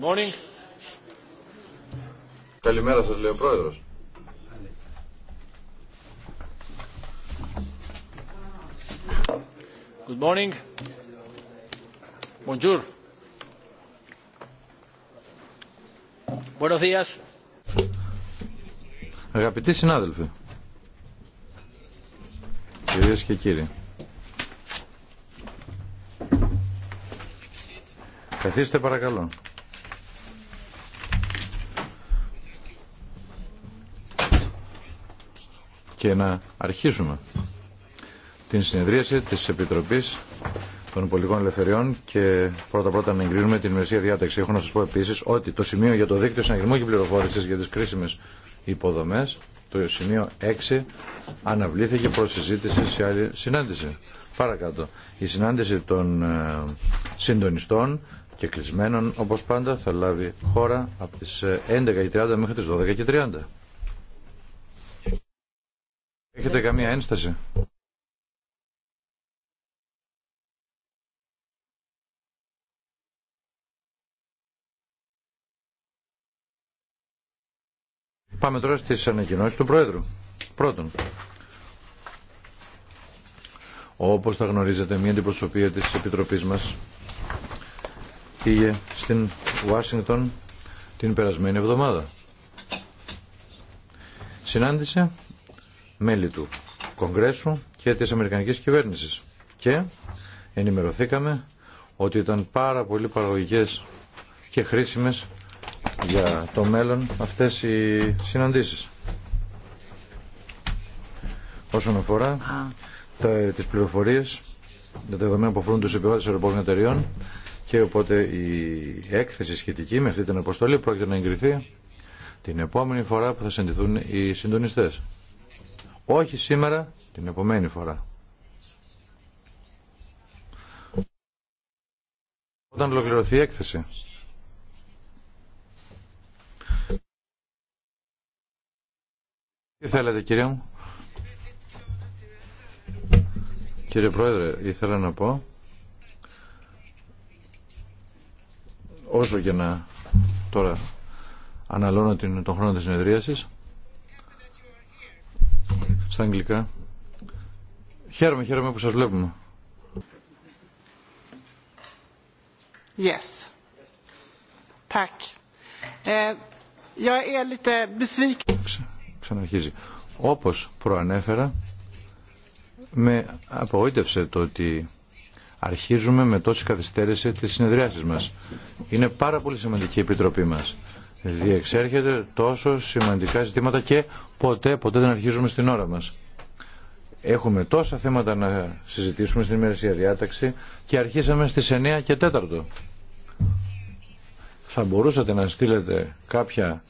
Morning. Καλημέρα σας λέει ο Πρόεδρος. Good morning. Bonjour. Buenos días. Αγαπητοί συνάδελφοι, κυρίες και κύριοι, καθίστε παρακαλώ. και να αρχίσουμε την συνεδρίαση της Επιτροπής των Πολιτικών Ελευθεριών και πρώτα πρώτα να εγκρίνουμε την ημερησία διάταξη. Έχω να σας πω επίσης ότι το σημείο για το δίκτυο συναγερμού και πληροφόρησης για τις κρίσιμες υποδομές, το σημείο 6, αναβλήθηκε προς συζήτηση σε άλλη συνάντηση. Παρακάτω, η συνάντηση των ε, συντονιστών και κλεισμένων, όπως πάντα, θα λάβει χώρα από τις 11.30 ε, μέχρι τις 12.30. Έχετε καμία ένσταση. Πάμε τώρα στις ανακοινώσεις του Πρόεδρου. Πρώτον, όπως θα γνωρίζετε, μια αντιπροσωπεία της Επιτροπής μας πήγε στην Ουάσιγκτον την περασμένη εβδομάδα. Συνάντησε μέλη του Κογκρέσου και της Αμερικανικής Κυβέρνησης. Και ενημερωθήκαμε ότι ήταν πάρα πολύ παραγωγικές και χρήσιμες για το μέλλον αυτές οι συναντήσεις. Όσον αφορά τα, τις πληροφορίες, τα δεδομένα που αφορούν τους επιβάτες αεροπόρων εταιριών και οπότε η έκθεση σχετική με αυτή την αποστολή πρόκειται να εγκριθεί την επόμενη φορά που θα συντηθούν οι συντονιστές. Όχι σήμερα, την επομένη φορά. Όταν ολοκληρωθεί η έκθεση. Τι θέλετε κύριε μου. Κύριε Πρόεδρε, ήθελα να πω όσο και να τώρα αναλώνω την, τον χρόνο της συνεδρίασης στα αγγλικά. Χαίρομαι, χαίρομαι που σας βλέπουμε. Yes. Tack. Ε, jag är lite besviken. Ξαναρχίζει. Όπως προανέφερα, με απογοήτευσε το ότι αρχίζουμε με τόση καθυστέρηση τις συνεδριάσεις μας. Είναι πάρα πολύ σημαντική η Επιτροπή μας διεξέρχεται τόσο σημαντικά ζητήματα και ποτέ, ποτέ δεν αρχίζουμε στην ώρα μας. Έχουμε τόσα θέματα να συζητήσουμε στην ημερησία διάταξη και αρχίσαμε στις 9 και 4. Θα μπορούσατε να στείλετε κάποια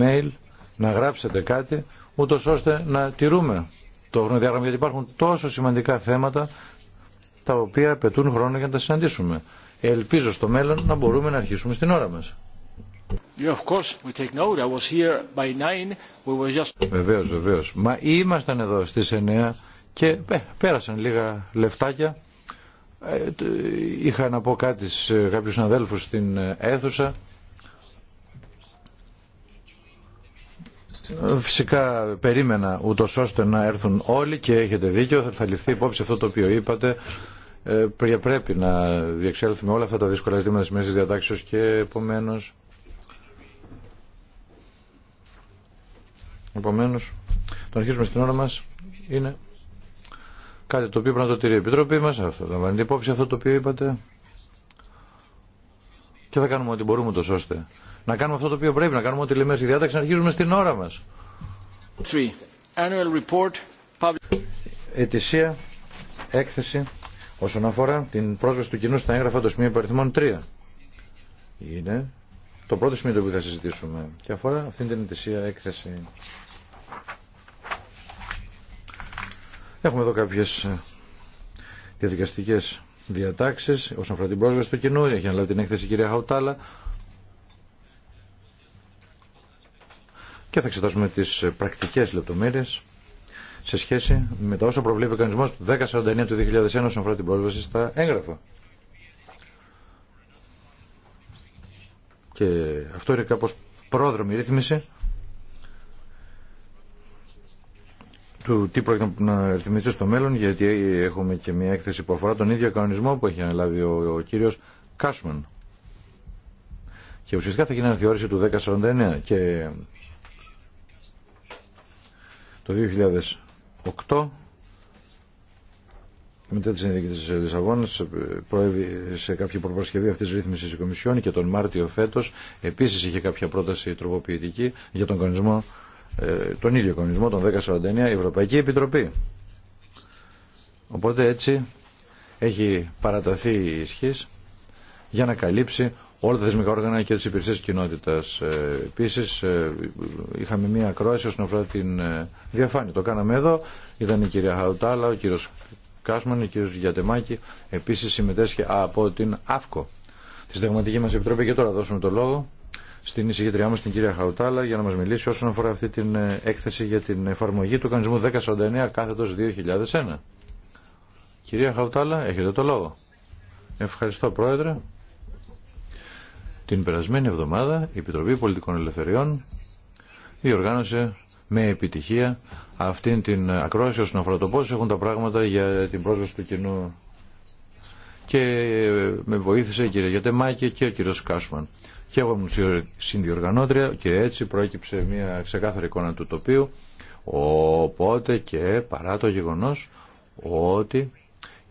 mail, να γράψετε κάτι, ούτω ώστε να τηρούμε το χρονοδιάγραμμα, γιατί υπάρχουν τόσο σημαντικά θέματα τα οποία πετούν χρόνο για να τα συναντήσουμε. Ελπίζω στο μέλλον να μπορούμε να αρχίσουμε στην ώρα μας. Βεβαίω, βεβαίω. Μα ήμασταν εδώ στι 9 και ε, πέρασαν λίγα λεφτάκια. Ε, είχα να πω κάτι σε κάποιου αδέλφου στην ε, αίθουσα. Φυσικά περίμενα ούτω ώστε να έρθουν όλοι και έχετε δίκιο, θα ληφθεί υπόψη αυτό το οποίο είπατε. Πρέπει να διεξέλθουμε όλα αυτά τα δύσκολα ζητήματα τη μέση διατάξεω και επομένω Επομένω, το αρχίσουμε στην ώρα μα είναι κάτι το οποίο πρέπει να το τηρεί η Επιτροπή μα. αυτό λαμβάνετε υπόψη αυτό το οποίο είπατε και θα κάνουμε ό,τι μπορούμε τόσο ώστε να κάνουμε αυτό το οποίο πρέπει, να κάνουμε ό,τι λέμε στη διάταξη, να αρχίζουμε στην ώρα μα. Ετησία, έκθεση όσον αφορά την πρόσβαση του κοινού στα έγγραφα των σημείων υπαριθμών 3. Είναι το πρώτο σημείο το οποίο θα συζητήσουμε και αφορά αυτήν την ετησία έκθεση. Έχουμε εδώ κάποιε διαδικαστικέ διατάξει όσον αφορά την πρόσβαση στο κοινό. Έχει αναλάβει την έκθεση η κυρία Χαουτάλα. Και θα εξετάσουμε τι πρακτικέ λεπτομέρειε σε σχέση με τα όσα προβλέπει ο κανονισμός του 1049 του 2001 όσον αφορά την πρόσβαση στα έγγραφα. Και αυτό είναι κάπω πρόδρομη ρύθμιση του τι πρόκειται να ρυθμιστεί στο μέλλον, γιατί έχουμε και μια έκθεση που αφορά τον ίδιο κανονισμό που έχει αναλάβει ο, ο κύριος Κάσμαν. Και ουσιαστικά θα γίνει αναθεώρηση του 1049 και το 2008 μετά τη συνθήκη της Λισαβόνα, προέβη σε κάποια προπαρασκευή αυτής της ρύθμισης της Κομισιόν και τον Μάρτιο φέτος επίσης είχε κάποια πρόταση τροποποιητική για τον κανονισμό ε, τον ίδιο κομμουνισμό, τον 1049, η Ευρωπαϊκή Επιτροπή. Οπότε έτσι έχει παραταθεί η ισχύς για να καλύψει όλα τα θεσμικά όργανα και τις υπηρεσίες κοινότητας. Ε, επίσης ε, είχαμε μία ακρόαση όσον αφορά την διαφάνεια. Το κάναμε εδώ, ήταν η κυρία Χαουτάλα, ο κύριος Κάσμαν, ο κύριος Γιατεμάκη. Επίσης συμμετέσχε από την ΑΦΚΟ, τη συνταγματική μας επιτροπή και τώρα δώσουμε το λόγο στην εισηγητριά μας την κυρία Χαουτάλα για να μας μιλήσει όσον αφορά αυτή την ε, έκθεση για την εφαρμογή του κανονισμού 1049 κάθετος 2001. Κυρία Χαουτάλα, έχετε το λόγο. Ευχαριστώ Πρόεδρε. Την περασμένη εβδομάδα η Επιτροπή Πολιτικών Ελευθεριών διοργάνωσε με επιτυχία αυτήν την ακρόαση όσον αφορά το πώς έχουν τα πράγματα για την πρόσβαση του κοινού και ε, με βοήθησε η κυρία Γιατεμάκη και ο κύριος Κάσμαν και εγώ ήμουν συνδιοργανώτρια και έτσι προέκυψε μια ξεκάθαρη εικόνα του τοπίου οπότε και παρά το γεγονός ότι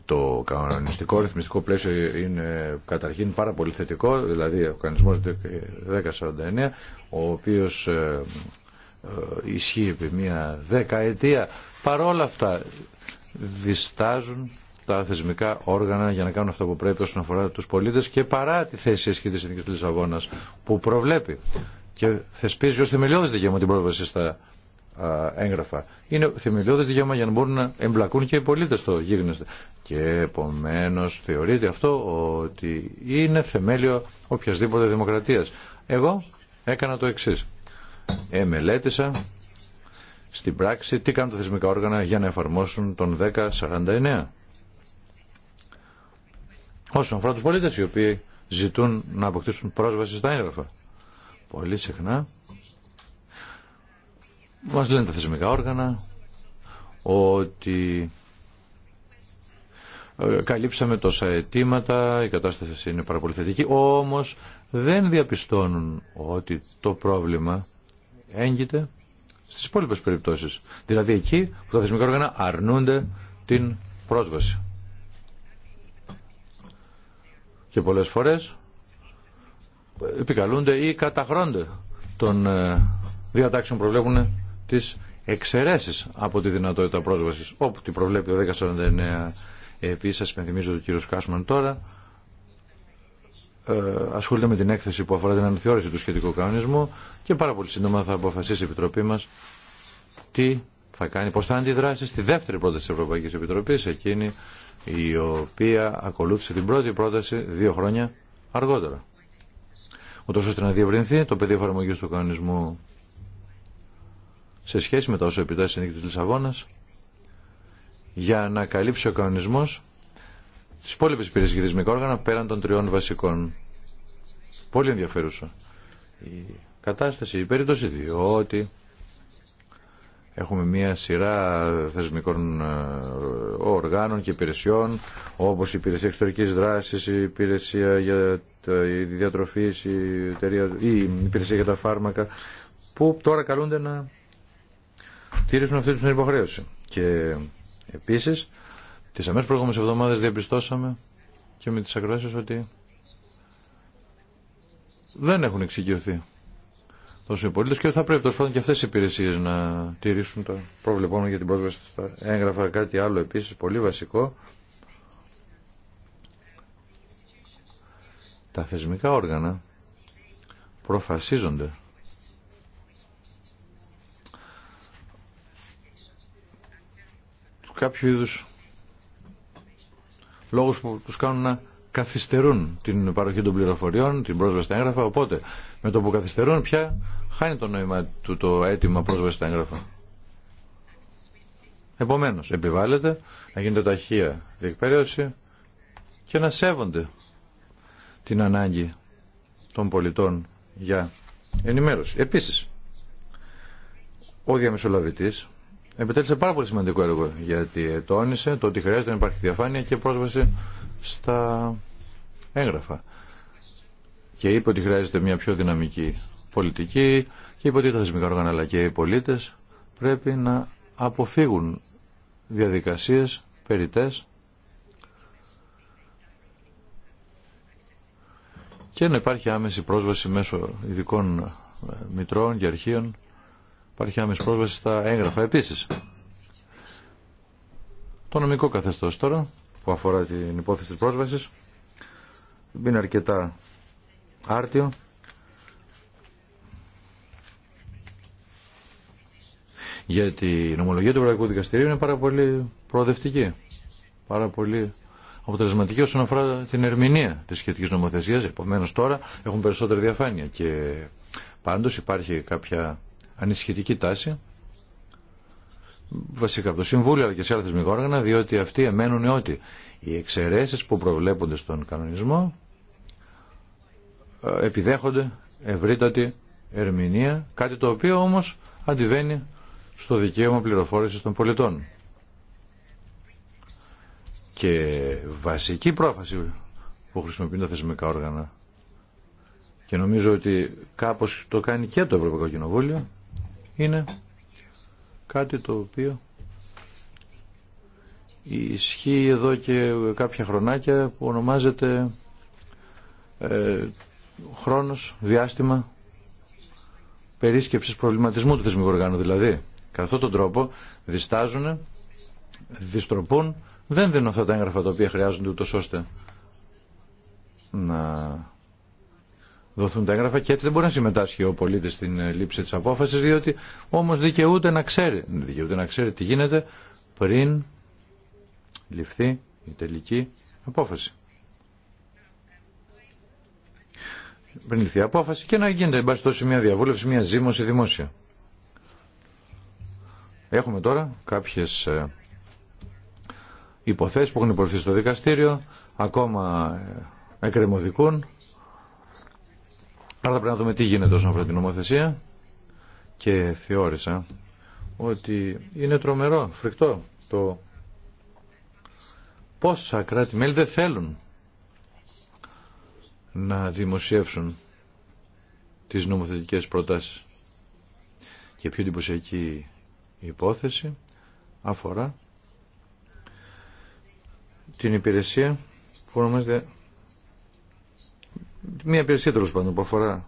το κανονιστικό ρυθμιστικό πλαίσιο είναι καταρχήν πάρα πολύ θετικό, δηλαδή ο κανονισμός 1049, ο οποίος ε, ε, ισχύει επί μία δεκαετία. Παρόλα αυτά διστάζουν τα θεσμικά όργανα για να κάνουν αυτό που πρέπει όσον αφορά του πολίτε και παρά τη θέση ισχύ τη Εθνική Λισαβόνα που προβλέπει και θεσπίζει ω θεμελιώδη δικαίωμα την πρόσβαση στα έγγραφα. Είναι θεμελιώδη δικαίωμα για να μπορούν να εμπλακούν και οι πολίτε στο γίγνεσθε. Και επομένω θεωρείται αυτό ότι είναι θεμέλιο οποιασδήποτε δημοκρατία. Εγώ έκανα το εξή. Εμελέτησα στην πράξη τι κάνουν τα θεσμικά όργανα για να εφαρμόσουν τον 1049 όσον αφορά τους πολίτες οι οποίοι ζητούν να αποκτήσουν πρόσβαση στα έγγραφα. Πολύ συχνά μας λένε τα θεσμικά όργανα ότι ε, καλύψαμε τόσα αιτήματα, η κατάσταση είναι πάρα πολύ θετική, όμως δεν διαπιστώνουν ότι το πρόβλημα έγκυται στις υπόλοιπε περιπτώσεις. Δηλαδή εκεί που τα θεσμικά όργανα αρνούνται την πρόσβαση και πολλές φορές επικαλούνται ή καταχρώνται των ε, διατάξεων που προβλέπουν τις εξαιρέσει από τη δυνατότητα πρόσβασης όπου την προβλέπει ο 1049 επίσης σας υπενθυμίζω ότι ο κύριος Κάσμαν τώρα ε, ασχολείται με την έκθεση που αφορά την αναθεώρηση του σχετικού κανονισμού και πάρα πολύ σύντομα θα αποφασίσει η Επιτροπή μας τι θα κάνει, πώς θα αντιδράσει στη δεύτερη πρόταση της Ευρωπαϊκής Επιτροπής εκείνη η οποία ακολούθησε την πρώτη πρόταση δύο χρόνια αργότερα. Ούτως ώστε να διευρυνθεί το πεδίο εφαρμογή του κανονισμού σε σχέση με τα όσο επιτάσσει η της Λισαβόνας για να καλύψει ο κανονισμός τις υπόλοιπε υπηρεσίες και όργανα πέραν των τριών βασικών. Πολύ ενδιαφέρουσα η κατάσταση, η περίπτωση, διότι Έχουμε μια σειρά θεσμικών ε, οργάνων και υπηρεσιών, όπως η υπηρεσία εξωτερικής δράσης, η υπηρεσία για τη διατροφή, η, υπηρεσία για τα φάρμακα, που τώρα καλούνται να τηρήσουν αυτή την υποχρέωση. Και επίσης, τις αμέσως προηγούμενες εβδομάδες διαπιστώσαμε και με τις ακροάσεις ότι δεν έχουν εξοικειωθεί το οι και θα πρέπει τόσο και αυτέ οι υπηρεσίε να τηρήσουν τα πρόβλημα για την πρόσβαση στα έγγραφα. Κάτι άλλο επίση πολύ βασικό. Τα θεσμικά όργανα προφασίζονται κάποιου είδους λόγους που τους κάνουν να καθυστερούν την παροχή των πληροφοριών, την πρόσβαση στα έγγραφα, οπότε με το που καθυστερούν πια χάνει το νόημα του το αίτημα πρόσβαση στα έγγραφα. Επομένω, επιβάλλεται να γίνεται ταχεία εκπαιδεύση και να σέβονται την ανάγκη των πολιτών για ενημέρωση. Επίση, ο διαμεσολαβητή επιτέλεσε πάρα πολύ σημαντικό έργο γιατί τόνισε το ότι χρειάζεται να υπάρχει διαφάνεια και πρόσβαση στα έγγραφα. Και είπε ότι χρειάζεται μια πιο δυναμική πολιτικοί και υποτίθεται θεσμικά όργανα αλλά και οι πολίτες πρέπει να αποφύγουν διαδικασίες περιτές και να υπάρχει άμεση πρόσβαση μέσω ειδικών ε, μητρών και αρχείων υπάρχει άμεση πρόσβαση στα έγγραφα επίσης το νομικό καθεστώς τώρα που αφορά την υπόθεση της πρόσβασης είναι αρκετά άρτιο Γιατί η νομολογία του Ευρωπαϊκού Δικαστηρίου είναι πάρα πολύ προοδευτική. Πάρα πολύ αποτελεσματική όσον αφορά την ερμηνεία τη σχετική νομοθεσία. Επομένω τώρα έχουν περισσότερη διαφάνεια. Και πάντω υπάρχει κάποια ανησυχητική τάση βασικά από το Συμβούλιο αλλά και σε άλλα θεσμικά όργανα, διότι αυτοί εμένουν ότι οι εξαιρέσει που προβλέπονται στον κανονισμό ε, επιδέχονται ευρύτατη ερμηνεία, κάτι το οποίο όμως αντιβαίνει στο δικαίωμα πληροφόρησης των πολιτών. Και βασική πρόφαση που χρησιμοποιούν τα θεσμικά όργανα και νομίζω ότι κάπως το κάνει και το Ευρωπαϊκό Κοινοβούλιο είναι κάτι το οποίο ισχύει εδώ και κάποια χρονάκια που ονομάζεται ε, χρόνος, διάστημα, περίσκεψης προβληματισμού του θεσμικού οργάνου δηλαδή. Κατά τον τρόπο διστάζουν, διστροπούν, δεν δίνουν αυτά τα έγγραφα τα οποία χρειάζονται ούτως ώστε να δοθούν τα έγγραφα και έτσι δεν μπορεί να συμμετάσχει ο πολίτης στην λήψη της απόφασης διότι όμως δικαιούται να ξέρει, δικαιούται να ξέρει τι γίνεται πριν ληφθεί η τελική απόφαση. Πριν ληφθεί η απόφαση και να γίνεται εν μια διαβούλευση, μια ζήμωση δημόσια. Έχουμε τώρα κάποιες ε, υποθέσεις που έχουν υπορθεί στο δικαστήριο, ακόμα ε, εκκρεμωδικούν. Άρα θα πρέπει να δούμε τι γίνεται όσον αφορά την νομοθεσία και θεώρησα ότι είναι τρομερό, φρικτό το πόσα κράτη-μέλη δεν θέλουν να δημοσιεύσουν τις νομοθετικές προτάσεις. Και πιο εντυπωσιακή υπόθεση αφορά την υπηρεσία που ονομάζεται μια υπηρεσία τέλο πάντων που αφορά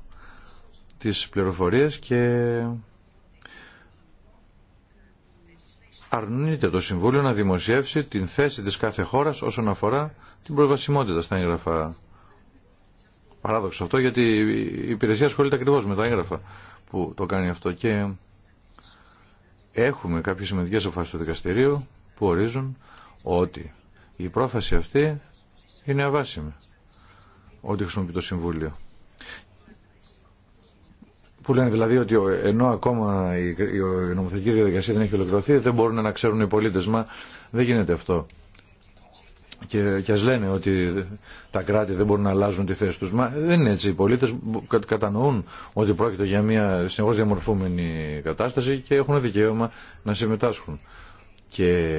τις πληροφορίες και αρνείται το Συμβούλιο να δημοσιεύσει την θέση της κάθε χώρας όσον αφορά την προβασιμότητα στα έγγραφα. Παράδοξο αυτό γιατί η υπηρεσία ασχολείται ακριβώς με τα έγγραφα που το κάνει αυτό και έχουμε κάποιε σημαντικέ αποφάσει του δικαστηρίου που ορίζουν ότι η πρόφαση αυτή είναι αβάσιμη ό,τι χρησιμοποιεί το Συμβούλιο. Που λένε δηλαδή ότι ενώ ακόμα η νομοθετική διαδικασία δεν έχει ολοκληρωθεί, δεν μπορούν να ξέρουν οι πολίτε. Μα δεν γίνεται αυτό και, και ας λένε ότι τα κράτη δεν μπορούν να αλλάζουν τη θέση τους. Μα δεν είναι έτσι. Οι πολίτες κατανοούν ότι πρόκειται για μια συνεχώς διαμορφούμενη κατάσταση και έχουν δικαίωμα να συμμετάσχουν. Και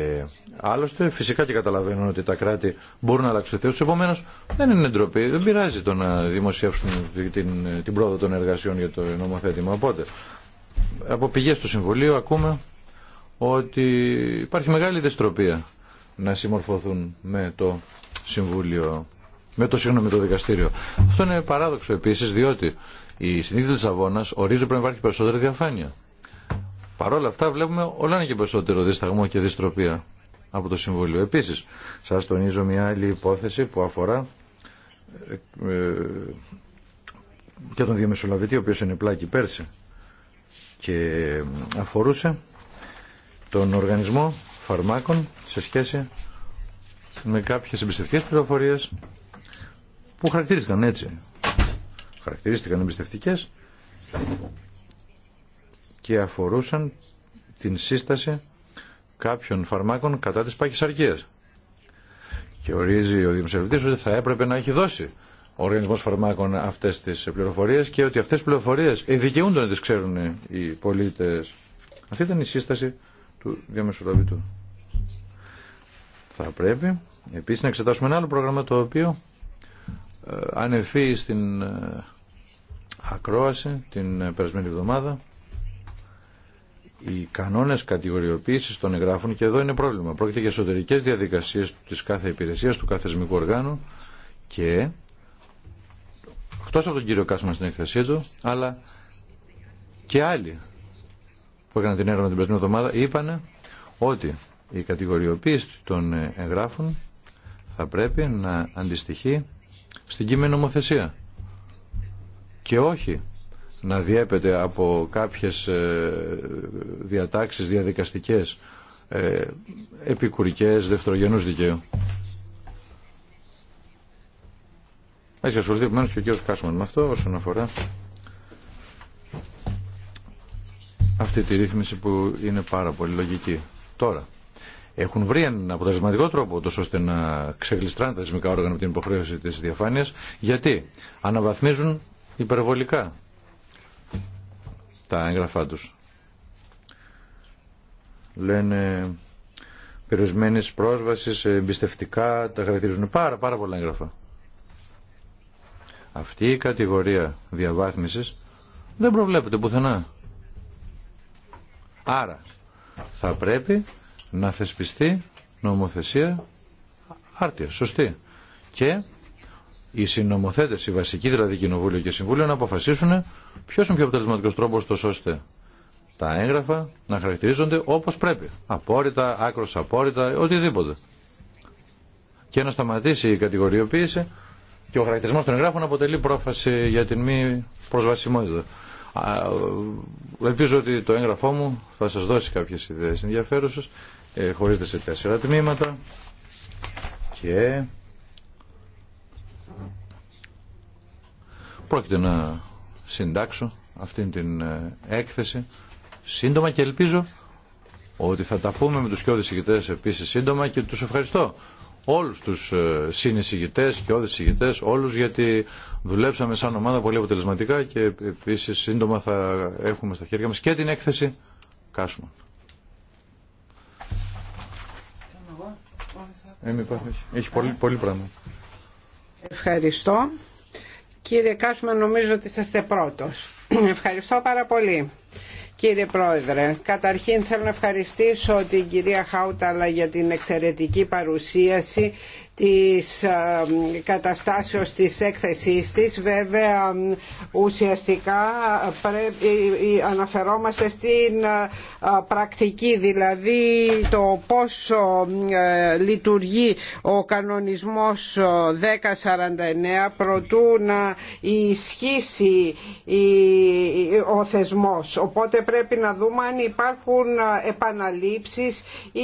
άλλωστε φυσικά και καταλαβαίνουν ότι τα κράτη μπορούν να αλλάξουν τη θέση τους. Επομένως, δεν είναι ντροπή, δεν πειράζει το να δημοσιεύσουν την, την πρόοδο των εργασιών για το νομοθέτημα. Οπότε, από πηγές του Συμβουλίου ακούμε ότι υπάρχει μεγάλη δεστροπία να συμμορφωθούν με το Συμβούλιο, με το, το Δικαστήριο. Αυτό είναι παράδοξο επίση διότι η συνήθεια τη Αβώνα ορίζει πρέπει να υπάρχει περισσότερη διαφάνεια. Παρ' όλα αυτά βλέπουμε όλα είναι και περισσότερο δισταγμό και δυστροπία από το Συμβούλιο. Επίση, σας τονίζω μια άλλη υπόθεση που αφορά ε, ε, και τον διαμεσολαβητή, ο οποίο είναι πλάκι πέρσι και αφορούσε τον οργανισμό φαρμάκων σε σχέση με κάποιες εμπιστευτικές πληροφορίες που χαρακτηρίστηκαν έτσι. Χαρακτηρίστηκαν εμπιστευτικές και αφορούσαν την σύσταση κάποιων φαρμάκων κατά της παχυσαρκίας. Και ορίζει ο Δημοσιευτής ότι θα έπρεπε να έχει δώσει ο οργανισμός φαρμάκων αυτές τις πληροφορίες και ότι αυτές τις πληροφορίες δικαιούνται να τις ξέρουν οι πολίτες. Αυτή ήταν η σύσταση του διαμεσολαβητού. Θα πρέπει επίσης να εξετάσουμε ένα άλλο πρόγραμμα το οποίο ε, ανεφεί στην ε, ακρόαση την ε, περασμένη εβδομάδα οι κανόνες κατηγοριοποίησης των εγγράφων και εδώ είναι πρόβλημα. Πρόκειται για εσωτερικέ διαδικασίες της κάθε υπηρεσίας, του κάθε θεσμικού οργάνου και εκτός από τον κύριο Κάσμα στην εκθεσή του, αλλά και άλλοι που έκαναν την έρευνα την περασμένη εβδομάδα είπαν ότι η κατηγοριοποίηση των εγγράφων θα πρέπει να αντιστοιχεί στην κείμενη νομοθεσία και όχι να διέπεται από κάποιες ε, διατάξεις διαδικαστικές ε, επικουρικές δευτερογενούς δικαίου. Έχει ασχοληθεί και ο κ. Κάσμαν με αυτό όσον αφορά αυτή τη ρύθμιση που είναι πάρα πολύ λογική. Τώρα, έχουν βρει έναν αποτελεσματικό τρόπο τόσο ώστε να ξεγλιστράνε τα θεσμικά όργανα από την υποχρέωση της διαφάνειας γιατί αναβαθμίζουν υπερβολικά τα έγγραφά τους. Λένε περιορισμένη πρόσβασης, εμπιστευτικά, τα χαρακτηρίζουν πάρα, πάρα πολλά έγγραφα. Αυτή η κατηγορία διαβάθμισης δεν προβλέπεται πουθενά. Άρα θα πρέπει να θεσπιστεί νομοθεσία άρτια, σωστή. Και οι συνομοθέτε, οι βασικοί δηλαδή κοινοβούλιο και συμβούλιο, να αποφασίσουν ποιο είναι ο πιο αποτελεσματικό τρόπο, ώστε τα έγγραφα να χαρακτηρίζονται όπω πρέπει. Απόρριτα, άκρο απόρριτα, οτιδήποτε. Και να σταματήσει η κατηγοριοποίηση και ο χαρακτηρισμό των εγγράφων αποτελεί πρόφαση για την μη προσβασιμότητα. Ελπίζω ότι το έγγραφό μου θα σας δώσει κάποιες ιδέες ενδιαφέρουσε ε, χωρίζεται σε τέσσερα τμήματα και πρόκειται να συντάξω αυτήν την ε, έκθεση σύντομα και ελπίζω ότι θα τα πούμε με τους και ηγητές επίσης σύντομα και τους ευχαριστώ όλους τους ε, συνεισηγητές και όδησηγητές, όλους γιατί δουλέψαμε σαν ομάδα πολύ αποτελεσματικά και επίσης σύντομα θα έχουμε στα χέρια μας και την έκθεση Κάσμα. Ε, Έχει πολύ, πολύ πράγμα. Ευχαριστώ. Κύριε Κάσμα, νομίζω ότι είστε πρώτος. Ευχαριστώ πάρα πολύ. Κύριε Πρόεδρε, καταρχήν θέλω να ευχαριστήσω την κυρία Χάουταλα για την εξαιρετική παρουσίαση της ε, καταστάσεως της έκθεσής της. Βέβαια ουσιαστικά πρέπει, ε, αναφερόμαστε στην ε, πρακτική δηλαδή το πόσο λειτουργεί ο κανονισμός 1049 προτού να ισχύσει ο θεσμός. Οπότε πρέπει να δούμε αν υπάρχουν επαναλήψεις ή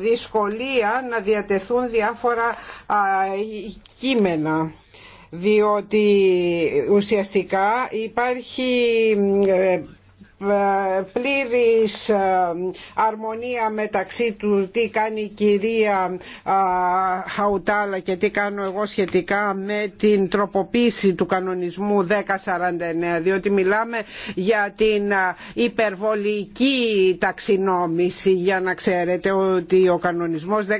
δυσκολία να διατεθούν δια διάφορα κείμενα διότι ουσιαστικά υπάρχει ε, ε, πλήρης ε, αρμονία μεταξύ του τι κάνει η κυρία ε, Χαουτάλα και τι κάνω εγώ σχετικά με την τροποποίηση του κανονισμού 1049 διότι μιλάμε για την υπερβολική ταξινόμηση για να ξέρετε ότι ο κανονισμός 1049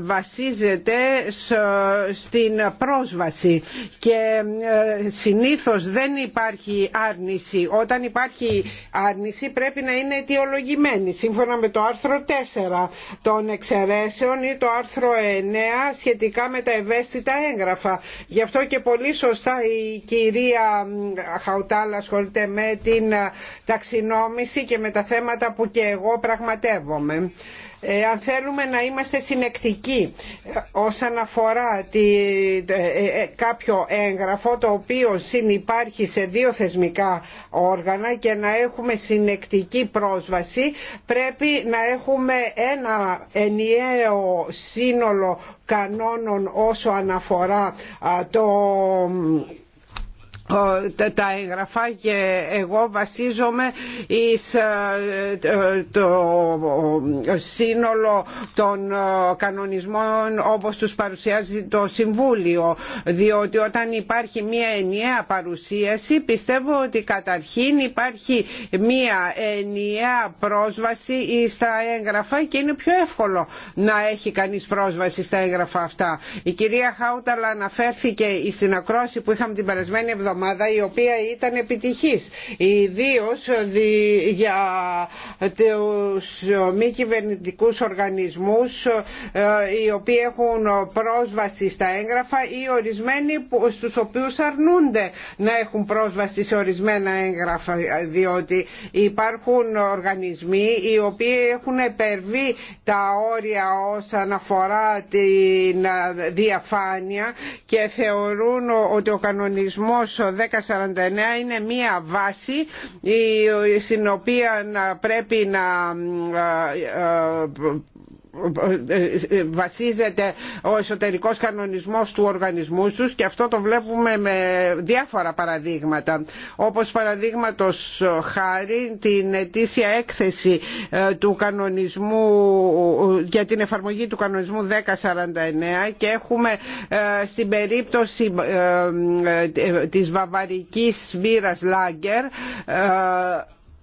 βασίζεται στην πρόσβαση και συνήθως δεν υπάρχει άρνηση όταν υπάρχει άρνηση πρέπει να είναι αιτιολογημένη σύμφωνα με το άρθρο 4 των εξαιρέσεων ή το άρθρο 9 σχετικά με τα ευαίσθητα έγγραφα. Γι' αυτό και πολύ σωστά η κυρία Χαουτάλα ασχολείται με την ε, ταξινόμηση και με τα θέματα που και εγώ πραγματεύομαι. Ε, αν θέλουμε να είμαστε συνεκτικοί ε, όσον αφορά τη, ε, κάποιο έγγραφο το οποίο συνυπάρχει σε δύο θεσμικά όργανα και να έχουμε συνεκτική πρόσβαση πρέπει να έχουμε ένα ενιαίο σύνολο κανόνων όσο αναφορά το τα εγγραφά και εγώ βασίζομαι εις ε, το σύνολο των ε, κανονισμών όπως τους παρουσιάζει το Συμβούλιο διότι όταν υπάρχει μία ενιαία παρουσίαση πιστεύω ότι καταρχήν υπάρχει μία ενιαία πρόσβαση στα έγγραφα και είναι πιο εύκολο να έχει κανείς πρόσβαση στα έγγραφα αυτά. Η κυρία Χάουταλα αναφέρθηκε στην ακρόαση που είχαμε την περασμένη εβδομάδα ομάδα η οποία ήταν επιτυχής ιδίω για τους μη κυβερνητικού οργανισμούς ε, οι οποίοι έχουν πρόσβαση στα έγγραφα ή ορισμένοι στους οποίους αρνούνται να έχουν πρόσβαση σε ορισμένα έγγραφα διότι υπάρχουν οργανισμοί οι οποίοι έχουν επερβεί τα όρια όσον αφορά την ε, διαφάνεια και θεωρούν ότι ο κανονισμός το 1049 είναι μία βάση στην οποία πρέπει να ε, ε, βασίζεται ο εσωτερικός κανονισμός του οργανισμού τους και αυτό το βλέπουμε με διάφορα παραδείγματα όπως παραδείγματος χάρη την ετήσια έκθεση ε, του κανονισμού για την εφαρμογή του κανονισμού 1049 και έχουμε στην περίπτωση της βαβαρικής βίρας Λάγκερ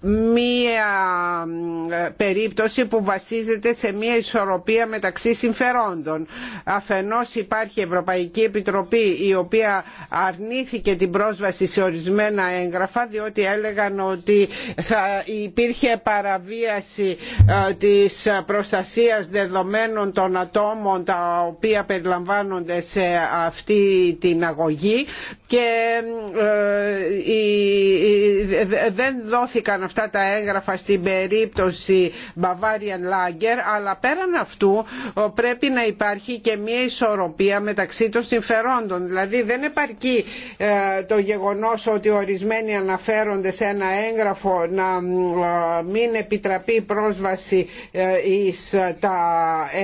μία ε, περίπτωση που βασίζεται σε μία ισορροπία μεταξύ συμφερόντων. Αφενός υπάρχει η Ευρωπαϊκή Επιτροπή η οποία αρνήθηκε την πρόσβαση σε ορισμένα έγγραφα διότι έλεγαν ότι θα υπήρχε παραβίαση ε, της προστασίας δεδομένων των ατόμων τα οποία περιλαμβάνονται σε αυτή την αγωγή και ε, δεν δόθηκαν αυτά τα έγγραφα στην περίπτωση Bavarian Lager αλλά πέραν αυτού πρέπει να υπάρχει και μια ισορροπία μεταξύ των συμφερόντων δηλαδή δεν επαρκεί ε, το γεγονός ότι ορισμένοι αναφέρονται σε ένα έγγραφο να ε, μην επιτραπεί πρόσβαση ε, εις τα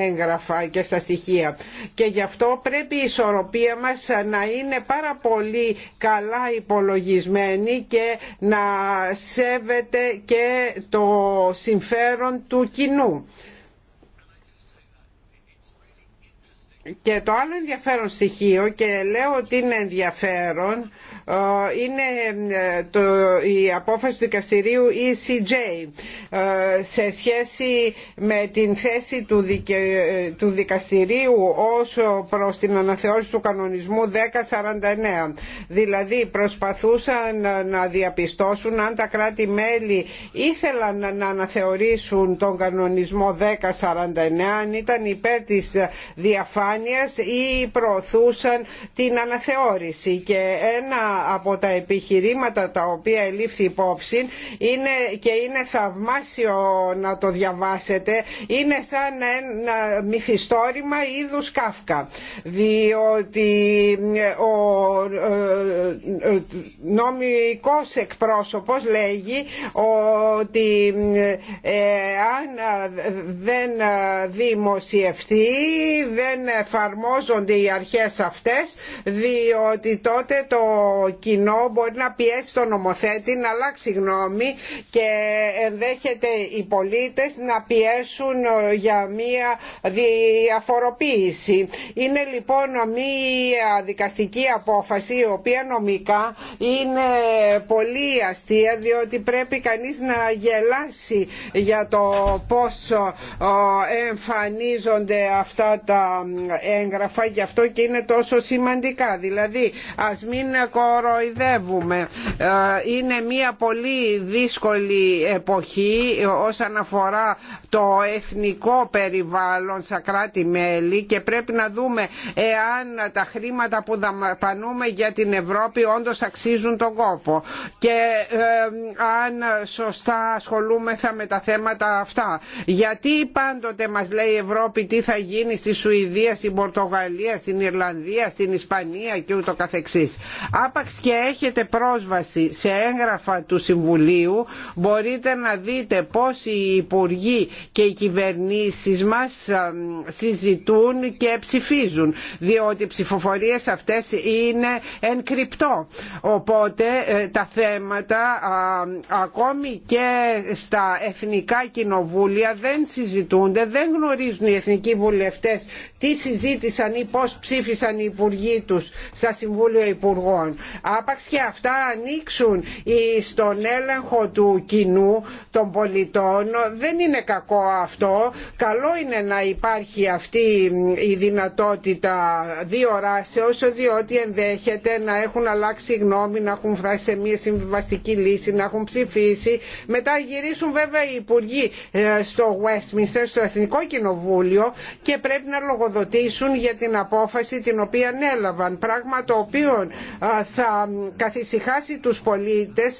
έγγραφα και στα στοιχεία και γι' αυτό πρέπει η ισορροπία μας να είναι πάρα πολύ καλά υπολογισμένη και να σέβεται και το συμφέρον του κοινού. Και το άλλο ενδιαφέρον στοιχείο και λέω ότι είναι ενδιαφέρον ε, είναι ε, το, η απόφαση του δικαστηρίου ECJ ε, σε σχέση με την θέση του, του δικαστηρίου όσο προς την αναθεώρηση του κανονισμού 1049. Δηλαδή προσπαθούσαν να διαπιστώσουν αν τα κράτη-μέλη ήθελαν να αναθεωρήσουν τον κανονισμό 1049, ήταν υπέρ της διαφάνειας ή προωθούσαν την αναθεώρηση και ένα από τα επιχειρήματα τα οποία ελήφθη υπόψη είναι και είναι θαυμάσιο να το διαβάσετε είναι σαν ένα μυθιστόρημα είδους Κάφκα διότι ε, ο ε, νομικός εκπρόσωπος λέγει ότι ε, αν δεν δημοσιευτεί δεν εφαρμόζονται οι αρχές αυτές διότι τότε το κοινό μπορεί να πιέσει τον νομοθέτη να αλλάξει γνώμη και ενδέχεται οι πολίτες να πιέσουν ε, για μία διαφοροποίηση. Είναι λοιπόν μία δικαστική απόφαση η οποία νομικά είναι πολύ αστεία διότι πρέπει κανείς να γελάσει για το πόσο ε, εμφανίζονται αυτά τα έγγραφα γι' αυτό και είναι τόσο σημαντικά. Δηλαδή ας μην κοροϊδεύουμε. Ε, είναι μια πολύ δύσκολη εποχή όσον αφορά το εθνικό περιβάλλον σαν κράτη-μέλη και πρέπει να δούμε εάν τα χρήματα που δαπανούμε για την Ευρώπη όντως αξίζουν τον κόπο και ε, αν σωστά ασχολούμεθα με τα θέματα αυτά. Γιατί πάντοτε μας λέει η Ευρώπη τι θα γίνει στη Σουηδία στην Πορτογαλία, στην Ιρλανδία, στην Ισπανία και ούτω καθεξής. Άπαξ και έχετε πρόσβαση σε έγγραφα του Συμβουλίου μπορείτε να δείτε πώς οι υπουργοί και οι κυβερνήσεις μας συζητούν και ψηφίζουν διότι οι ψηφοφορίες αυτές είναι εν κρυπτό. Οπότε ε, τα θέματα ακόμη και στα εθνικά κοινοβούλια δεν συζητούνται, δεν γνωρίζουν οι εθνικοί βουλευτές τι συζήτησαν ή πώς ψήφισαν οι υπουργοί τους στα Συμβούλια Υπουργών. Άπαξ και αυτά ανοίξουν στον έλεγχο του κοινού των πολιτών. Δεν είναι κακό αυτό. Καλό είναι να υπάρχει αυτή η δυνατότητα διοράσεως διότι ενδέχεται να έχουν αλλάξει γνώμη, να έχουν φτάσει σε μια συμβιβαστική λύση, να έχουν ψηφίσει. Μετά γυρίσουν βέβαια οι υπουργοί ε, στο Westminster, στο Εθνικό Κοινοβούλιο και πρέπει να λογοδοτήσουν συζητήσουν για την απόφαση την οποία έλαβαν. Πράγμα το οποίο θα καθησυχάσει τους πολίτες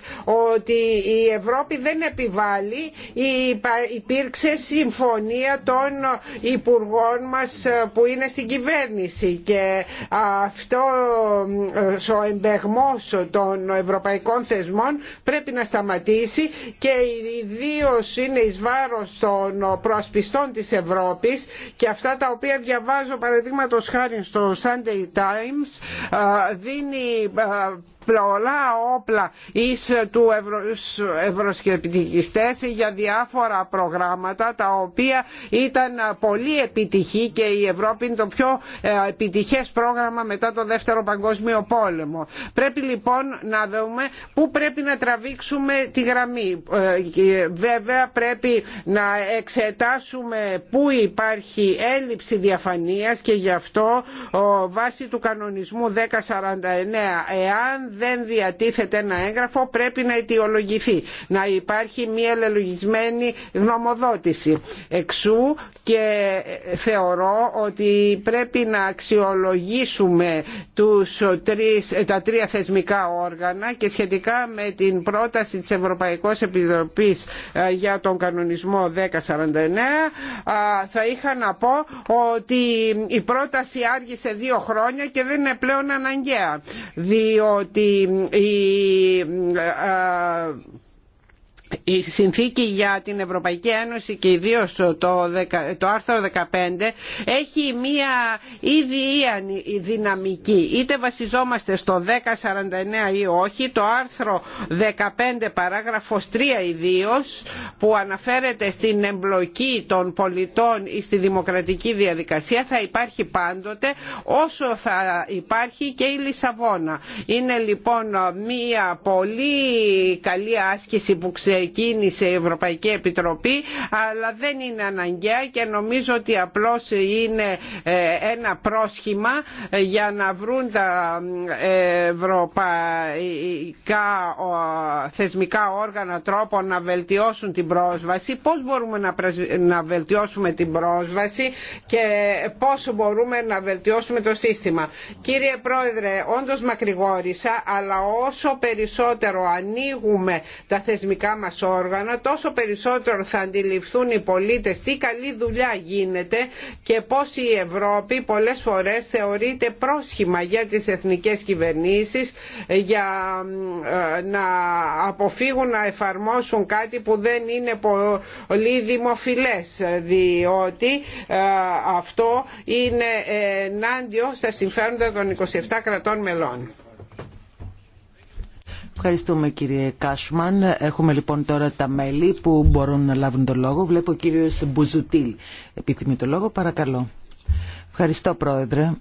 ότι η Ευρώπη δεν επιβάλλει. Υπήρξε συμφωνία των υπουργών μας που είναι στην κυβέρνηση και αυτό ο εμπεγμός των ευρωπαϊκών θεσμών πρέπει να σταματήσει και ιδίω είναι εις βάρος των προασπιστών της Ευρώπης και αυτά τα οποία παραδείγματος χάρη στο Sunday Times δίνει πολλά όπλα εις ε, του ευρωσκεπτικιστές για διάφορα προγράμματα τα οποία ήταν ε, πολύ επιτυχή και η Ευρώπη είναι το πιο ε, επιτυχές πρόγραμμα μετά το Δεύτερο Παγκόσμιο Πόλεμο. Πρέπει λοιπόν να δούμε πού πρέπει να τραβήξουμε τη γραμμή. Βέβαια πρέπει να εξετάσουμε πού υπάρχει έλλειψη διαφανείας και γι' αυτό βάσει του κανονισμού 1049 εάν δεν διατίθεται ένα έγγραφο πρέπει να αιτιολογηθεί, να υπάρχει μια ελελογισμένη γνωμοδότηση. Εξού και θεωρώ ότι πρέπει να αξιολογήσουμε τους τα τρία θεσμικά όργανα και σχετικά με την πρόταση της Ευρωπαϊκής Επιτροπής ε, για τον κανονισμό 1049 θα είχα να πω ότι η πρόταση άργησε δύο χρόνια και δεν είναι πλέον αναγκαία διότι ότι η ε, ε, η συνθήκη για την Ευρωπαϊκή Ένωση και ιδίως το, άρθρο 15 έχει μία ήδη δυναμική. Είτε βασιζόμαστε στο 1049 ή όχι, το άρθρο 15 παράγραφος 3 ιδίως που αναφέρεται στην εμπλοκή των πολιτών στη δημοκρατική διαδικασία θα υπάρχει πάντοτε όσο θα υπάρχει και η Λισαβόνα. Είναι λοιπόν μία πολύ καλή άσκηση που ξεκίνησε η Ευρωπαϊκή Επιτροπή αλλά δεν είναι αναγκαία και νομίζω ότι απλώς είναι ε, ένα πρόσχημα ε, για να βρουν τα ε, ευρωπαϊκά θεσμικά όργανα τρόπο να βελτιώσουν την πρόσβαση πώς μπορούμε να βελτιώσουμε την πρόσβαση και πώς μπορούμε να βελτιώσουμε το σύστημα. Κύριε Πρόεδρε, όντως μακρηγόρησα αλλά όσο περισσότερο ανοίγουμε τα θεσμικά μας όργανα τόσο περισσότερο θα αντιληφθούν οι πολίτες τι καλή δουλειά γίνεται και πώς η Ευρώπη πολλές φορές θεωρείται πρόσχημα για τις εθνικές κυβερνήσεις για ε, να αποφύγουν να εφαρμόσουν κάτι που δεν είναι πολύ δημοφιλές διότι ε, αυτό είναι ενάντιο στα συμφέροντα των 27 κρατών μελών. Ευχαριστούμε κύριε Κάσμαν. Έχουμε λοιπόν τώρα τα μέλη που μπορούν να λάβουν το λόγο. Βλέπω ο κύριος Μπουζουτήλ επιθυμεί το λόγο. Παρακαλώ. Ευχαριστώ πρόεδρε.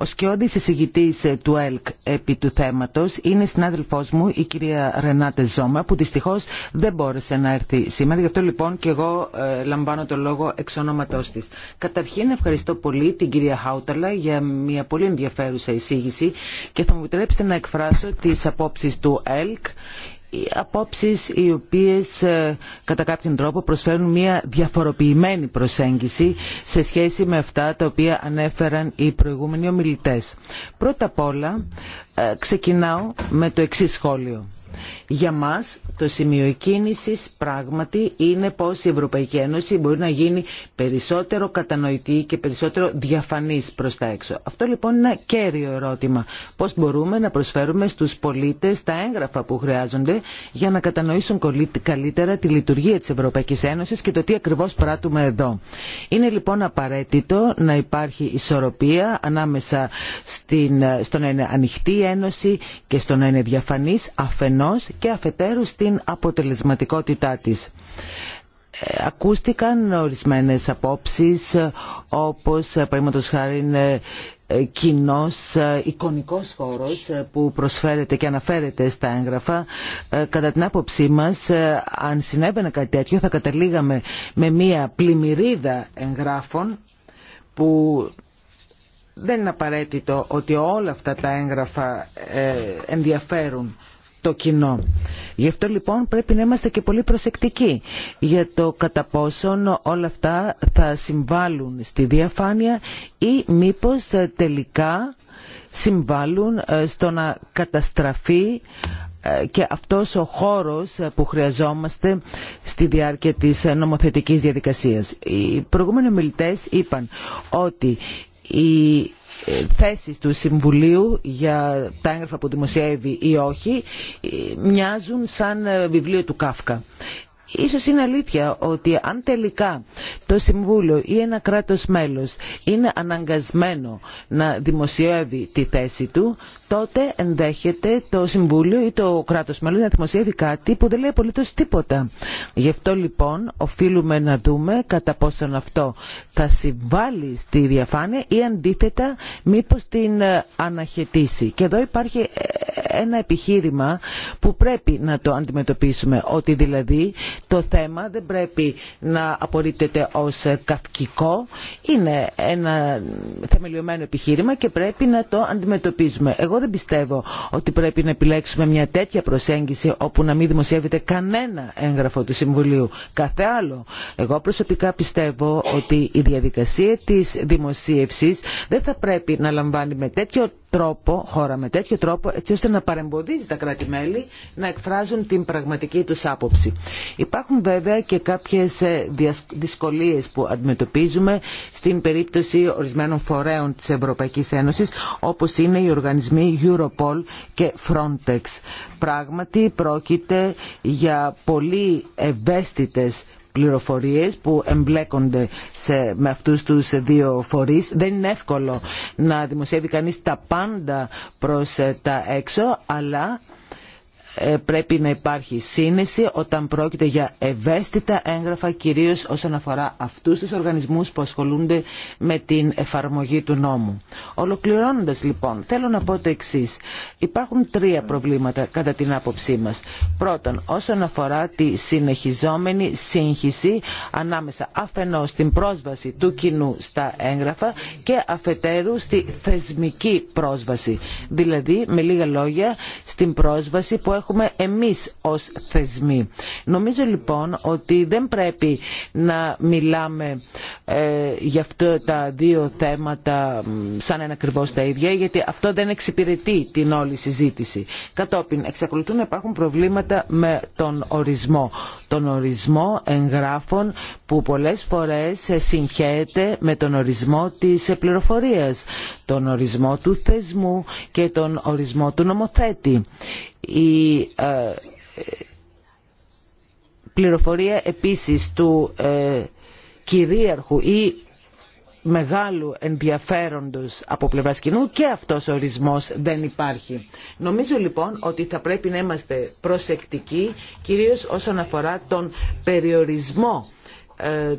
Ο σκιώδης εισηγητής ε, του ΕΛΚ επί του θέματος είναι συνάδελφός μου η κυρία Ρενάτε Ζώμα που δυστυχώς δεν μπόρεσε να έρθει σήμερα. Γι' αυτό λοιπόν και εγώ ε, λαμβάνω το λόγο εξ ονόματός της. Καταρχήν ευχαριστώ πολύ την κυρία Χάουταλα για μια πολύ ενδιαφέρουσα εισήγηση και θα μου επιτρέψετε να εκφράσω τις απόψεις του ΕΛΚ απόψεις οι οποίες ε, κατά κάποιον τρόπο προσφέρουν μια διαφοροποιημένη προσέγγιση σε σχέση με αυτά τα οποία ανέφεραν οι προηγούμενοι ομιλητές. Πρώτα απ' όλα ε, ξεκινάω με το εξή σχόλιο. Για μας το σημείο κίνησης πράγματι είναι πως η Ευρωπαϊκή Ένωση μπορεί να γίνει περισσότερο κατανοητή και περισσότερο διαφανής προς τα έξω. Αυτό λοιπόν είναι ένα κέριο ερώτημα. Πώς μπορούμε να προσφέρουμε στους πολίτες τα έγγραφα που χρειάζονται για να κατανοήσουν καλύτερα τη λειτουργία της Ευρωπαϊκής Ένωσης και το τι ακριβώς πράττουμε εδώ. Είναι λοιπόν απαραίτητο να υπάρχει ισορροπία ανάμεσα στην, ε, στον ανοιχτή Ένωση και στο να είναι διαφανής αφενός και αφετέρου στην αποτελεσματικότητά της ε, ακούστηκαν ορισμένες απόψεις όπως ε, παραδείγματο χάρη ε, κοινό εικονικό χώρος που προσφέρεται και αναφέρεται στα έγγραφα κατά την άποψή μας αν συνέβαινε κάτι τέτοιο θα καταλήγαμε με μια πλημμυρίδα εγγράφων που δεν είναι απαραίτητο ότι όλα αυτά τα έγγραφα ε, ενδιαφέρουν το κοινό. Γι' αυτό λοιπόν πρέπει να είμαστε και πολύ προσεκτικοί για το κατά πόσον όλα αυτά θα συμβάλλουν στη διαφάνεια ή μήπως ε, τελικά συμβάλλουν ε, στο να καταστραφεί και αυτός ο χώρος που χρειαζόμαστε στη διάρκεια της νομοθετικής διαδικασίας. Οι προηγούμενοι μιλητές είπαν ότι οι ε, θέσεις του Συμβουλίου για τα έγγραφα που δημοσιεύει ή όχι ε, μοιάζουν σαν ε, βιβλίο του Κάφκα. Ίσως είναι αλήθεια ότι αν τελικά το Συμβούλιο ή ένα κράτος μέλος είναι αναγκασμένο να δημοσιεύει τη θέση του, τότε ενδέχεται το Συμβούλιο ή το κράτος μελού να δημοσιεύει κάτι που δεν λέει απολύτως τίποτα. Γι' αυτό λοιπόν οφείλουμε να δούμε κατά πόσον αυτό θα συμβάλλει στη διαφάνεια ή αντίθετα μήπως την ε, αναχαιτήσει. Και εδώ υπάρχει ε, ένα επιχείρημα που πρέπει να το αντιμετωπίσουμε, ότι δηλαδή το θέμα δεν πρέπει να απορρίπτεται ως ε, καυκικό, είναι ένα θεμελιωμένο επιχείρημα και πρέπει να το αντιμετωπίζουμε δεν πιστεύω ότι πρέπει να επιλέξουμε μια τέτοια προσέγγιση όπου να μην δημοσιεύεται κανένα έγγραφο του Συμβουλίου. Καθ' άλλο, εγώ προσωπικά πιστεύω ότι η διαδικασία της δημοσίευσης δεν θα πρέπει να λαμβάνει με τέτοιο τρόπο, χώρα με τέτοιο τρόπο, έτσι ώστε να παρεμποδίζει τα κράτη-μέλη να εκφράζουν την πραγματική τους άποψη. Υπάρχουν βέβαια και κάποιες ε, δυσκολίες που αντιμετωπίζουμε στην περίπτωση ορισμένων φορέων της Ευρωπαϊκής Ένωσης, όπως είναι οι οργανισμοί Europol και Frontex. Πράγματι πρόκειται για πολύ ευαίσθητες πληροφορίες που εμπλέκονται με αυτούς τους δύο φορείς. Δεν είναι εύκολο να δημοσιεύει κανείς τα πάντα προς ε, τα έξω, αλλά ε, πρέπει να υπάρχει σύνεση όταν πρόκειται για ευαίσθητα έγγραφα, κυρίως όσον αφορά αυτούς τους οργανισμούς που ασχολούνται με την εφαρμογή του νόμου. Ολοκληρώνοντας λοιπόν, θέλω να πω το εξή. Υπάρχουν τρία προβλήματα κατά την άποψή μας. Πρώτον, όσον αφορά τη συνεχιζόμενη σύγχυση ανάμεσα αφενός στην πρόσβαση του κοινού στα έγγραφα και αφετέρου στη θεσμική πρόσβαση. Δηλαδή, με λίγα λόγια, στην πρόσβαση που έχουμε εμείς ως θεσμοί. Νομίζω λοιπόν ότι δεν πρέπει να μιλάμε ε, για αυτά τα δύο θέματα σαν ένα ακριβώ τα ίδια, γιατί αυτό δεν εξυπηρετεί την όλη συζήτηση. Κατόπιν, εξακολουθούν να υπάρχουν προβλήματα με τον ορισμό. Τον ορισμό εγγράφων που πολλές φορές συγχέεται με τον ορισμό της πληροφορία, τον ορισμό του θεσμού και τον ορισμό του νομοθέτη. Η ε, πληροφορία επίσης του ε, κυρίαρχου ή μεγάλου ενδιαφέροντος από πλευρά κοινού και αυτός ο ορισμός δεν υπάρχει. Νομίζω λοιπόν ότι θα πρέπει να είμαστε προσεκτικοί κυρίως όσον αφορά τον περιορισμό ε,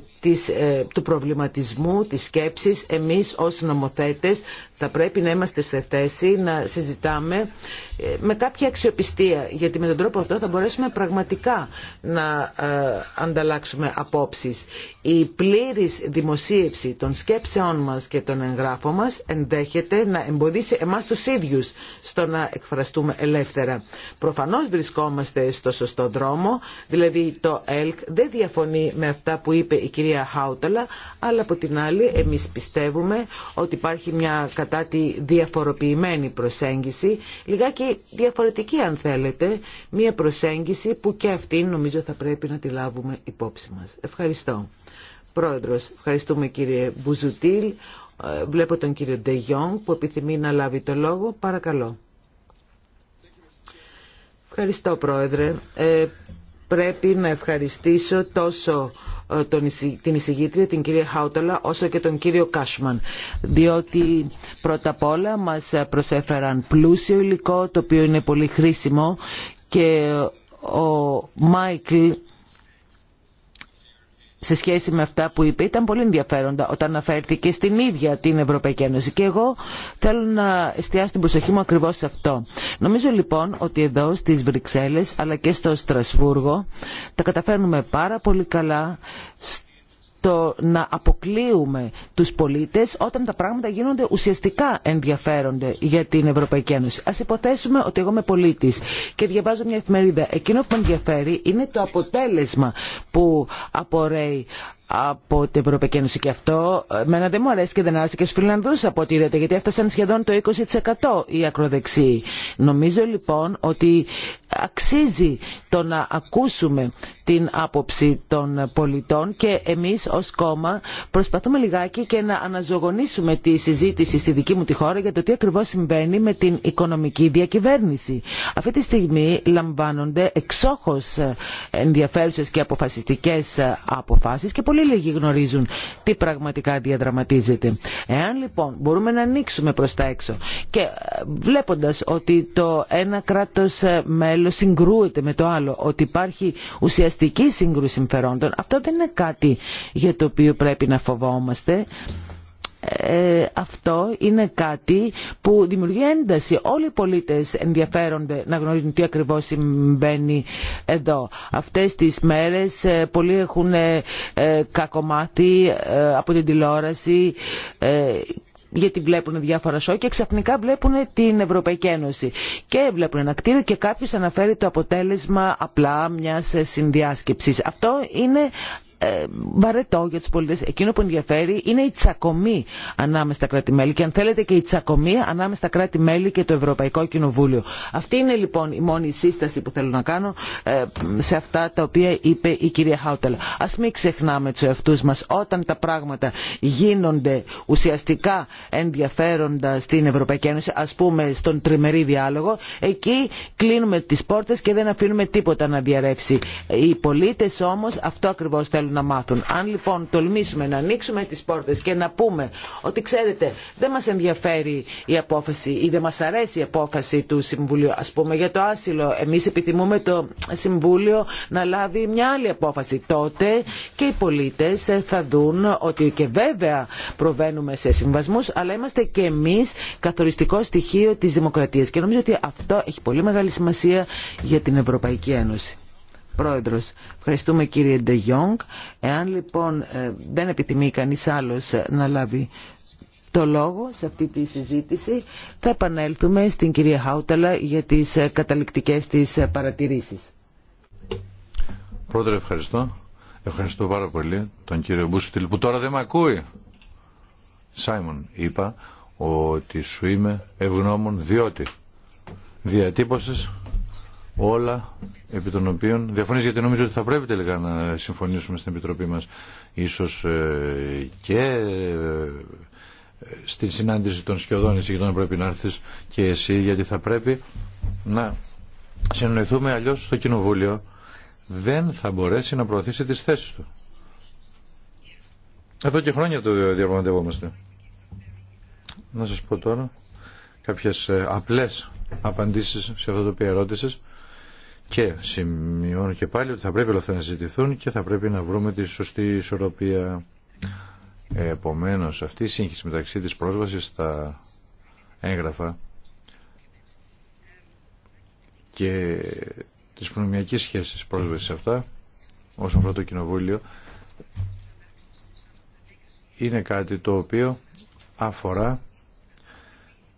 ε, του προβληματισμού, της σκέψης. Εμείς ως νομοθέτες θα πρέπει να είμαστε σε θέση να συζητάμε ε, με κάποια αξιοπιστία γιατί με τον τρόπο αυτό θα μπορέσουμε πραγματικά να ε, ανταλλάξουμε απόψεις. Η πλήρης δημοσίευση των σκέψεών μας και των εγγράφων μας ενδέχεται να εμποδίσει εμάς τους ίδιους στο να εκφραστούμε ελεύθερα. Προφανώς βρισκόμαστε στο σωστό δρόμο, δηλαδή το ΕΛΚ δεν διαφωνεί με αυτά που είπε η κυρία Χάουταλα, αλλά από την άλλη εμείς πιστεύουμε ότι υπάρχει μια κατά τη διαφοροποιημένη προσέγγιση, λιγάκι διαφορετική αν θέλετε, μια προσέγγιση που και αυτή νομίζω θα πρέπει να τη λάβουμε υπόψη μας. Ευχαριστώ. Πρόεδρος, ευχαριστούμε κύριε Μπουζουτήλ. Ε, βλέπω τον κύριο Ντεγιόν που επιθυμεί να λάβει το λόγο. Παρακαλώ. Ευχαριστώ πρόεδρε. Ε, πρέπει να ευχαριστήσω τόσο την εισηγήτρια, την κυρία Χάουταλα, όσο και τον κύριο Κάσμαν. Διότι πρώτα απ' όλα μας προσέφεραν πλούσιο υλικό, το οποίο είναι πολύ χρήσιμο και ο Μάικλ σε σχέση με αυτά που είπε ήταν πολύ ενδιαφέροντα όταν αναφέρθηκε στην ίδια την Ευρωπαϊκή Ένωση και εγώ θέλω να εστιάσω την προσοχή μου ακριβώς σε αυτό. Νομίζω λοιπόν ότι εδώ στις Βρυξέλλες αλλά και στο Στρασβούργο τα καταφέρνουμε πάρα πολύ καλά το να αποκλείουμε τους πολίτες όταν τα πράγματα γίνονται ουσιαστικά ενδιαφέρονται για την Ευρωπαϊκή Ένωση. Ας υποθέσουμε ότι εγώ είμαι πολίτης και διαβάζω μια εφημερίδα. Εκείνο που με ενδιαφέρει είναι το αποτέλεσμα που απορρέει από την Ευρωπαϊκή Ένωση και αυτό εμένα δεν μου αρέσει και δεν άρεσε και στους Φιλανδούς από ό,τι είδατε γιατί έφτασαν σχεδόν το 20% οι ακροδεξιοί. Νομίζω λοιπόν ότι αξίζει το να ακούσουμε την άποψη των πολιτών και εμείς ως κόμμα προσπαθούμε λιγάκι και να αναζωογονήσουμε τη συζήτηση στη δική μου τη χώρα για το τι ακριβώς συμβαίνει με την οικονομική διακυβέρνηση. Αυτή τη στιγμή λαμβάνονται εξόχως ενδιαφέρουσες και αποφασιστικές αποφάσεις και πολύ λίγοι γνωρίζουν τι πραγματικά διαδραματίζεται. Εάν λοιπόν μπορούμε να ανοίξουμε προς τα έξω και ε, βλέποντας ότι το ένα κράτος ε, μέλος συγκρούεται με το άλλο, ότι υπάρχει ουσιαστικά ουσιαστική σύγκρουση συμφερόντων. Αυτό δεν είναι κάτι για το οποίο πρέπει να φοβόμαστε. Ε, αυτό είναι κάτι που δημιουργεί ένταση. Όλοι οι πολίτες ενδιαφέρονται να γνωρίζουν τι ακριβώς συμβαίνει εδώ. Αυτές τις μέρες ε, πολλοί έχουν ε, ε, από την τηλεόραση γιατί βλέπουν διάφορα σοκ και ξαφνικά βλέπουν την Ευρωπαϊκή Ένωση. Και βλέπουν ένα κτίριο και κάποιο αναφέρει το αποτέλεσμα απλά μια συνδιάσκεψη. Αυτό είναι ε, βαρετό για τους πολίτες. Εκείνο που ενδιαφέρει είναι η τσακωμή ανάμεσα στα κράτη-μέλη και αν θέλετε και η τσακωμή ανάμεσα στα κράτη-μέλη και το Ευρωπαϊκό Κοινοβούλιο. Αυτή είναι λοιπόν η μόνη σύσταση που θέλω να κάνω ε, σε αυτά τα οποία είπε η κυρία Χάουτελ. Ας μην ξεχνάμε του εαυτού μας όταν τα πράγματα γίνονται ουσιαστικά ενδιαφέροντα στην Ευρωπαϊκή Ένωση, ας πούμε στον τριμερή διάλογο, εκεί κλείνουμε τι πόρτε και δεν αφήνουμε τίποτα να διαρρεύσει. Οι πολίτες όμως αυτό ακριβώ θέλουν να μάθουν. Αν λοιπόν τολμήσουμε να ανοίξουμε τις πόρτες και να πούμε ότι ξέρετε δεν μας ενδιαφέρει η απόφαση ή δεν μας αρέσει η απόφαση του Συμβουλίου ας πούμε για το άσυλο εμείς επιθυμούμε το Συμβούλιο να λάβει μια άλλη απόφαση τότε και οι πολίτες θα δουν ότι και βέβαια προβαίνουμε σε συμβασμούς αλλά είμαστε και εμείς καθοριστικό στοιχείο της δημοκρατίας και νομίζω ότι αυτό έχει πολύ μεγάλη σημασία για την Ευρωπαϊκή Ένωση. Πρόεδρος. Ευχαριστούμε κύριε Ντεγιόγκ. Εάν λοιπόν ε, δεν επιθυμεί κανείς άλλος ε, να λάβει το λόγο σε αυτή τη συζήτηση, θα επανέλθουμε στην κυρία Χάουταλα για τις ε, καταληκτικές της παρατηρήσεις. Πρόεδρε ευχαριστώ. Ευχαριστώ πάρα πολύ τον κύριο Μπούσουτιλ που τώρα δεν με ακούει. Σάιμον είπα ότι σου είμαι ευγνώμων διότι διατύπωσες όλα επί των οποίων διαφωνείς γιατί νομίζω ότι θα πρέπει τελικά να συμφωνήσουμε στην Επιτροπή μας ίσως ε, και ε, στην συνάντηση των σκιωδών εισηγητών πρέπει να έρθεις και εσύ γιατί θα πρέπει να συνοηθούμε αλλιώς στο Κοινοβούλιο δεν θα μπορέσει να προωθήσει τις θέσεις του. Εδώ και χρόνια το διαπραγματευόμαστε. Να σας πω τώρα κάποιες ε, απλές απαντήσεις σε αυτό το οποίο ερώτησες και σημειώνω και πάλι ότι θα πρέπει όλα αυτά να ζητηθούν και θα πρέπει να βρούμε τη σωστή ισορροπία. Επομένως, αυτή η σύγχυση μεταξύ της πρόσβασης στα έγγραφα και της προνομιακής σχέσης πρόσβασης σε αυτά όσον αφορά το κοινοβούλιο είναι κάτι το οποίο αφορά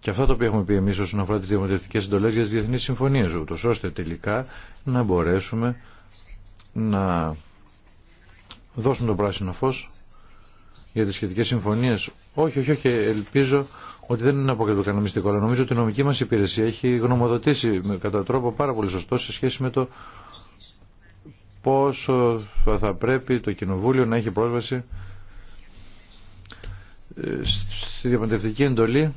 και αυτά τα οποία έχουμε πει εμεί όσον αφορά τι διαμορφωτικέ εντολέ για τι διεθνεί συμφωνίε, ούτω ώστε τελικά να μπορέσουμε να δώσουμε το πράσινο φω για τι σχετικέ συμφωνίε. Όχι, όχι, όχι. Ελπίζω ότι δεν είναι αποκλειστικό κανένα μυστικό, αλλά νομίζω ότι η νομική μα υπηρεσία έχει γνωμοδοτήσει κατά τρόπο πάρα πολύ σωστό σε σχέση με το πόσο θα πρέπει το Κοινοβούλιο να έχει πρόσβαση ε, στη διαπαντευτική εντολή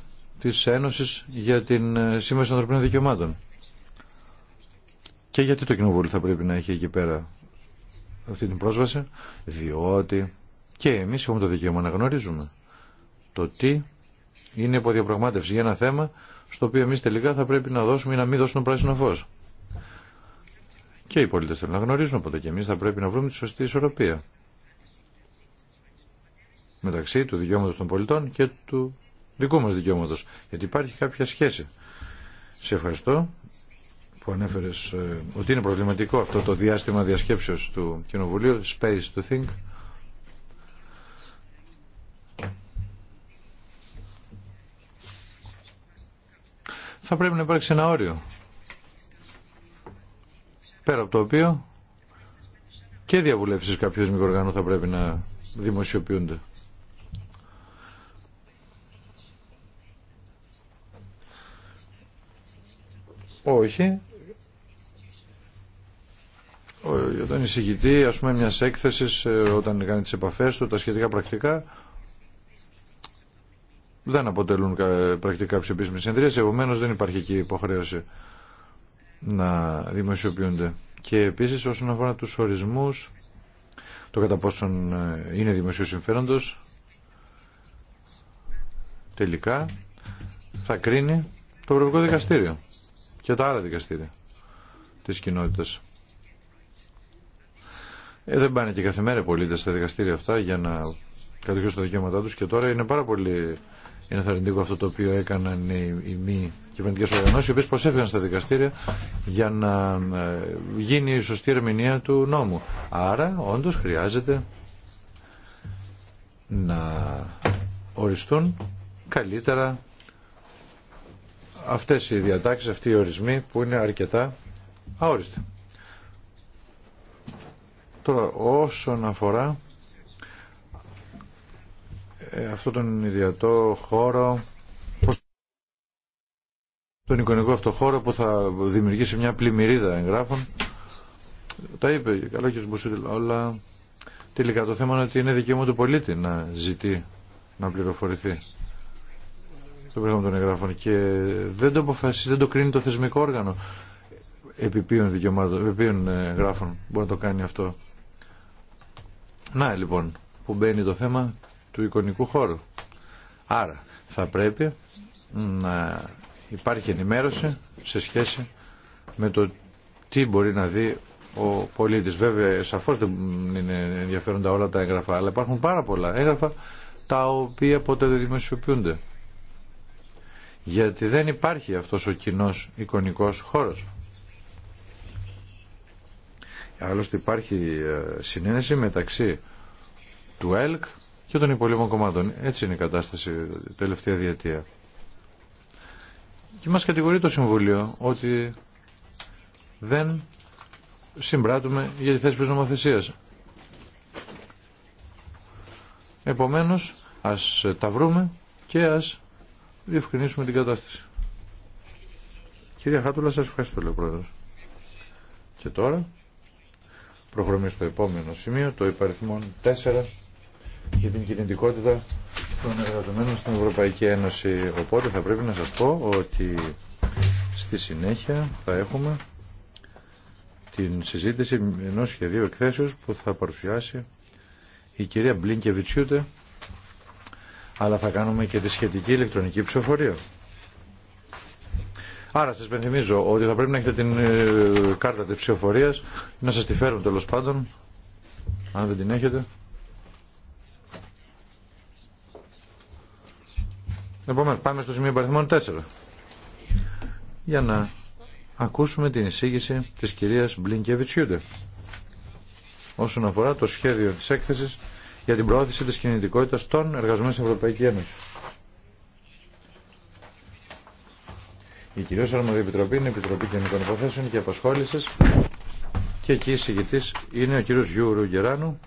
της Ένωσης για την ε, Σύμβαση των Ανθρωπίνων Δικαιωμάτων. Και γιατί το Κοινοβούλιο θα πρέπει να έχει εκεί πέρα αυτή την πρόσβαση, διότι και εμείς έχουμε το δικαίωμα να γνωρίζουμε το τι είναι υποδιαπραγμάτευση για ένα θέμα στο οποίο εμείς τελικά θα πρέπει να δώσουμε ή να μην δώσουμε πράσινο φως. Και οι πολίτες θέλουν να γνωρίζουν, οπότε και εμείς θα πρέπει να βρούμε τη σωστή ισορροπία μεταξύ του δικαιώματος των πολιτών και του δικού μας δικαιώματος, γιατί υπάρχει κάποια σχέση. Σε ευχαριστώ που ανέφερες ε, ότι είναι προβληματικό αυτό το διάστημα διασκέψεως του Κοινοβουλίου, space to think. Θα πρέπει να υπάρξει ένα όριο, πέρα από το οποίο και διαβουλεύσεις κάποιου μικροργάνου θα πρέπει να δημοσιοποιούνται. Όχι. Όταν τον εισηγητή, ας πούμε, μια έκθεσης, ε, όταν κάνει τις επαφές του, τα σχετικά πρακτικά, δεν αποτελούν πρακτικά ψηφίσμαση επίσημε συνεδρίες, επομένως δεν υπάρχει εκεί υποχρέωση να δημοσιοποιούνται. Και επίσης όσον αφορά τους ορισμούς, το κατά πόσον ε, είναι δημοσίου συμφέροντος, τελικά θα κρίνει το Ευρωπαϊκό Δικαστήριο και τα άλλα δικαστήρια της κοινότητας. Ε, δεν πάνε και κάθε μέρα οι πολίτες στα δικαστήρια αυτά για να κατοχήσουν τα δικαιώματά τους και τώρα είναι πάρα πολύ ενθαρρυντικό αυτό το οποίο έκαναν οι, οι μη κυβερνητικές οργανώσεις οι οποίες προσέφεραν στα δικαστήρια για να ε, γίνει η σωστή ερμηνεία του νόμου. Άρα όντως χρειάζεται να οριστούν καλύτερα αυτές οι διατάξεις, αυτοί οι ορισμοί που είναι αρκετά αόριστοι. Τώρα όσον αφορά ε, αυτό τον ιδιατό χώρο τον εικονικό αυτό χώρο που θα δημιουργήσει μια πλημμυρίδα εγγράφων τα είπε καλά και ο όλα τελικά το θέμα είναι ότι είναι δικαίωμα του πολίτη να ζητεί να πληροφορηθεί το πρόγραμμα των εγγράφων και δεν το αποφασίζει, δεν το κρίνει το θεσμικό όργανο επί δικαιωμάτων, επί ε, εγγράφων μπορεί να το κάνει αυτό. Να λοιπόν, που μπαίνει το θέμα του εικονικού χώρου. Άρα θα πρέπει να υπάρχει ενημέρωση σε σχέση με το τι μπορεί να δει ο πολίτης. Βέβαια, σαφώς δεν είναι ενδιαφέροντα όλα τα έγγραφα, αλλά υπάρχουν πάρα πολλά έγγραφα τα οποία ποτέ δεν δημοσιοποιούνται γιατί δεν υπάρχει αυτός ο κοινό εικονικός χώρος. Άλλωστε υπάρχει ε, συνένεση μεταξύ του ΕΛΚ και των υπολείπων κομμάτων. Έτσι είναι η κατάσταση τελευταία διετία. Και μας κατηγορεί το Συμβουλίο ότι δεν συμπράττουμε για τη θέση νομοθεσίας. Επομένως, ας τα βρούμε και ας διευκρινίσουμε την κατάσταση. Κυρία Χάτουλα, σας ευχαριστώ, λέει ο Πρόεδρος. Και τώρα προχωρούμε στο επόμενο σημείο, το υπαριθμό 4 για την κινητικότητα των εργαζομένων στην Ευρωπαϊκή Ένωση. Οπότε θα πρέπει να σας πω ότι στη συνέχεια θα έχουμε την συζήτηση ενός σχεδίου εκθέσεως που θα παρουσιάσει η κυρία Μπλίνκεβιτσιούτε αλλά θα κάνουμε και τη σχετική ηλεκτρονική ψηφοφορία. Άρα σας πενθυμίζω ότι θα πρέπει να έχετε την ε, κάρτα της ψηφοφορίας, να σας τη φέρουν τέλος πάντων, αν δεν την έχετε. Επομένως, πάμε στο σημείο παριθμών 4. Για να ακούσουμε την εισήγηση της κυρίας Μπλίνκεβιτσιούτε όσον αφορά το σχέδιο της έκθεσης για την προώθηση της κινητικότητας των εργαζομένων στην Ευρωπαϊκή Ένωση. Η κυρίως αρμόδια επιτροπή είναι η Επιτροπή Κοινωνικών Υποθέσεων και Απασχόλησης και εκεί η συγκητή είναι ο κύριος Γιούρου Γεράνου,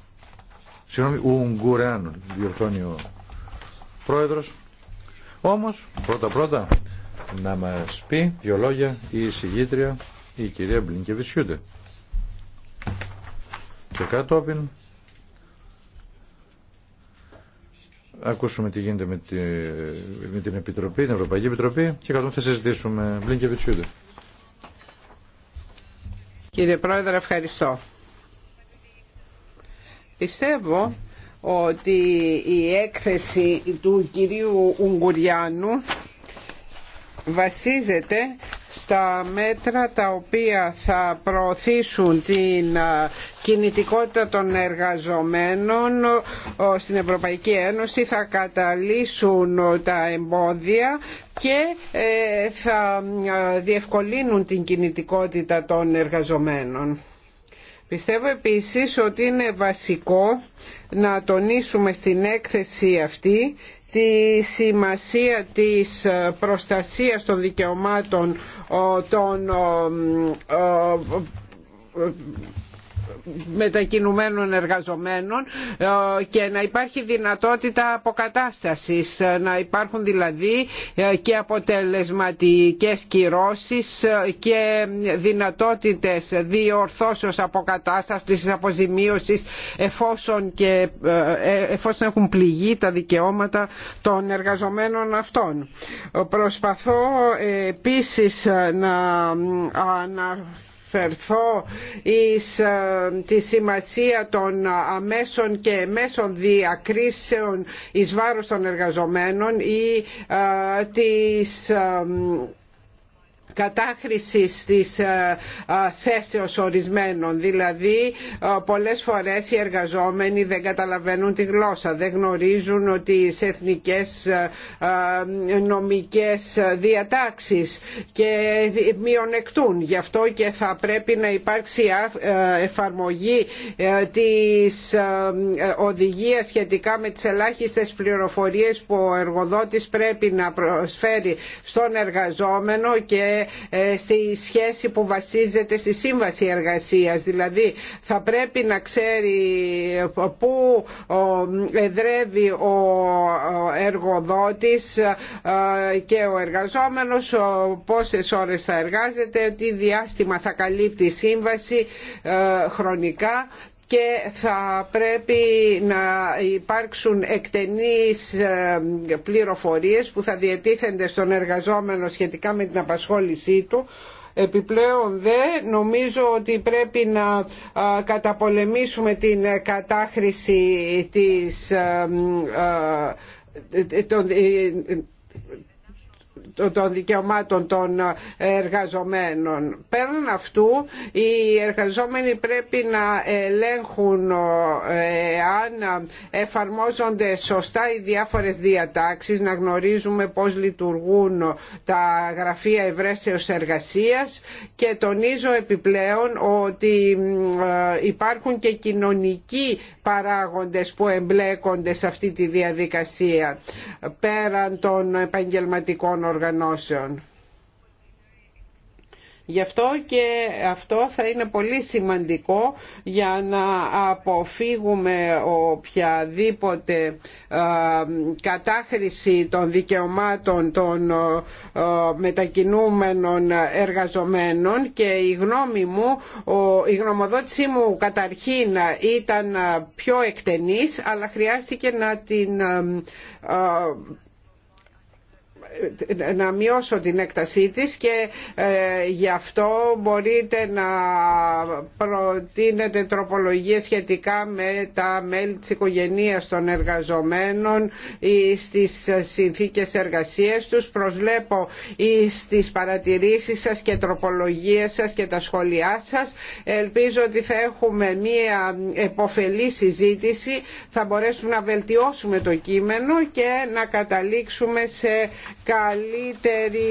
συγγνώμη, Ουγγουράνου, διορθώνει ο πρόεδρος. Όμως, πρώτα-πρώτα, να μας πει δυο λόγια η συγκήτρια, η κυρία Σιούντε. Και κατόπιν ακούσουμε τι γίνεται με, τη, με την Επιτροπή, την Ευρωπαϊκή Επιτροπή και κατόπιν θα συζητήσουμε. Μπλίνκεβιτσιούτε. Κύριε Πρόεδρε, ευχαριστώ. Πιστεύω ότι η έκθεση του κυρίου Ουγγουριάνου βασίζεται στα μέτρα τα οποία θα προωθήσουν την κινητικότητα των εργαζομένων στην Ευρωπαϊκή Ένωση, θα καταλύσουν τα εμπόδια και ε, θα διευκολύνουν την κινητικότητα των εργαζομένων. Πιστεύω επίσης ότι είναι βασικό να τονίσουμε στην έκθεση αυτή τη σημασία της προστασίας των δικαιωμάτων των μετακινουμένων εργαζομένων ε, και να υπάρχει δυνατότητα αποκατάστασης, ε, να υπάρχουν δηλαδή ε, και αποτελεσματικές κυρώσεις και δυνατότητες διορθώσεως αποκατάστασης, της αποζημίωσης εφόσον, και, εφόσον έχουν πληγεί τα δικαιώματα των εργαζομένων αυτών. Προσπαθώ επίσης να αναφέρω αναφερθώ εις ε, τη σημασία των αμέσων και μέσων διακρίσεων εις βάρος των εργαζομένων ή ε, της ε, κατάχρησης της ε, ε, θέσεως ορισμένων. Δηλαδή ε, πολλές φορές οι εργαζόμενοι δεν καταλαβαίνουν τη γλώσσα, δεν γνωρίζουν ότι εθνικές νομικές διατάξεις και μειονεκτούν. Γι' αυτό και θα πρέπει να υπάρξει εφαρμογή της οδηγίας σχετικά με τις ελάχιστες πληροφορίες που ο εργοδότης πρέπει να προσφέρει στον εργαζόμενο και ε, στη σχέση που βασίζεται στη σύμβαση εργασίας. Δηλαδή θα πρέπει να ξέρει πού εδρεύει ο εργοδότης ε, και ο εργαζόμενος, πόσες ώρες θα εργάζεται, τι διάστημα θα καλύπτει η σύμβαση ε, χρονικά και θα πρέπει να υπάρξουν εκτενείς ε, πληροφορίες που θα διετίθενται στον εργαζόμενο σχετικά με την απασχόλησή του Επιπλέον δε νομίζω ότι πρέπει να ε, καταπολεμήσουμε την κατάχρηση της, ε, των δικαιωμάτων των ε, εργαζομένων. Πέραν αυτού, οι εργαζόμενοι πρέπει να ελέγχουν ε, αν εφαρμόζονται σωστά οι διάφορες διατάξεις, να γνωρίζουμε πώς λειτουργούν τα γραφεία ευρέσεως εργασίας και τονίζω επιπλέον ότι ε, υπάρχουν και κοινωνικοί παράγοντες που εμπλέκονται σε αυτή τη διαδικασία πέραν των επαγγελματικών οργανώσεων οργανώσεων. Γι' αυτό και αυτό θα είναι πολύ σημαντικό για να αποφύγουμε οποιαδήποτε κατάχρηση των δικαιωμάτων των μετακινούμενων εργαζομένων και η γνώμη μου, η γνωμοδότησή μου καταρχήν ήταν πιο εκτενής αλλά χρειάστηκε να την να μειώσω την έκτασή της και ε, γι' αυτό μπορείτε να προτείνετε τροπολογίες σχετικά με τα μέλη της οικογενείας των εργαζομένων ή στις συνθήκες εργασίας τους. προσλέπω ή στις παρατηρήσεις σας και τροπολογίες σας και τα σχόλιά σας. Ελπίζω ότι θα έχουμε μία εποφελή συζήτηση, θα μπορέσουμε να βελτιώσουμε το κείμενο και να καταλήξουμε σε καλύτερη,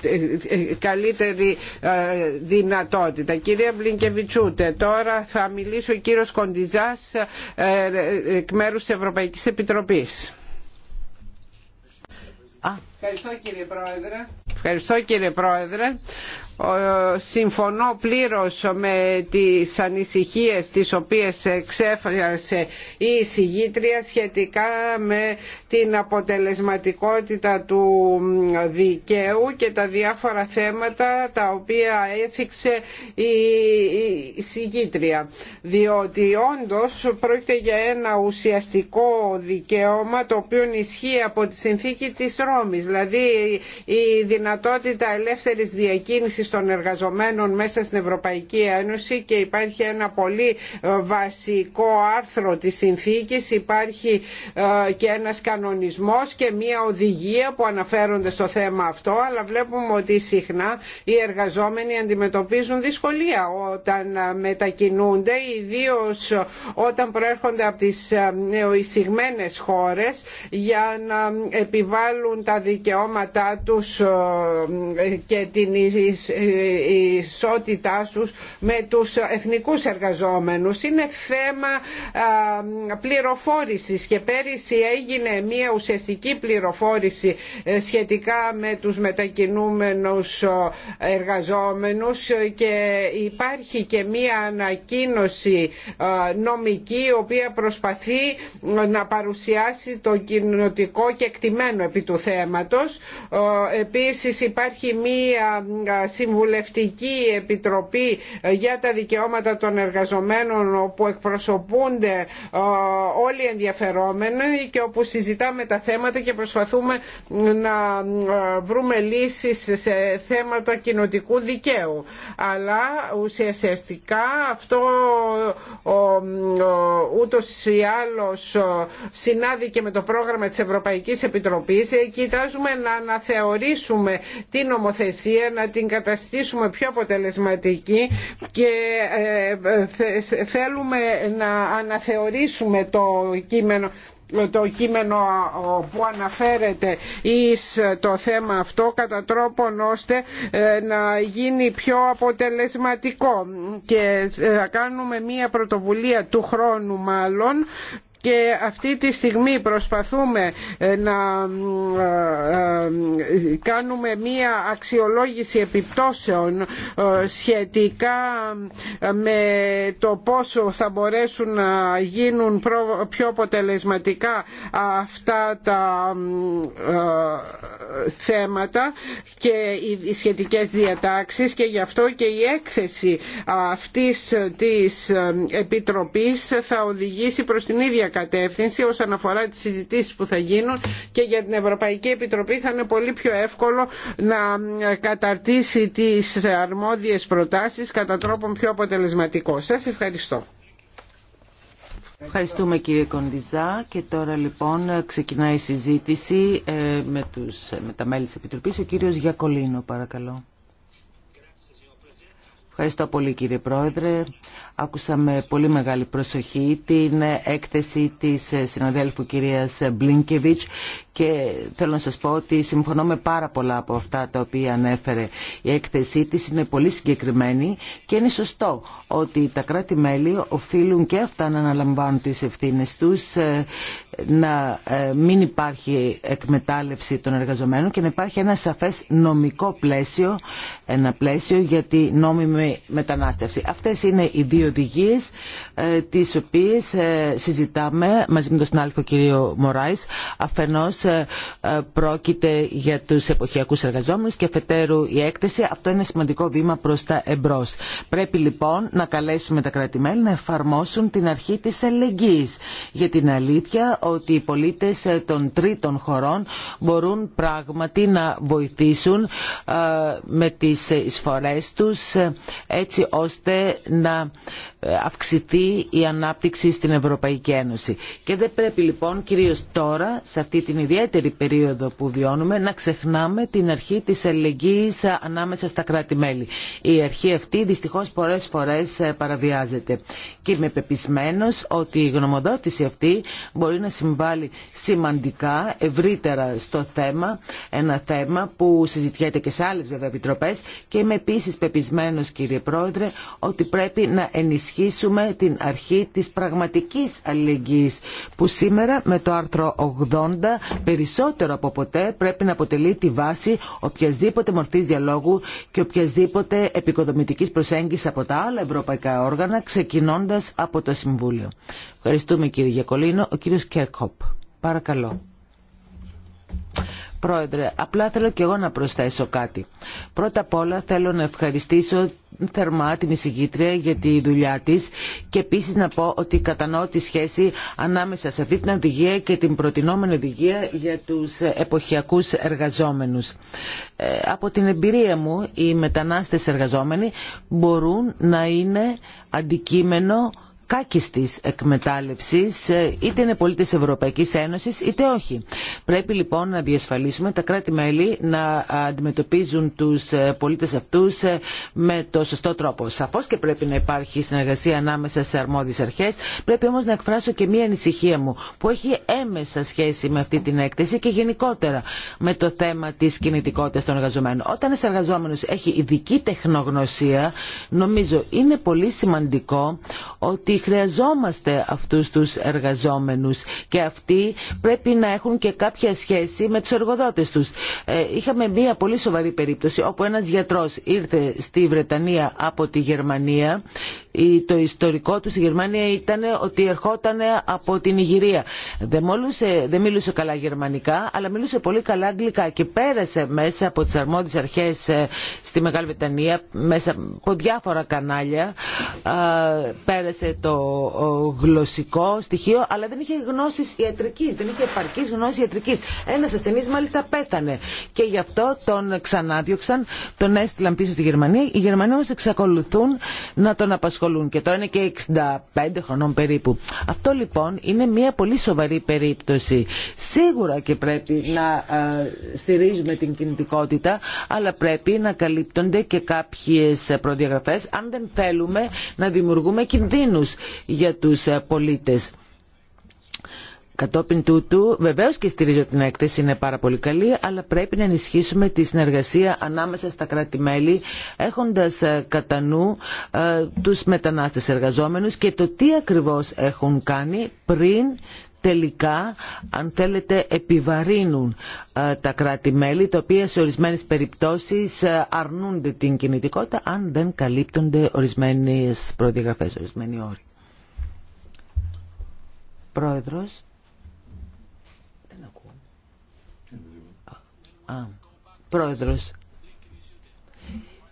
ε, ε, ε, καλύτερη δυνατότητα. Κυρία Μπλινκεβιτσούτε, τώρα θα μιλήσει ο κύριος Κοντιζάς εκ μέρους της Ευρωπαϊκής Επιτροπής. Ευχαριστώ κύριε Πρόεδρε. Ευχαριστώ κύριε Πρόεδρε συμφωνώ πλήρως με τις ανησυχίες τις οποίες εξέφρασε η εισηγήτρια σχετικά με την αποτελεσματικότητα του δικαίου και τα διάφορα θέματα τα οποία έθιξε η εισηγήτρια διότι όντως πρόκειται για ένα ουσιαστικό δικαίωμα το οποίο ισχύει από τη συνθήκη της Ρώμης δηλαδή η δυνατότητα ελεύθερης διακίνησης των εργαζομένων μέσα στην Ευρωπαϊκή Ένωση και υπάρχει ένα πολύ ε, βασικό άρθρο της συνθήκης, υπάρχει ε, και ένας κανονισμός και μία οδηγία που αναφέρονται στο θέμα αυτό, αλλά βλέπουμε ότι συχνά οι εργαζόμενοι αντιμετωπίζουν δυσκολία όταν ε, μετακινούνται, ιδίως όταν προέρχονται από τις νεοεισηγμένες χώρες για να επιβάλλουν τα δικαιώματά τους και την ε, ε, ισότητά σου με τους εθνικούς εργαζόμενους. Είναι θέμα πληροφόρησης και πέρυσι έγινε μια ουσιαστική πληροφόρηση ε, σχετικά με τους μετακινούμενους εργαζόμενους και υπάρχει και μια ανακοίνωση νομική η οποία προσπαθεί να παρουσιάσει το κοινοτικό και εκτιμένο επί του θέματος. Επίσης υπάρχει μία Συμβουλευτική Επιτροπή ε, για τα Δικαιώματα των Εργαζομένων όπου εκπροσωπούνται ε, όλοι οι ενδιαφερόμενοι και όπου συζητάμε τα θέματα και προσπαθούμε να ε, βρούμε λύσεις σε θέματα κοινοτικού δικαίου. Αλλά ουσιαστικά αυτό ούτως ή άλλως συνάδει και με το πρόγραμμα της Ευρωπαϊκής Επιτροπής. Κοιτάζουμε να αναθεωρήσουμε την νομοθεσία, να την καταστήσουμε πιο αποτελεσματική και ε, θέλουμε να αναθεωρήσουμε το κείμενο το κείμενο που αναφέρεται εις το θέμα αυτό κατά τρόπον ώστε ε, να γίνει πιο αποτελεσματικό και ε, κάνουμε μία πρωτοβουλία του χρόνου μάλλον και αυτή τη στιγμή προσπαθούμε ε, να ε, ε, κάνουμε μία αξιολόγηση επιπτώσεων σχετικά με το πόσο θα μπορέσουν να γίνουν πιο αποτελεσματικά αυτά τα θέματα και οι σχετικές διατάξεις και γι' αυτό και η έκθεση αυτής της Επιτροπής θα οδηγήσει προς την ίδια κατεύθυνση όσον αφορά τις συζητήσεις που θα γίνουν και για την Ευρωπαϊκή Επιτροπή θα είναι πολύ πιο εύκολο να καταρτήσει τις αρμόδιες προτάσεις κατά τρόπον πιο αποτελεσματικό. Σας ευχαριστώ. Ευχαριστούμε κύριε Κοντιζά και τώρα λοιπόν ξεκινάει η συζήτηση ε, με, τους, τα μέλη της Επιτροπής. Ο κύριος Γιακολίνο παρακαλώ. Ευχαριστώ πολύ κύριε Πρόεδρε. Άκουσα με πολύ μεγάλη προσοχή την έκθεση της συναδέλφου κυρίας Μπλίνκεβιτς και θέλω να σας πω ότι συμφωνώ με πάρα πολλά από αυτά τα οποία ανέφερε. Η έκθεσή της είναι πολύ συγκεκριμένη και είναι σωστό ότι τα κράτη-μέλη οφείλουν και αυτά να αναλαμβάνουν τις ευθύνες τους, ε, να ε, μην υπάρχει εκμετάλλευση των εργαζομένων και να υπάρχει ένα σαφές νομικό πλαίσιο, ένα πλαίσιο για τη νόμιμη μετανάστευση. Αυτές είναι οι δύο οδηγίε ε, τις οποίες συζητάμε μαζί με τον συνάδελφο κύριο Μωράης αφενός ε, ε, πρόκειται για τους εποχιακούς εργαζόμενους και φετερού η έκθεση. Αυτό είναι σημαντικό βήμα προς τα εμπρός. Πρέπει λοιπόν να καλέσουμε τα κράτη-μέλη να εφαρμόσουν την αρχή της ελεγγύης για την αλήθεια ότι οι πολίτες ε, των τρίτων χωρών μπορούν πράγματι να βοηθήσουν με τις εισφορές τους έτσι ώστε να αυξηθεί η ανάπτυξη στην Ευρωπαϊκή Ένωση. Και δεν πρέπει λοιπόν κυρίως τώρα, σε αυτή την ιδιαίτερη περίοδο που βιώνουμε, να ξεχνάμε την αρχή της αλληλεγγύης ανάμεσα στα κράτη-μέλη. Η αρχή αυτή δυστυχώς πολλές φορές ε, παραβιάζεται. Και είμαι πεπισμένος ότι η γνωμοδότηση αυτή μπορεί να συμβάλλει σημαντικά ευρύτερα στο θέμα, ένα θέμα που συζητιέται και σε άλλες βέβαια επιτροπές και είμαι επίσης πεπισμένος κύριε Πρόεδρε ότι πρέπει να ενισχύσουμε ενισχύσουμε την αρχή της πραγματικής αλληλεγγύης που σήμερα με το άρθρο 80 περισσότερο από ποτέ πρέπει να αποτελεί τη βάση οποιασδήποτε μορφής διαλόγου και οποιασδήποτε επικοδομητικής προσέγγισης από τα άλλα ευρωπαϊκά όργανα ξεκινώντας από το Συμβούλιο. Ευχαριστούμε κύριε Γιακολίνο. Ο κύριος Κέρκοπ. Παρακαλώ. Πρόεδρε, απλά θέλω και εγώ να προσθέσω κάτι. Πρώτα απ' όλα θέλω να ευχαριστήσω θερμά την εισηγήτρια για τη δουλειά της και επίσης να πω ότι κατανοώ τη σχέση ανάμεσα σε αυτή την οδηγία και την προτινόμενη οδηγία για τους εποχιακούς εργαζόμενους. Ε, από την εμπειρία μου οι μετανάστες εργαζόμενοι μπορούν να είναι αντικείμενο κάκιστης εκμετάλλευσης ε, είτε είναι πολίτες Ευρωπαϊκής Ένωσης είτε όχι. Πρέπει λοιπόν να διασφαλίσουμε τα κράτη-μέλη να αντιμετωπίζουν τους ε, πολίτες αυτούς ε, με το σωστό τρόπο. Σαφώς και πρέπει να υπάρχει συνεργασία ανάμεσα σε αρμόδιες αρχές. Πρέπει όμως να εκφράσω και μία ανησυχία μου που έχει έμεσα σχέση με αυτή την έκθεση και γενικότερα με το θέμα της κινητικότητας των εργαζομένων. Όταν ένας εργαζόμενος έχει ειδική τεχνογνωσία νομίζω είναι πολύ σημαντικό ότι χρειαζόμαστε αυτούς τους εργαζόμενους και αυτοί πρέπει να έχουν και κάποια σχέση με τους εργοδότες τους. Ε, είχαμε μία πολύ σοβαρή περίπτωση όπου ένας γιατρός ήρθε στη Βρετανία από τη Γερμανία. Το ιστορικό του στη Γερμανία ήταν ότι ερχόταν από την Ιγυρία. Δεν, μόλουσε, μίλουσε καλά γερμανικά αλλά μιλούσε πολύ καλά αγγλικά και πέρασε μέσα από τις αρμόδιες αρχές ε, στη Μεγάλη Βρετανία μέσα από διάφορα κανάλια πέρασε το γλωσσικό στοιχείο, αλλά δεν είχε γνώσει ιατρική, δεν είχε επαρκή γνώση ιατρική. Ένα ασθενή μάλιστα πέθανε. Και γι' αυτό τον ξανάδιωξαν, τον έστειλαν πίσω στη Γερμανία. Οι Γερμανοί όμω εξακολουθούν να τον απασχολούν. Και τώρα είναι και 65 χρονών περίπου. Αυτό λοιπόν είναι μια πολύ σοβαρή περίπτωση. Σίγουρα και πρέπει να ε, στηρίζουμε την κινητικότητα, αλλά πρέπει να καλύπτονται και κάποιε προδιαγραφέ, αν δεν θέλουμε να δημιουργούμε κινδύνου για τους ε, πολίτες. Κατόπιν τούτου, βεβαίως και στηρίζω την έκθεση, είναι πάρα πολύ καλή, αλλά πρέπει να ενισχύσουμε τη συνεργασία ανάμεσα στα κράτη-μέλη, έχοντας ε, κατά νου ε, τους μετανάστες εργαζόμενους και το τι ακριβώς έχουν κάνει πριν τελικά αν θέλετε επιβαρύνουν ε, τα κράτη-μέλη τα οποία σε ορισμένες περιπτώσεις ε, αρνούνται την κινητικότητα αν δεν καλύπτονται ορισμένες προδιαγραφές, ορισμένοι όροι. Πρόεδρος. Δεν ακούω. Α, πρόεδρος.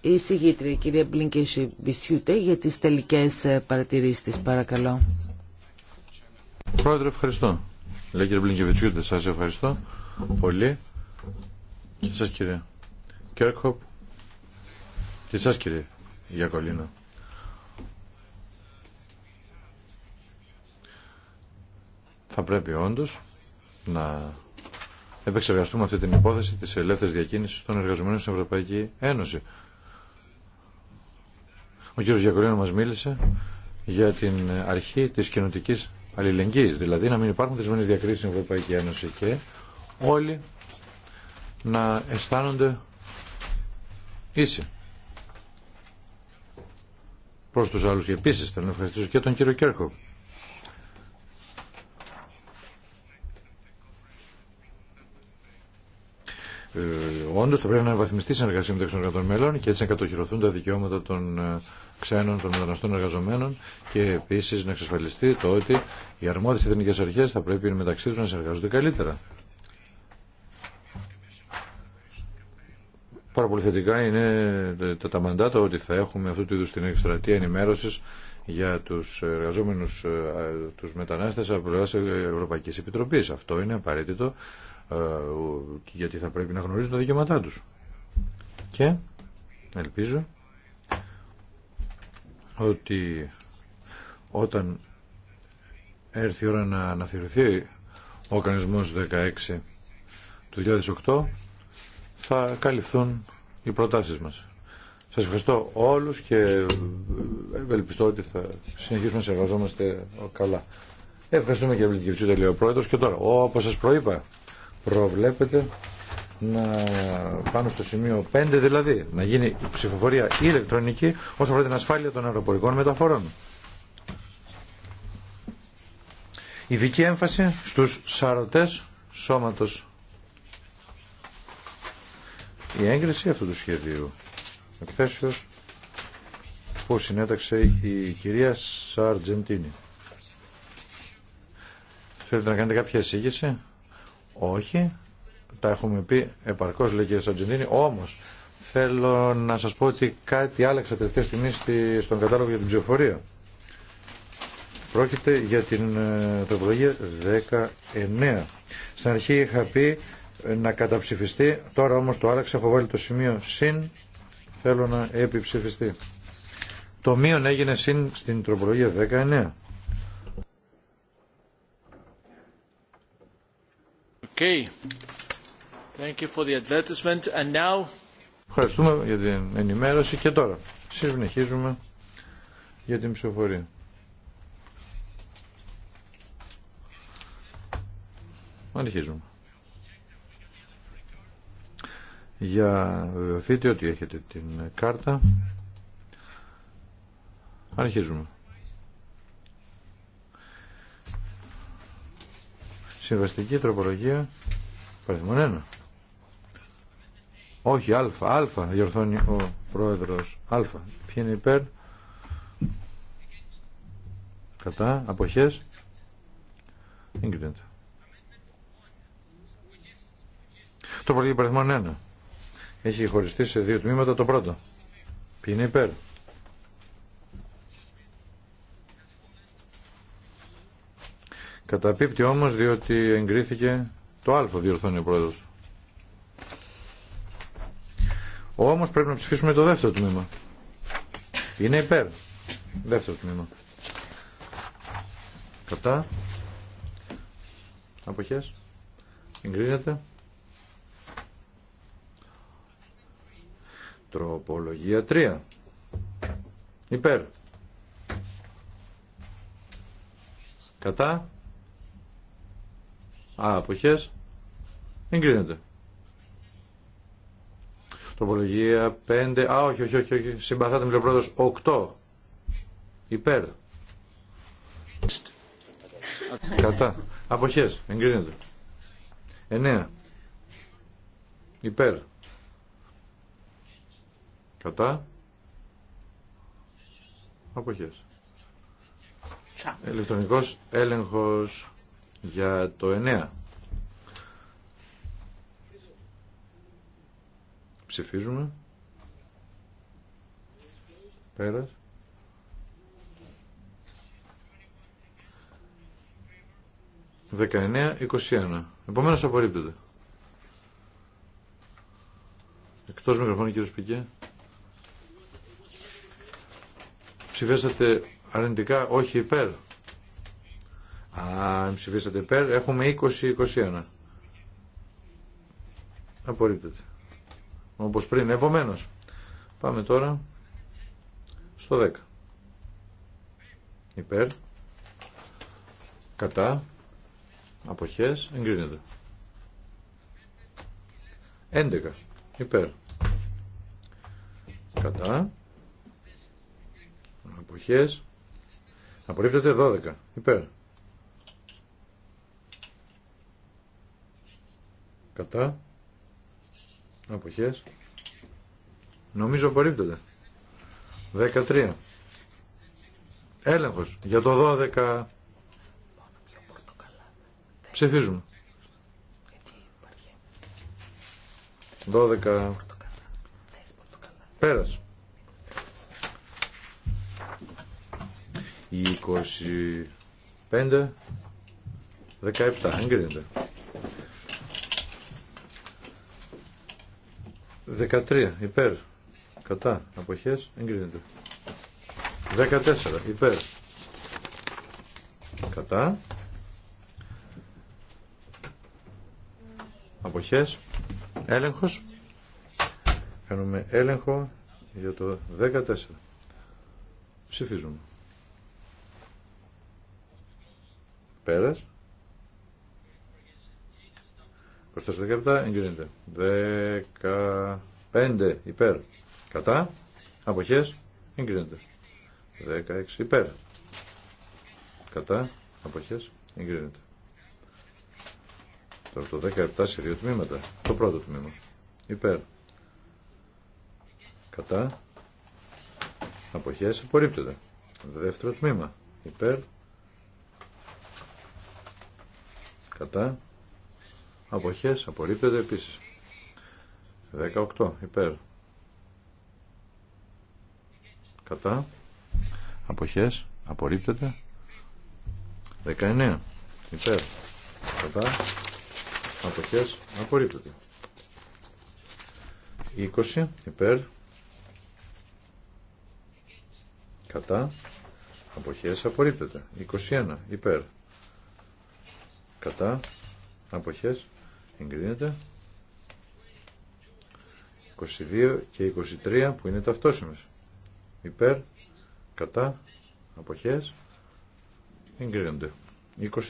Η συγγήτρια, η κυρία Μπλίνκε για τις τελικές ε, παρατηρήσεις της, παρακαλώ. Πρόεδρε, ευχαριστώ. Λέει κύριε Μπλίνκεβιτσιούτε, σας ευχαριστώ πολύ. Και σας κύριε Κέρκοπ. Και σας κύριε Γιακολίνο. Θα πρέπει όντως να επεξεργαστούμε αυτή την υπόθεση της ελεύθερης διακίνησης των εργαζομένων στην Ευρωπαϊκή Ένωση. Ο κύριος Γιακολίνο μας μίλησε για την αρχή της κοινωτικής αλληλεγγύης, δηλαδή να μην υπάρχουν θεσμένες διακρίσεις στην Ευρωπαϊκή Ένωση και όλοι να αισθάνονται ίσοι προς τους άλλους και επίσης θέλω να ευχαριστήσω και τον κύριο Κέρχοβ. ε, όντω θα πρέπει να βαθμιστεί η συνεργασία μεταξύ των εργατών μέλων και έτσι να κατοχυρωθούν τα δικαιώματα των ε, ξένων, των μεταναστών εργαζομένων και επίση να εξασφαλιστεί το ότι οι αρμόδιε εθνικέ αρχέ θα πρέπει μεταξύ του να συνεργάζονται καλύτερα. Πάρα πολύ θετικά είναι τα, τα μαντάτα ότι θα έχουμε αυτού του είδου την εκστρατεία ενημέρωση για του εργαζόμενου ε, του μεταναστέ από πλευρά Ευρωπαϊκή Επιτροπή. Αυτό είναι απαραίτητο ε, γιατί θα πρέπει να γνωρίζουν τα δικαιώματά τους. Και ελπίζω ότι όταν έρθει η ώρα να αναθεωρηθεί ο οργανισμός 16 του 2008 θα καλυφθούν οι προτάσεις μας. Σας ευχαριστώ όλους και ευελπιστώ ότι θα συνεχίσουμε να συνεργαζόμαστε καλά. Ευχαριστούμε και την το λέει Και τώρα, όπως σας προείπα, Προβλέπετε να πάνω στο σημείο 5 δηλαδή να γίνει η ψηφοφορία ηλεκτρονική όσον αφορά την ασφάλεια των αεροπορικών μεταφορών. Ειδική έμφαση στους σαρωτές σώματος. Η έγκριση αυτού του σχεδίου εκθέσεως που συνέταξε η κυρία Σαρτζεντίνη. Θέλετε να κάνετε κάποια εισήγηση. Όχι, τα έχουμε πει επαρκώς λέει και Σαντζεντίνη, όμως θέλω να σας πω ότι κάτι άλλαξε τελευταία στιγμή στον κατάλογο για την ψηφοφορία. Πρόκειται για την ε, τροπολογία 19. Στην αρχή είχα πει ε, να καταψηφιστεί, τώρα όμως το άλλαξα, έχω βάλει το σημείο συν, θέλω να επιψηφιστεί. Το μείον έγινε συν στην τροπολογία 19. Ευχαριστούμε για την ενημέρωση και τώρα συνεχίζουμε για την ψηφοφορία. Αρχίζουμε. Για βεβαιωθείτε ότι έχετε την κάρτα. Αρχίζουμε. Συμβαστική τροπολογία παριθμόν 1. Όχι, α, α, διορθώνει ο πρόεδρος. Α, ποιοι είναι υπέρ. Κατά, αποχές. Εγκρίνεται. Τροπολογία παριθμόν 1. Έχει χωριστεί σε δύο τμήματα το πρώτο. Ποιοι είναι υπέρ. Καταπίπτει όμως διότι εγκρίθηκε το α, διορθώνει ο πρόεδρος. Όμως πρέπει να ψηφίσουμε το δεύτερο τμήμα. Είναι υπέρ. Δεύτερο τμήμα. Κατά. Αποχές. Εγκρίνεται. Τροπολογία 3. Υπέρ. Κατά αποχές. Εγκρίνεται. Τοπολογία. 5. Α, όχι, όχι, όχι. όχι. Συμπαθάτε με πρόεδρος 8. Υπέρ. Κατά. Αποχές. Εγκρίνεται. 9. Υπέρ. Κατά. Αποχές. Ηλεκτρονικός έλεγχος για το 9. Ψηφίζουμε. Πέρας. 19-21. Επομένως απορρίπτεται. Εκτός μικροφώνου κύριε Σπικέ. Ψηφίσατε αρνητικά όχι υπέρ. Αν ψηφίσατε υπέρ, έχουμε 20-21. Απορρίπτεται. Όπως πριν, επομένως. Πάμε τώρα στο 10. Υπέρ. Κατά. Αποχές. Εγκρίνεται. 11. Υπέρ. Κατά. Αποχές. Απορρίπτεται 12. Υπέρ. κατά αποχές νομίζω απορρίπτεται 13 έλεγχος για το 12 ψηφίζουμε 12 πέρασε η 25 17 εγκρίνεται 13 υπέρ κατά αποχές εγκρίνεται 14 υπέρ κατά αποχές έλεγχος κάνουμε έλεγχο για το 14 ψηφίζουμε πέρας 24-17 εγκρίνεται. 15 υπέρ. Κατά. Αποχές. Εγκρίνεται. 16 υπέρ. Κατά. Αποχές. Εγκρίνεται. Τώρα το 17 σε δύο τμήματα. Το πρώτο τμήμα. Υπέρ. Κατά. Αποχές. Απορρίπτεται. Δεύτερο τμήμα. Υπέρ. Κατά αποχές απορρίπτεται επίσης 18 υπέρ κατά αποχές απορρίπτεται 19 υπέρ κατά αποχές απορρίπτεται 20 υπέρ κατά αποχές απορρίπτεται 21 υπέρ κατά αποχές εγκρίνεται 22 και 23 που είναι ταυτόσιμες υπέρ κατά αποχές εγκρίνονται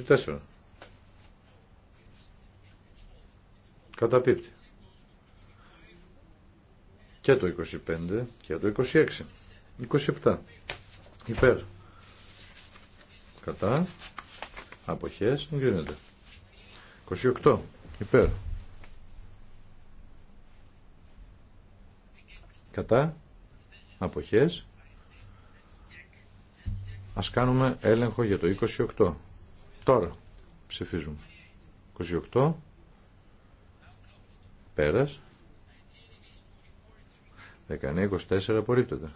24 καταπίπτει και το 25 και το 26 27 υπέρ κατά αποχές εγκρίνεται 28 Υπέρ. Κατά. Αποχές. Ας κάνουμε έλεγχο για το 28. Τώρα ψηφίζουμε. 28. Πέρας. 19-24 απορρίπτεται.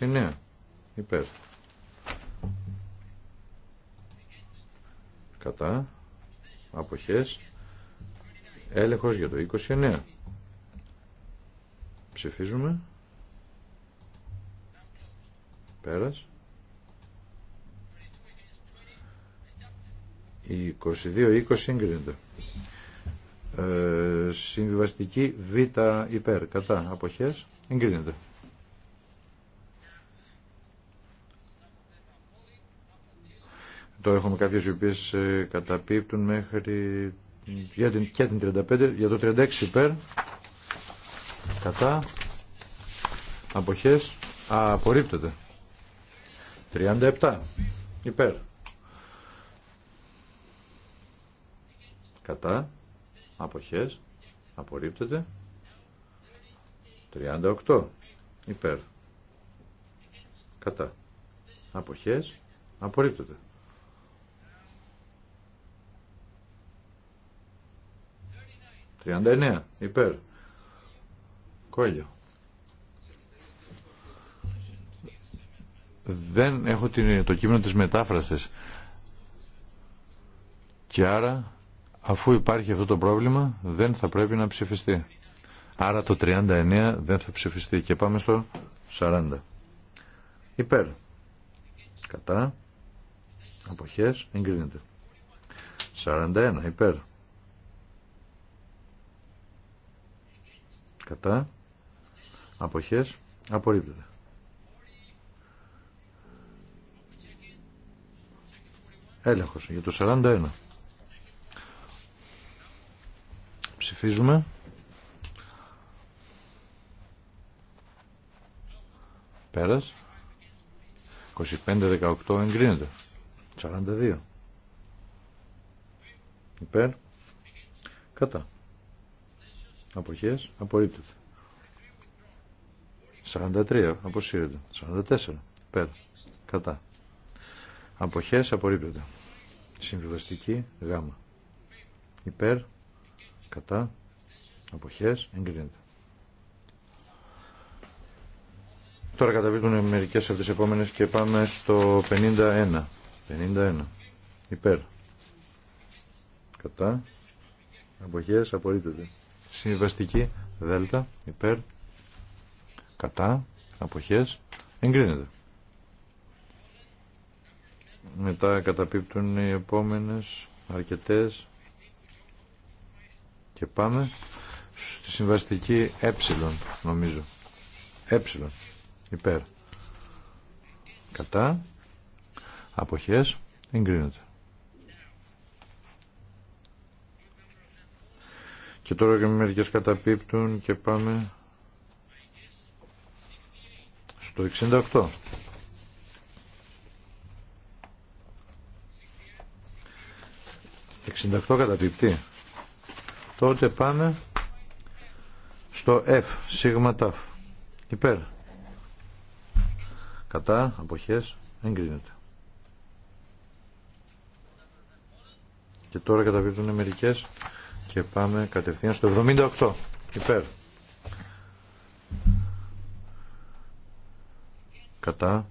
29. Υπέρ. Κατά. Αποχές. Έλεγχος για το 29. Ψηφίζουμε. Πέρας. 22-20 εγκρίνεται. Ε, συμβιβαστική Β υπέρ. Κατά. Αποχές. Εγκρίνεται. Τώρα έχουμε κάποιες οι οποίες ε, καταπίπτουν μέχρι για την, 35, για το 36 υπέρ, κατά, αποχές, α, απορρίπτεται. 37 υπέρ, κατά, αποχές, απορρίπτεται. 38 υπέρ, κατά, αποχές, απορρίπτεται. 39 υπέρ. Κόλιο. Δεν έχω την, το κείμενο της μετάφρασης. Και άρα, αφού υπάρχει αυτό το πρόβλημα, δεν θα πρέπει να ψηφιστεί. Άρα το 39 δεν θα ψηφιστεί. Και πάμε στο 40. Υπέρ. Κατά. Αποχές. Εγκρίνεται. 41. Υπέρ. κατά αποχές απορρίπτεται. Έλεγχος για το 41. Ψηφίζουμε. Πέρας. 25-18 εγκρίνεται. 42. Υπέρ. Κατά. Αποχές. Απορρίπτεται. 43. Αποσύρεται. 44. Πέρα. Κατά. Αποχές. Απορρίπτεται. Συμβιβαστική γάμα. Υπέρ. Κατά. Αποχές. Εγκρίνεται. Τώρα καταβλήτουν μερικές από τις επόμενες και πάμε στο 51. 51. Υπέρ. Κατά. Αποχές. Απορρίπτεται. Συμβαστική δέλτα υπέρ κατά αποχές εγκρίνεται. Μετά καταπίπτουν οι επόμενες αρκετές και πάμε στη συμβαστική ε νομίζω. Ε υπέρ κατά αποχές εγκρίνεται. Και τώρα και μερικές καταπίπτουν και πάμε στο 68. 68 καταπιπτεί. Τότε πάμε στο F, σίγμα ταφ. Υπέρ. Κατά, αποχές, εγκρίνεται. Και τώρα καταπίπτουν μερικές και πάμε κατευθείαν στο 78. Υπέρ. Κατά.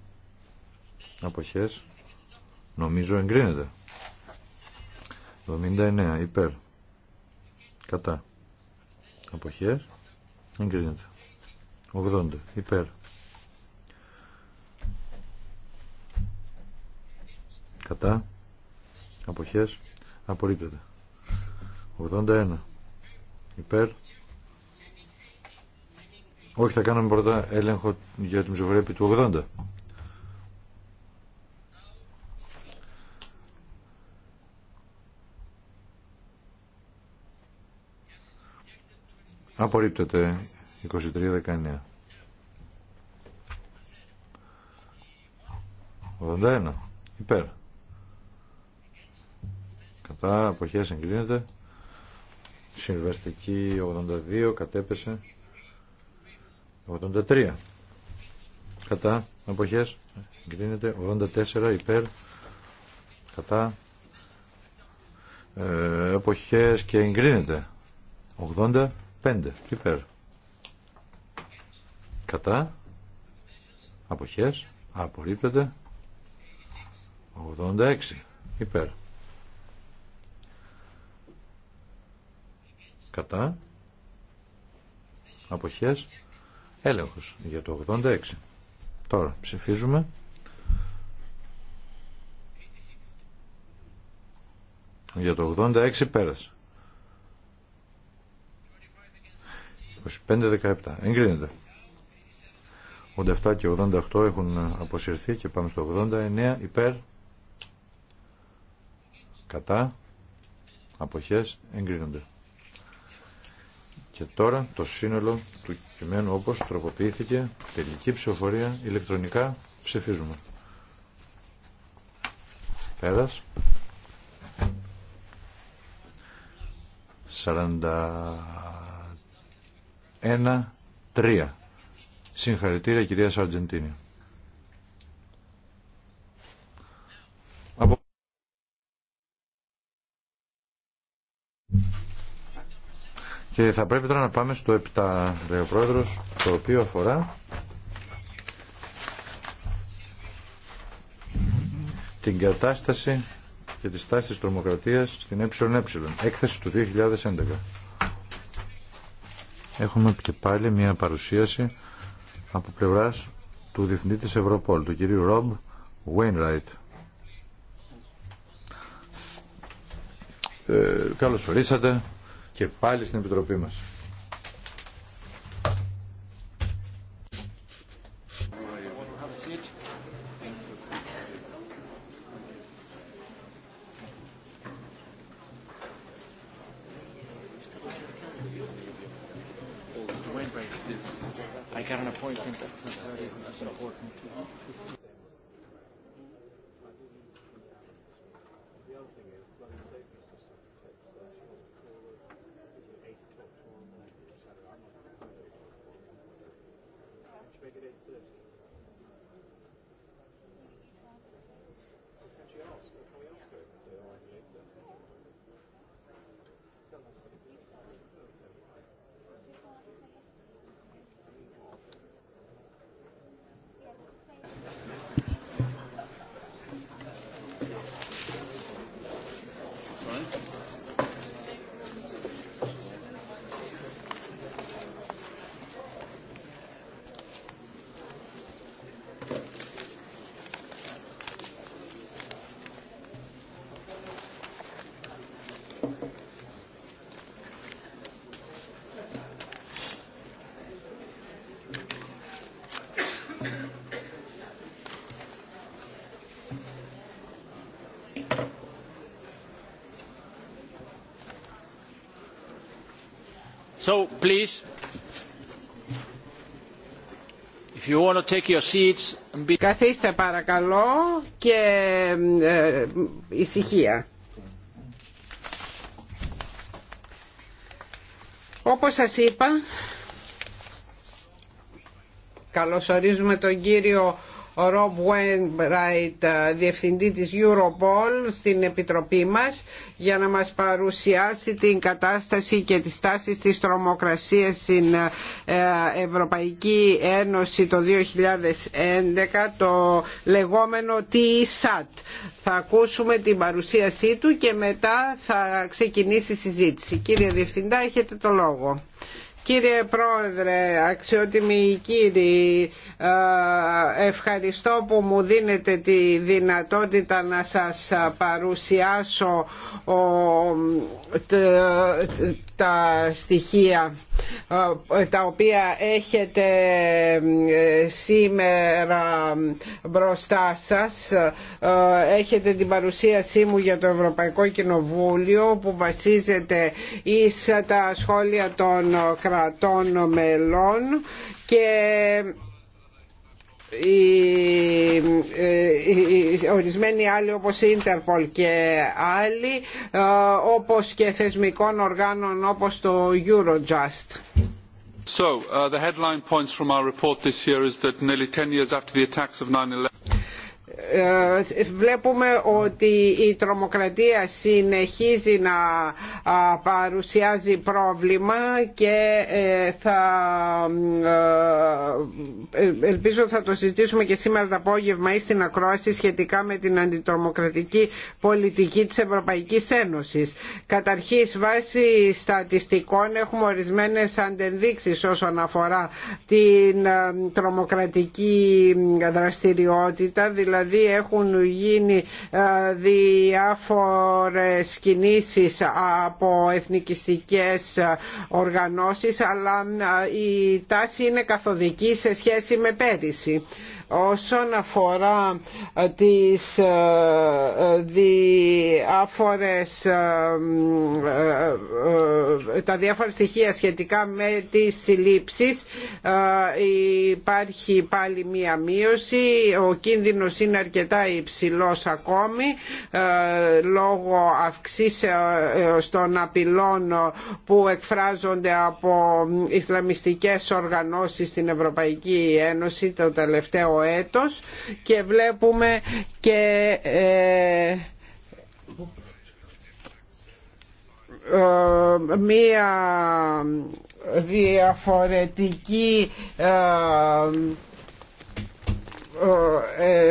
Αποχές. Νομίζω εγκρίνεται. 79. Υπέρ. Κατά. Αποχές. Εγκρίνεται. 80. Υπέρ. Κατά. Αποχές. Απορρίπτεται. 81 υπέρ όχι θα κάνουμε πρώτα έλεγχο για την ψηφορία του 80 Απορρίπτεται 23-19. 81. Υπέρ. Κατά αποχές εγκρίνεται. Συμβαστική 82 κατέπεσε 83 κατά εποχές εγκρίνεται 84 υπέρ κατά ε, εποχές και εγκρίνεται 85 υπέρ κατά εποχές απορρίπτεται 86 υπέρ κατά αποχές έλεγχος για το 86 τώρα ψηφίζουμε για το 86 πέρασε 25-17 εγκρίνεται 87 και 88 έχουν αποσυρθεί και πάμε στο 89 υπέρ κατά αποχές εγκρίνονται και τώρα το σύνολο του κειμένου όπως τροποποιήθηκε, τελική ψηφοφορία, ηλεκτρονικά ψηφίζουμε. Πέρας. 41-3. Συγχαρητήρια κυρία Σαρτζεντίνη. Και θα πρέπει τώρα να πάμε στο 7, λέει ο Πρόεδρος, το οποίο αφορά την κατάσταση και τη στάση της τρομοκρατίας στην ΕΕ, έκθεση του 2011. Έχουμε και πάλι μια παρουσίαση από πλευράς του Διευθυντή της Ευρωπόλ, του κυρίου Ρομπ Wainwright. Ε, καλώς ορίσατε και πάλι στην Επιτροπή μας. Καθίστε παρακαλώ και ε, ησυχία. Όπως σας είπα, καλωσορίζουμε τον κύριο Rob Wainwright, ε, διευθυντή της Europol, στην Επιτροπή μας για να μας παρουσιάσει την κατάσταση και τις τάσεις της τρομοκρασίας στην ε, ε, Ευρωπαϊκή Ένωση το 2011, το λεγόμενο TISAT. Θα ακούσουμε την παρουσίασή του και μετά θα ξεκινήσει η συζήτηση. Κύριε Διευθυντά, έχετε το λόγο. Κύριε Πρόεδρε, αξιότιμοι κύριοι, ευχαριστώ που μου δίνετε τη δυνατότητα να σας παρουσιάσω τα στοιχεία τα οποία έχετε ε, σήμερα μπροστά σας. Έχετε την παρουσίασή μου για το Ευρωπαϊκό Κοινοβούλιο που βασίζεται εις τα σχόλια των τον των μελών και ε, ορισμένοι άλλοι όπως η Ιντερπολ και άλλοι ε, όπως και θεσμικών οργάνων όπως το Eurojust. Ε, βλέπουμε ότι η τρομοκρατία συνεχίζει να παρουσιάζει πρόβλημα και ε, θα ε, ελπίζω θα το συζητήσουμε και σήμερα το απόγευμα ή στην ακρόαση σχετικά με την αντιτρομοκρατική πολιτική της Ευρωπαϊκής Ένωσης. Καταρχής βάσει στατιστικών έχουμε ορισμένες αντενδείξεις όσον αφορά την τρομοκρατική δραστηριότητα δηλαδή δηλαδή έχουν γίνει διάφορες κινήσεις από εθνικιστικές οργανώσεις αλλά η τάση είναι καθοδική σε σχέση με πέρυσι όσον αφορά ε, τις ε, ε, διάφορες, τα διάφορα στοιχεία σχετικά με τις συλλήψεις υπάρχει πάλι μία μείωση ο κίνδυνος είναι αρκετά υψηλός ακόμη λόγω αυξήσεως των απειλών που εκφράζονται από Ισλαμιστικές οργανώσεις στην Ευρωπαϊκή Ένωση το τελευταίο έτος και βλέπουμε και ε, ε, μία διαφορετική ε,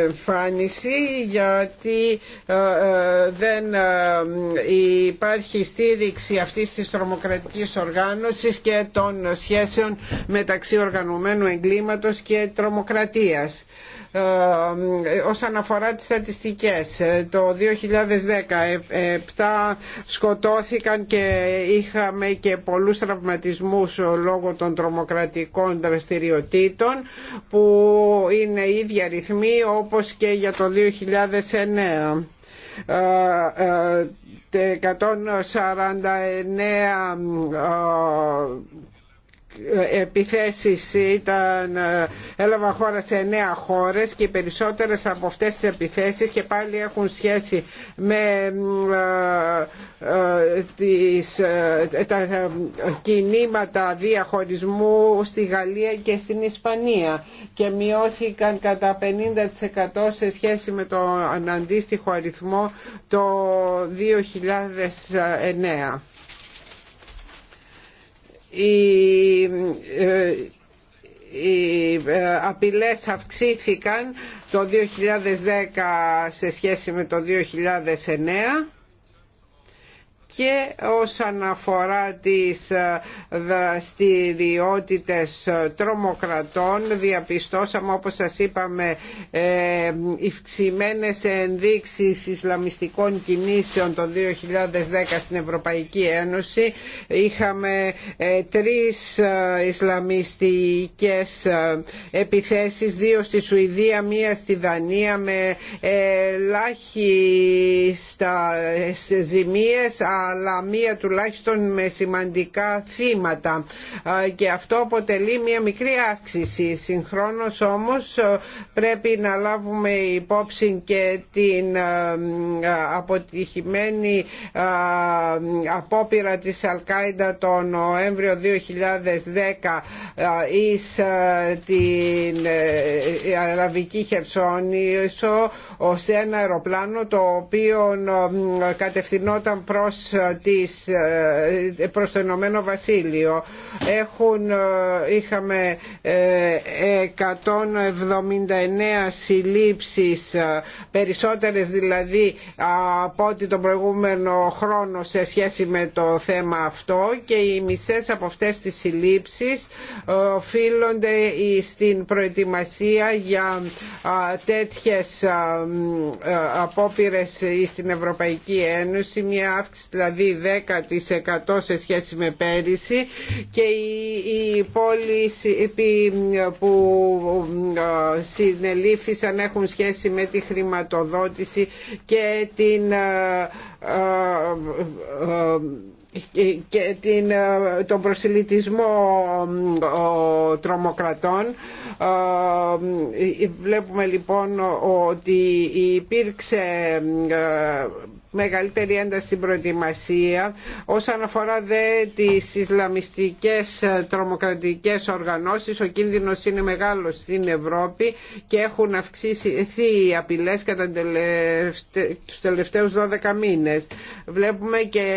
εμφάνιση γιατί ε, ε, δεν ε, υπάρχει στήριξη αυτής της τρομοκρατικής οργάνωσης και των σχέσεων μεταξύ οργανωμένου εγκλήματος και τρομοκρατίας. Ε, όσον αφορά τις στατιστικές. Ε, το 2010 ε, σκοτώθηκαν και είχαμε και πολλούς τραυματισμούς λόγω των τρομοκρατικών δραστηριοτήτων που είναι ίδια ρυθμοί όπως και για το 2009. 149 επιθέσεις ήταν, ε, έλαβα χώρα σε εννέα χώρες και οι περισσότερες από αυτές τις επιθέσεις και πάλι έχουν σχέση με ε, ε, τις, τα κινήματα διαχωρισμού στη Γαλλία και στην Ισπανία και μειώθηκαν κατά 50% σε σχέση με τον αντίστοιχο αριθμό το 2009 οι ε, οι ε, απειλές αυξήθηκαν το 2010 σε σχέση με το 2009 και όσον αφορά τις ε, δραστηριότητες ε, τρομοκρατών διαπιστώσαμε όπως σας είπαμε ε, υψημένες ενδείξεις ισλαμιστικών κινήσεων το 2010 στην Ευρωπαϊκή Ένωση είχαμε τρεις ισλαμιστικές επιθέσεις δύο στη Σουηδία, μία στη Δανία με ελάχιστα ζημίες αλλά μία τουλάχιστον με σημαντικά θύματα και αυτό αποτελεί μία μικρή αύξηση. Συγχρόνως όμως πρέπει να λάβουμε υπόψη και την αποτυχημένη απόπειρα της Αλκάιντα τον Νοέμβριο 2010 εις την ε, ε, Αραβική Χερσόνησο ως ένα αεροπλάνο το οποίο κατευθυνόταν προς της, ε, προς το Ενωμένο Βασίλειο έχουν, ε, είχαμε 179 ε, συλλήψεις περισσότερες δηλαδή από ό,τι τον προηγούμενο χρόνο σε σχέση με το θέμα αυτό και οι μισές από αυτές τις συλλήψεις οφείλονται στην προετοιμασία για τέτοιες απόπειρες στην Ευρωπαϊκή Ένωση μια αύξηση δηλαδή 10% σε σχέση με πέρυσι και οι πόλεις που ε, συνελήφθησαν έχουν σχέση με τη χρηματοδότηση και την ε, ε, και την, τον προσιλητισμό τρομοκρατών. Βλέπουμε λοιπόν ότι υπήρξε μεγαλύτερη ένταση προετοιμασία όσον αφορά δε τις Ισλαμιστικές ε, τρομοκρατικές οργανώσεις ο κίνδυνος είναι μεγάλος στην Ευρώπη και έχουν αυξήσει οι απειλές κατά τους τελευταίους 12 μήνες βλέπουμε και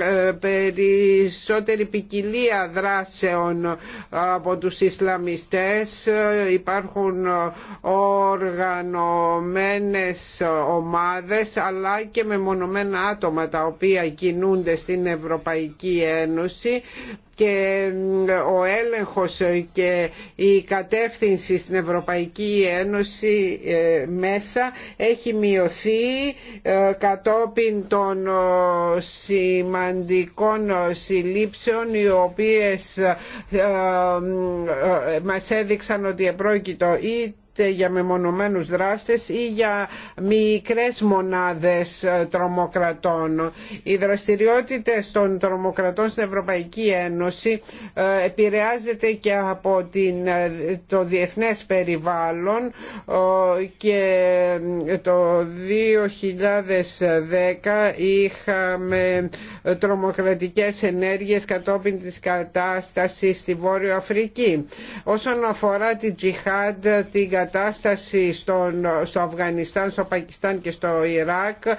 ε, περισσότερη ποικιλία δράσεων από τους Ισλαμιστές υπάρχουν οργανωμένες ομάδες αλλά και και μεμονωμένα άτομα τα οποία κινούνται στην Ευρωπαϊκή Ένωση και ο έλεγχος και η κατεύθυνση στην Ευρωπαϊκή Ένωση ε, μέσα έχει μειωθεί ε, κατόπιν των ε, σημαντικών συλλήψεων οι οποίες μας έδειξαν ότι επρόκειτο ή για μεμονωμένους δράστες ή για μικρές μονάδες ε, τρομοκρατών. Οι δραστηριότητες των τρομοκρατών στην Ευρωπαϊκή Ένωση ε, επηρεάζεται και από την, ε, το διεθνές περιβάλλον και το 2010 είχαμε τρομοκρατικές ενέργειες κατόπιν της κατάστασης στη Βόρειο Αφρική. Όσον αφορά την τζιχάντ, την κατάσταση στον, στο Αφγανιστάν, στο Πακιστάν και στο Ιράκ ε,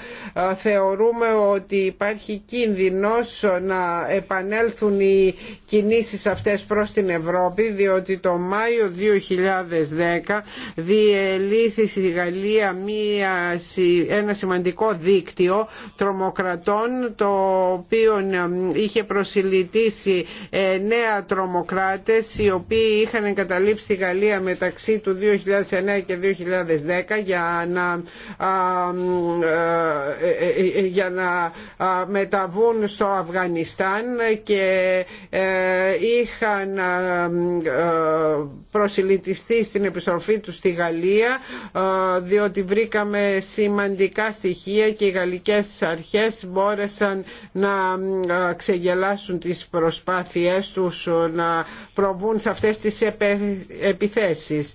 θεωρούμε ότι υπάρχει κίνδυνος να επανέλθουν οι κινήσεις αυτές προς την Ευρώπη διότι το Μάιο 2010 διελήθη στη Γαλλία μία, ένα σημαντικό δίκτυο τρομοκρατών το οποίο ε, είχε προσιλητήσει ε, νέα τρομοκράτες οι οποίοι είχαν εγκαταλείψει τη Γαλλία μεταξύ του 2009 και 2010 για να, ε, ε, ε, για να μεταβούν στο Αφγανιστάν και είχαν προσιλητιστεί στην επιστροφή τους στη Γαλλία διότι βρήκαμε σημαντικά στοιχεία και οι γαλλικές αρχές μπόρεσαν να ξεγελάσουν τις προσπάθειές τους να προβούν σε αυτές τις επιθέσεις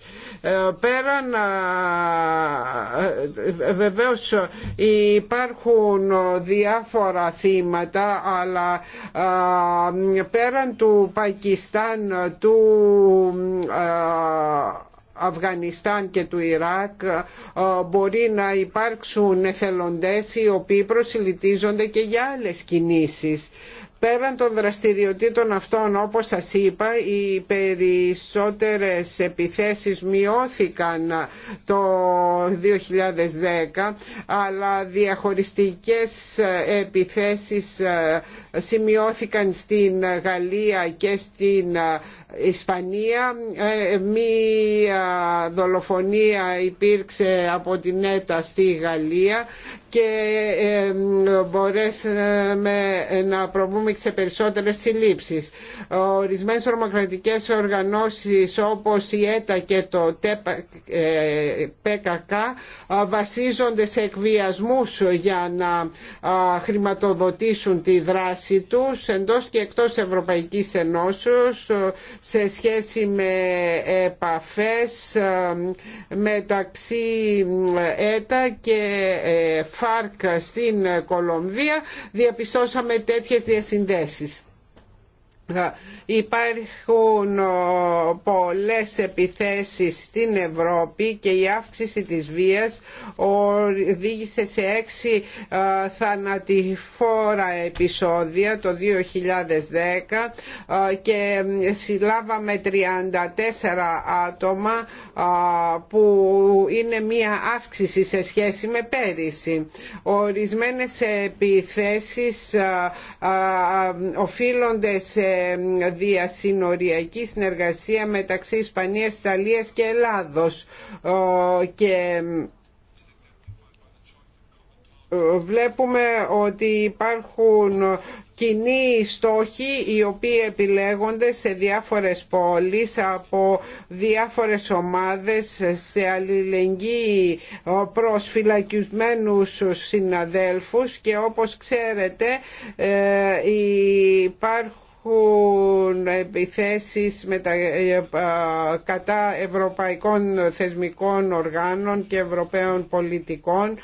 πέραν ε, ε, βεβαίως υπάρχουν διάφορα θύματα αλλά πέραν του Πακιστάν, του Αφγανιστάν και του Ιράκ μπορεί να υπάρξουν εθελοντές οι οποίοι προσιλητίζονται και για άλλες κινήσεις. Πέραν των δραστηριοτήτων αυτών, όπως σας είπα, οι περισσότερες επιθέσεις μειώθηκαν το 2010, αλλά διαχωριστικές επιθέσεις ε, σημειώθηκαν στην Γαλλία και στην ε, Ισπανία. Ε, μία δολοφονία υπήρξε από την ΕΤΑ στη Γαλλία και ε, μπορέσαμε να προβούμε σε περισσότερες συλλήψεις. Ορισμένες ορμοκρατικές οργανώσεις όπως η ΕΤΑ και το ε, ΠΚΚ βασίζονται σε εκβιασμούς για να χρηματοδοτήσουν τη δράση τους εντός και εκτός Ευρωπαϊκής Ενώσεως ε, σε σχέση με επαφές μεταξύ ΕΤΑ και στην Κολομβία διαπιστώσαμε τέτοιες διασυνδέσεις. Υπάρχουν πολλές επιθέσεις στην Ευρώπη και η αύξηση της βίας οδήγησε σε έξι θανατηφόρα επεισόδια το 2010 και συλλάβαμε 34 άτομα που είναι μία αύξηση σε σχέση με πέρυσι. Ορισμένες επιθέσεις οφείλονται σε διασυνοριακή συνεργασία μεταξύ Ισπανίας, Ιταλίας και Ελλάδος και βλέπουμε ότι υπάρχουν κοινοί στόχοι οι οποίοι επιλέγονται σε διάφορες πόλεις από διάφορες ομάδες σε αλληλεγγύη προς φυλακισμένους συναδέλφους και όπως ξέρετε ε, υπάρχουν υπάρχουν επιθέσεις τα ε, κατά ευρωπαϊκών θεσμικών οργάνων και ευρωπαίων πολιτικών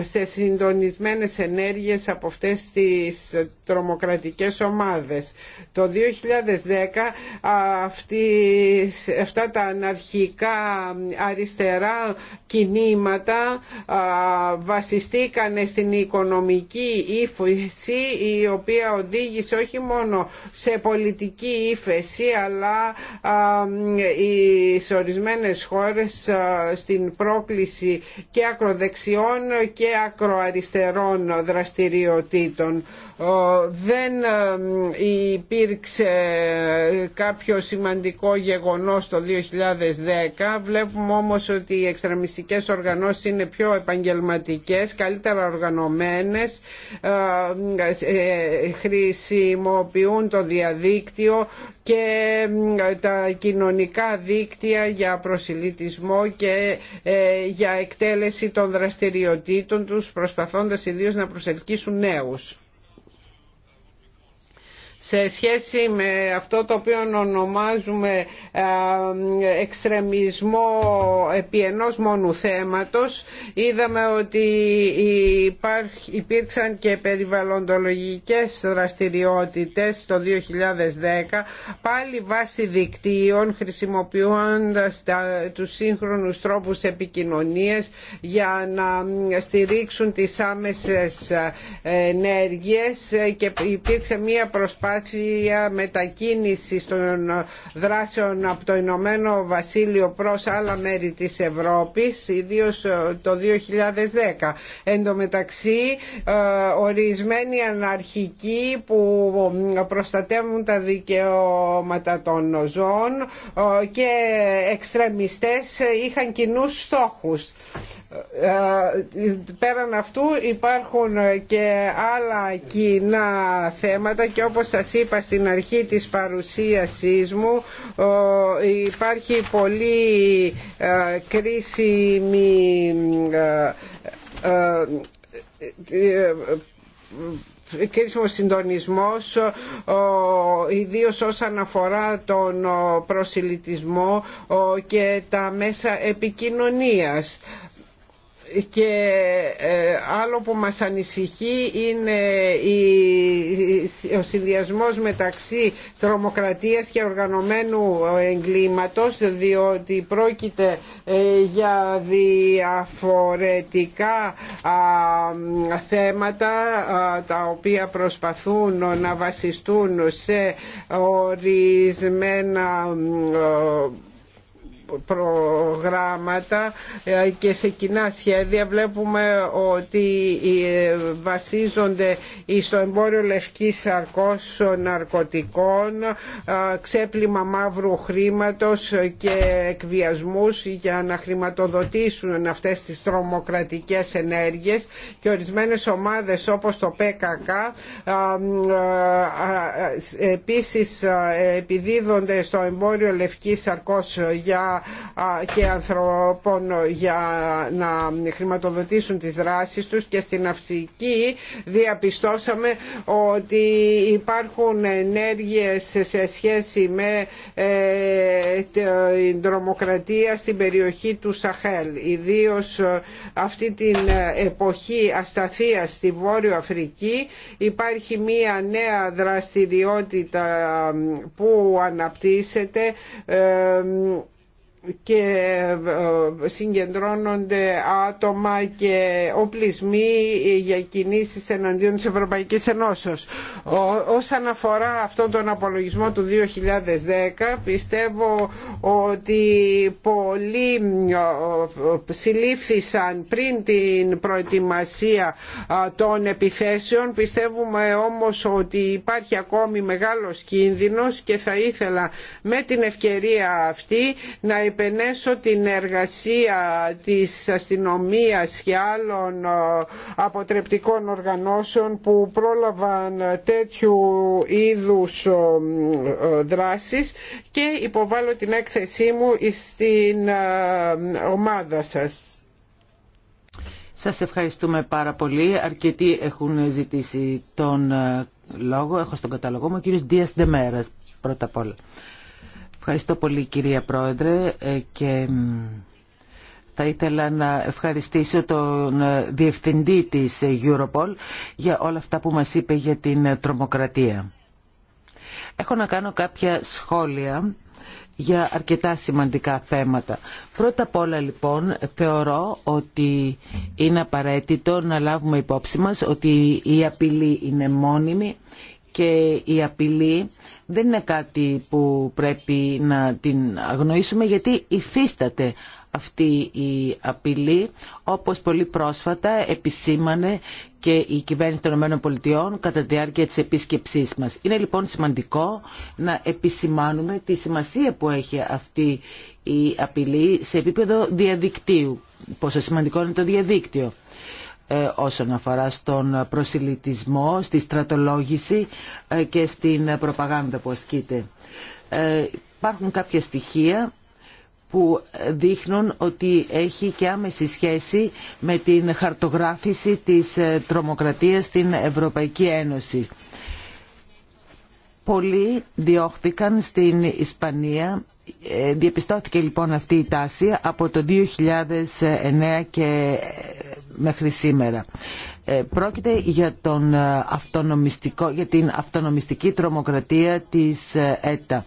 σε συντονισμένες ενέργειες από αυτές τις τρομοκρατικές ομάδες. Το 2010 αυτή, αυτά τα αναρχικά αριστερά κινήματα βασιστήκαν στην οικονομική ύφουση η οποία οδήγησε όχι μόνο σε πολιτική ύφεση αλλά οι ορισμένες χώρες στην πρόκληση και ακροδεξιών και ακροαριστερών δραστηριοτήτων. Δεν υπήρξε κάποιο σημαντικό γεγονός το 2010. Βλέπουμε όμως ότι οι εξτραμιστικές οργανώσεις είναι πιο επαγγελματικές, καλύτερα οργανωμένες, ε, ε, χρησιμοποιούν χρησιμοποιούν το διαδίκτυο και τα κοινωνικά δίκτυα για προσιλητισμό και ε, για εκτέλεση των δραστηριοτήτων τους προσπαθώντας ιδίως να προσελκύσουν νέους σε σχέση με αυτό το οποίο ονομάζουμε εξτρεμισμό επί ενός μόνου θέματος είδαμε ότι υπήρξαν και περιβαλλοντολογικές δραστηριότητες το 2010 πάλι βάσει δικτύων χρησιμοποιώντας τα, τους σύγχρονους τρόπους επικοινωνίας για να στηρίξουν τις άμεσες ε, ενέργειες και υπήρξε μία προσπάθεια προσπάθεια μετακίνηση των δράσεων από το Ηνωμένο Βασίλειο προς άλλα μέρη της Ευρώπης, ιδίως ε, το 2010. Εν τω μεταξύ, ε, ορισμένοι αναρχικοί που προστατεύουν τα δικαιώματα των ζώων ε, και εξτρεμιστές είχαν κοινούς στόχους. Ε, πέραν αυτού υπάρχουν και άλλα κοινά θέματα και όπως σας είπα στην αρχή της παρουσίασής μου υπάρχει πολύ ε, κρίσιμη ε, κρίσιμο συντονισμό ιδίως όσον αφορά τον προσιλητισμό και τα μέσα επικοινωνίας και ε, άλλο που μας ανησυχεί είναι ο συνδυασμός μεταξύ τρομοκρατίας και οργανωμένου εγκλήματος διότι πρόκειται ε, για διαφορετικά θέματα τα οποία προσπαθούν να βασιστούν σε ορισμένα προγράμματα ε, και σε κοινά σχέδια βλέπουμε ότι ε, βασίζονται στο εμπόριο λευκής σαρκός ναρκωτικών, ε, ξέπλυμα μαύρου χρήματος και εκβιασμούς για να χρηματοδοτήσουν αυτές τις τρομοκρατικές ενέργειες και ορισμένες ομάδες όπως το ΠΚΚ επίσης επιδίδονται στο εμπόριο λευκής σαρκός για και ανθρώπων για να χρηματοδοτήσουν τις δράσεις τους και στην Αυστική διαπιστώσαμε ότι υπάρχουν ενέργειες σε σχέση με ε, την τρομοκρατία στην περιοχή του Σαχέλ ιδίως ε, αυτή την ε, εποχή ασταθείας στη Βόρειο Αφρική υπάρχει μία νέα δραστηριότητα που αναπτύσσεται και ε, συγκεντρώνονται άτομα και οπλισμοί για κινήσεις εναντίον της Ευρωπαϊκής Ενώσεως. Όσον αφορά αυτόν τον απολογισμό του 2010 πιστεύω ότι πολλοί ε, συλλήφθησαν πριν την προετοιμασία ε, των επιθέσεων πιστεύουμε όμως ότι υπάρχει ακόμη μεγάλος κίνδυνος και θα ήθελα με την ευκαιρία αυτή να επενέσω την εργασία της αστυνομίας και άλλων ε, αποτρεπτικών οργανώσεων που πρόλαβαν τέτοιου είδους ε, ε, δράσεις και υποβάλλω την έκθεσή μου στην ομάδα σας. Σας ευχαριστούμε πάρα πολύ. Αρκετοί έχουν ζητήσει τον λόγο. Έχω στον καταλογό μου ο κύριος Δίας Ντεμέρας πρώτα απ' όλα. Ευχαριστώ πολύ κυρία Πρόεδρε ε, και θα ήθελα να ευχαριστήσω τον ε, Διευθυντή της ε, Europol για όλα αυτά που μας είπε για την τρομοκρατία. Έχω να κάνω κάποια σχόλια για αρκετά σημαντικά θέματα. Πρώτα απ' όλα λοιπόν θεωρώ ότι είναι απαραίτητο να λάβουμε υπόψη μας ότι η απειλή είναι μόνιμη και η απειλή δεν είναι κάτι που πρέπει να την αγνοήσουμε γιατί υφίσταται αυτή η απειλή όπως πολύ πρόσφατα επισήμανε και η κυβέρνηση των ΗΠΑ κατά τη διάρκεια της επίσκεψής μας. Είναι λοιπόν σημαντικό να επισημάνουμε τη σημασία που έχει αυτή η απειλή σε επίπεδο διαδικτύου. Πόσο σημαντικό είναι το διαδίκτυο. Ε, όσον αφορά στον προσιλητισμό, στη στρατολόγηση ε, και στην προπαγάνδα που ασκείται. Ε, υπάρχουν κάποια στοιχεία που δείχνουν ότι έχει και άμεση σχέση με την χαρτογράφηση της τρομοκρατίας στην Ευρωπαϊκή Ένωση. Πολλοί διώχθηκαν στην Ισπανία. Διαπιστώθηκε λοιπόν αυτή η τάση από το 2009 και μέχρι σήμερα. Ε, πρόκειται για, τον ε, αυτονομιστικό, για την αυτονομιστική τρομοκρατία της ε, ΕΤΑ.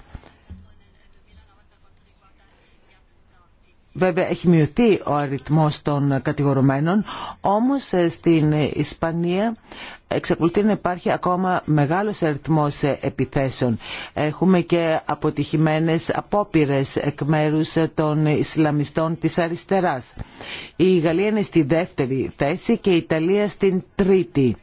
Βέβαια έχει μειωθεί ο αριθμός των κατηγορουμένων, όμως ε, στην Ισπανία εξακολουθεί να υπάρχει ακόμα μεγάλος αριθμός ε, επιθέσεων. Έχουμε και αποτυχημένες απόπειρες εκ μέρους ε, των Ισλαμιστών της αριστεράς. Η Γαλλία είναι στη δεύτερη θέση και η Ιταλία στην τρίτη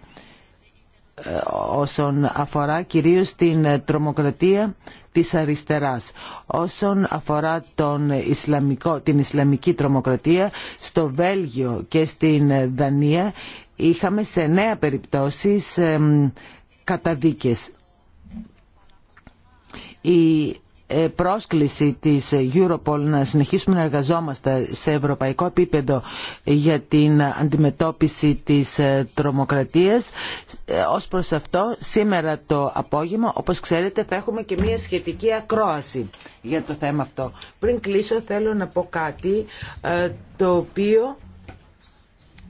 όσον αφορά κυρίως την τρομοκρατία της αριστεράς. Όσον αφορά τον Ισλαμικό, την Ισλαμική τρομοκρατία, στο Βέλγιο και στην Δανία είχαμε σε νέα περιπτώσεις καταδίκες. Ε, πρόσκληση της Europol να συνεχίσουμε να εργαζόμαστε σε ευρωπαϊκό επίπεδο για την αντιμετώπιση της ε, τρομοκρατίας. Ε, ως προς αυτό, σήμερα το απόγευμα, όπως ξέρετε, θα έχουμε και μια σχετική ακρόαση για το θέμα αυτό. Πριν κλείσω, θέλω να πω κάτι το οποίο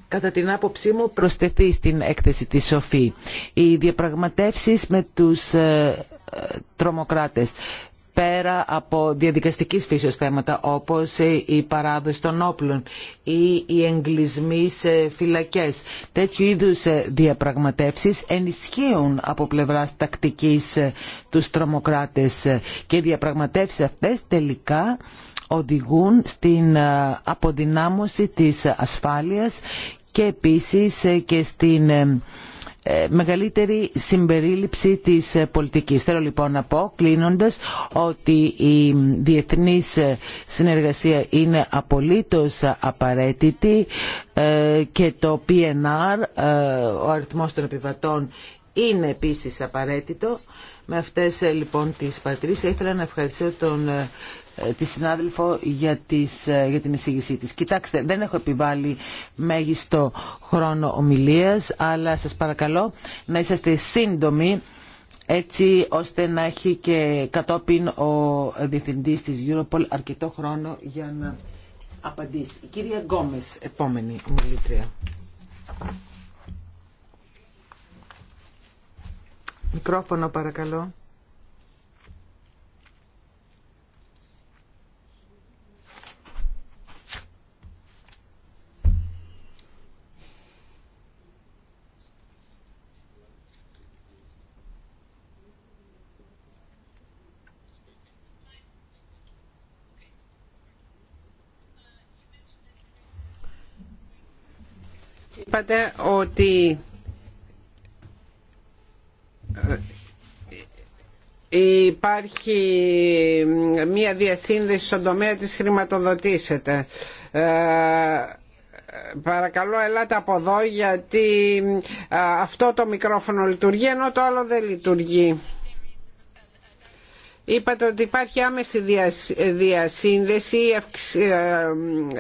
κατά την άποψή μου προσθεθεί στην έκθεση της Σοφή. Οι διαπραγματεύσεις με τους τρομοκράτες πέρα από διαδικαστικής φύσεως θέματα όπως η παράδοση των όπλων ή οι εγκλισμοί σε φυλακές. Τέτοιου είδους διαπραγματεύσεις ενισχύουν από πλευράς τακτικής τους τρομοκράτες και οι διαπραγματεύσεις αυτές τελικά οδηγούν στην αποδυνάμωση της ασφάλειας και επίσης και στην ε, μεγαλύτερη συμπερίληψη της ε, πολιτικής. Θέλω λοιπόν να πω, κλείνοντας, ότι η διεθνής ε, συνεργασία είναι απολύτως απαραίτητη και το PNR, ο αριθμός των επιβατών, είναι επίσης απαραίτητο. Με αυτές λοιπόν τις παρατηρήσεις ήθελα να ευχαριστήσω τον ε, τη συνάδελφο για, τις, ε, για την εισήγησή της. Κοιτάξτε, δεν έχω επιβάλει μέγιστο χρόνο ομιλίας, αλλά σας παρακαλώ να είσαστε σύντομοι έτσι ώστε να έχει και κατόπιν ο διευθυντής της Europol αρκετό χρόνο για να απαντήσει. Η κυρία Γκόμες, επόμενη ομιλήτρια. Μικρόφωνο παρακαλώ. είπατε ότι ε, υπάρχει μία διασύνδεση στον τομέα της χρηματοδοτήσετε. Ε, παρακαλώ ελάτε από εδώ γιατί ε, αυτό το μικρόφωνο λειτουργεί ενώ το άλλο δεν λειτουργεί. Είπατε ότι υπάρχει άμεση διασύνδεση,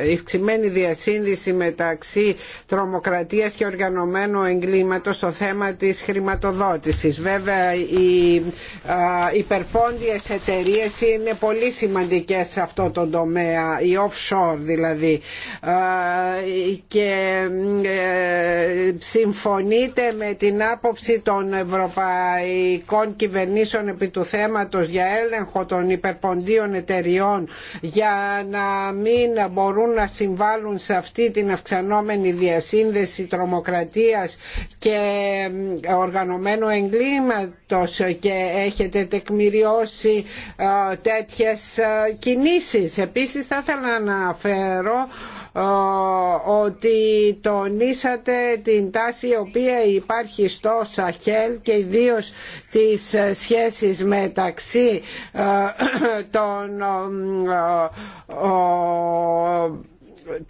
ευξημένη ε, διασύνδεση μεταξύ τρομοκρατίας και οργανωμένου εγκλήματος στο θέμα της χρηματοδότησης. Βέβαια οι ε, υπερπόντιες εταιρείες είναι πολύ σημαντικές σε αυτό το τομέα, οι offshore δηλαδή. Ε, και συμφωνείτε με την άποψη των ευρωπαϊκών κυβερνήσεων επί του θέματος για έλεγχο των υπερποντίων εταιριών για να μην μπορούν να συμβάλλουν σε αυτή την αυξανόμενη διασύνδεση τρομοκρατίας και οργανωμένου εγκλήματος και έχετε τεκμηριώσει ε, τέτοιες ε, κινήσεις. Επίσης θα ήθελα να αναφέρω ε, ότι τονίσατε την τάση η οποία υπάρχει στο Σαχέλ και ιδίω τις σχέσεις μεταξύ ε, των ε,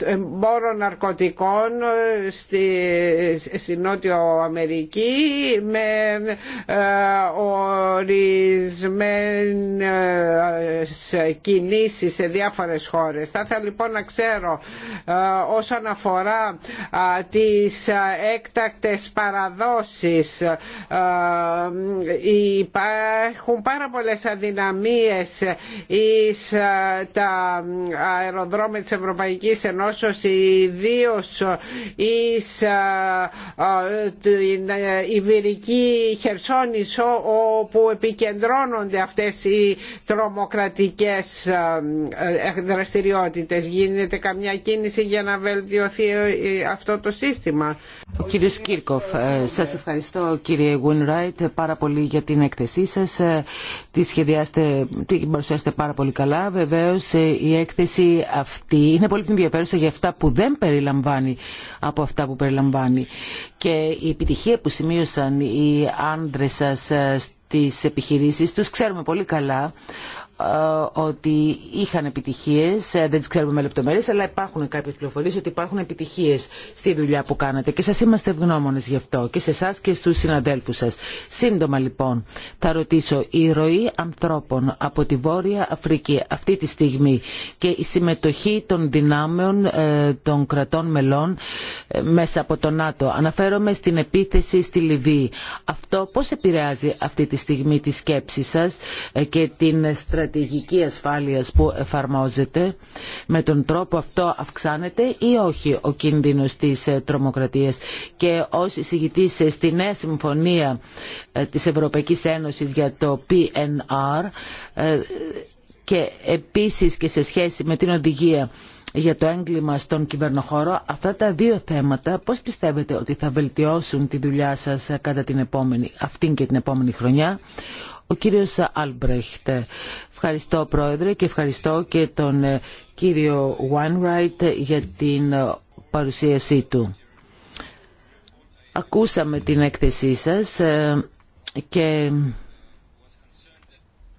εμπόρων ναρκωτικών ε, στη, στη Νότιο Αμερική με ε, ορισμένες ε, κινήσεις σε διάφορες χώρες. Θα ήθελα λοιπόν να ξέρω όσον αφορά τις έκτακτες παραδόσεις υπάρχουν πάρα πολλές αδυναμίες εις τα αεροδρόμια της Ευρωπαϊκής Ευρωπαϊκής Ενώσεως ιδίως εις την ε, Ιβηρική Χερσόνησο όπου επικεντρώνονται αυτές οι τρομοκρατικές ε, δραστηριότητες. Γίνεται καμιά κίνηση για να βελτιωθεί ε, αυτό το σύστημα. Ο κύριος Κύρκοφ, σας ευχαριστώ κύριε Γουίνραιτ πάρα πολύ για την έκθεσή σας. Τη σχεδιάστε, την παρουσιάσετε πάρα πολύ καλά. Βεβαίως η έκθεση αυτή είναι πολύ πιο ενδιαφέρουσα για αυτά που δεν περιλαμβάνει από αυτά που περιλαμβάνει. Και η επιτυχία που σημείωσαν οι άντρε σα ε, στις επιχειρήσεις τους ξέρουμε πολύ καλά ε, ότι είχαν επιτυχίες, ε, δεν τις ξέρουμε με λεπτομέρειες, αλλά υπάρχουν κάποιες πληροφορίες ότι υπάρχουν επιτυχίες στη δουλειά που κάνατε και σας είμαστε ευγνώμονες γι' αυτό και σε εσά και στους συναδέλφους σας. Σύντομα λοιπόν θα ρωτήσω η ροή ανθρώπων από τη Βόρεια Αφρική αυτή τη στιγμή και η συμμετοχή των δυνάμεων ε, των κρατών μελών μέσα από το ΝΑΤΟ. Αναφέρομαι στην επίθεση στη Λιβύη. Αυτό πώς επηρεάζει αυτή τη στιγμή τη σκέψη σας και την στρατηγική στρατηγική ασφάλεια που εφαρμόζεται με τον τρόπο αυτό αυξάνεται ή όχι ο κίνδυνος της ε, τρομοκρατίας και ως εισηγητής ε, στη νέα συμφωνία ε, της Ευρωπαϊκής Ένωσης για το PNR και επίσης και σε σχέση με την οδηγία για το έγκλημα στον κυβερνοχώρο, αυτά τα δύο θέματα πώς πιστεύετε ότι θα βελτιώσουν τη δουλειά σας κατά την επόμενη, αυτήν και την επόμενη χρονιά. Ο κύριος Άλμπρεχτ. Ευχαριστώ πρόεδρε και ευχαριστώ και τον ε, κύριο Βάινράιτ για την ε, παρουσίασή του. Ακούσαμε την έκθεσή σας ε, και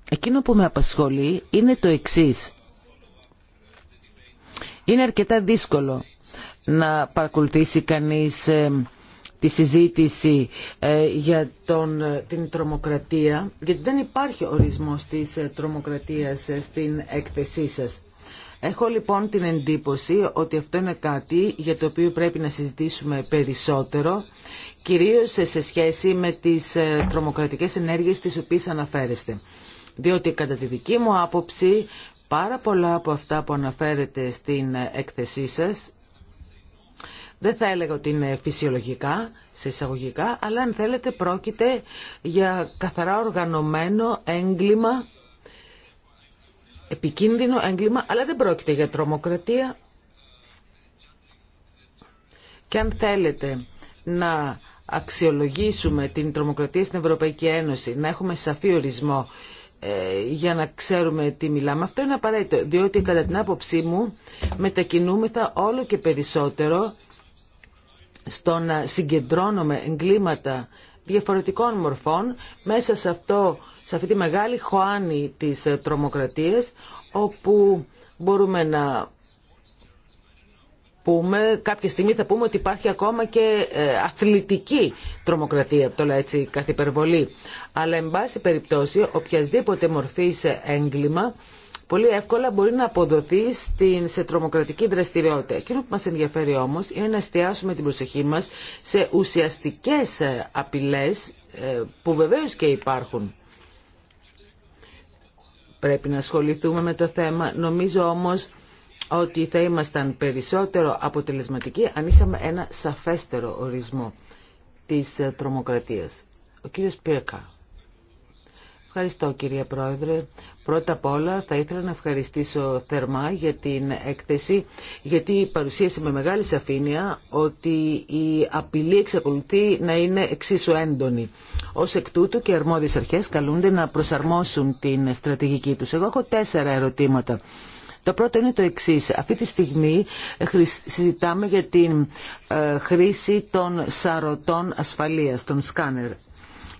εκείνο που με απασχολεί είναι το εξής. Είναι αρκετά δύσκολο να παρακολουθήσει κανείς τη συζήτηση ε, για τον, ε, την τρομοκρατία, γιατί δεν υπάρχει ορισμός της ε, τρομοκρατίας στην έκθεσή σας. Έχω λοιπόν την εντύπωση ότι αυτό είναι κάτι για το οποίο πρέπει να συζητήσουμε περισσότερο, κυρίως σε σχέση με τις τρομοκρατικές ενέργειες τις οποίες αναφέρεστε. Διότι κατά τη δική μου άποψη πάρα πολλά από αυτά που αναφέρετε στην έκθεσή σας δεν θα έλεγα ότι είναι φυσιολογικά, σε εισαγωγικά, αλλά αν θέλετε πρόκειται για καθαρά οργανωμένο έγκλημα, επικίνδυνο έγκλημα, αλλά δεν πρόκειται για τρομοκρατία. Και αν θέλετε να αξιολογήσουμε την τρομοκρατία στην Ευρωπαϊκή Ένωση, να έχουμε σαφή ορισμό ε, για να ξέρουμε τι μιλάμε. Αυτό είναι απαραίτητο, διότι κατά την άποψή μου μετακινούμεθα όλο και περισσότερο στο να συγκεντρώνουμε εγκλήματα διαφορετικών μορφών μέσα σε, αυτό, σε αυτή τη μεγάλη χωάνη της ε, τρομοκρατίας όπου μπορούμε να πούμε, κάποια στιγμή θα πούμε ότι υπάρχει ακόμα και ε, αθλητική τρομοκρατία, το λέω έτσι καθ' υπερβολή. Αλλά εν πάση περιπτώσει οποιασδήποτε μορφή σε έγκλημα πολύ εύκολα μπορεί να αποδοθεί στην, σε τρομοκρατική δραστηριότητα. Εκείνο που μας ενδιαφέρει όμως είναι να εστιάσουμε την προσοχή μας σε ουσιαστικές ε, απειλές ε, που βεβαίως και υπάρχουν. Πρέπει να ασχοληθούμε με το θέμα. Νομίζω όμως ότι θα ήμασταν περισσότερο αποτελεσματικοί αν είχαμε ένα σαφέστερο ορισμό της ε, τρομοκρατίας. Ο κύριος Πίρκα. Ευχαριστώ κύριε Πρόεδρε. Πρώτα απ' όλα θα ήθελα να ευχαριστήσω θερμά για την έκθεση γιατί παρουσίασε με μεγάλη σαφήνεια ότι η απειλή εξακολουθεί να είναι εξίσου έντονη. Ω εκ τούτου και αρμόδιες αρχές καλούνται να προσαρμόσουν την στρατηγική τους. Εγώ έχω τέσσερα ερωτήματα. Το πρώτο είναι το εξή. Αυτή τη στιγμή συζητάμε για την ε, χρήση των σαρωτών ασφαλείας, των σκάνερ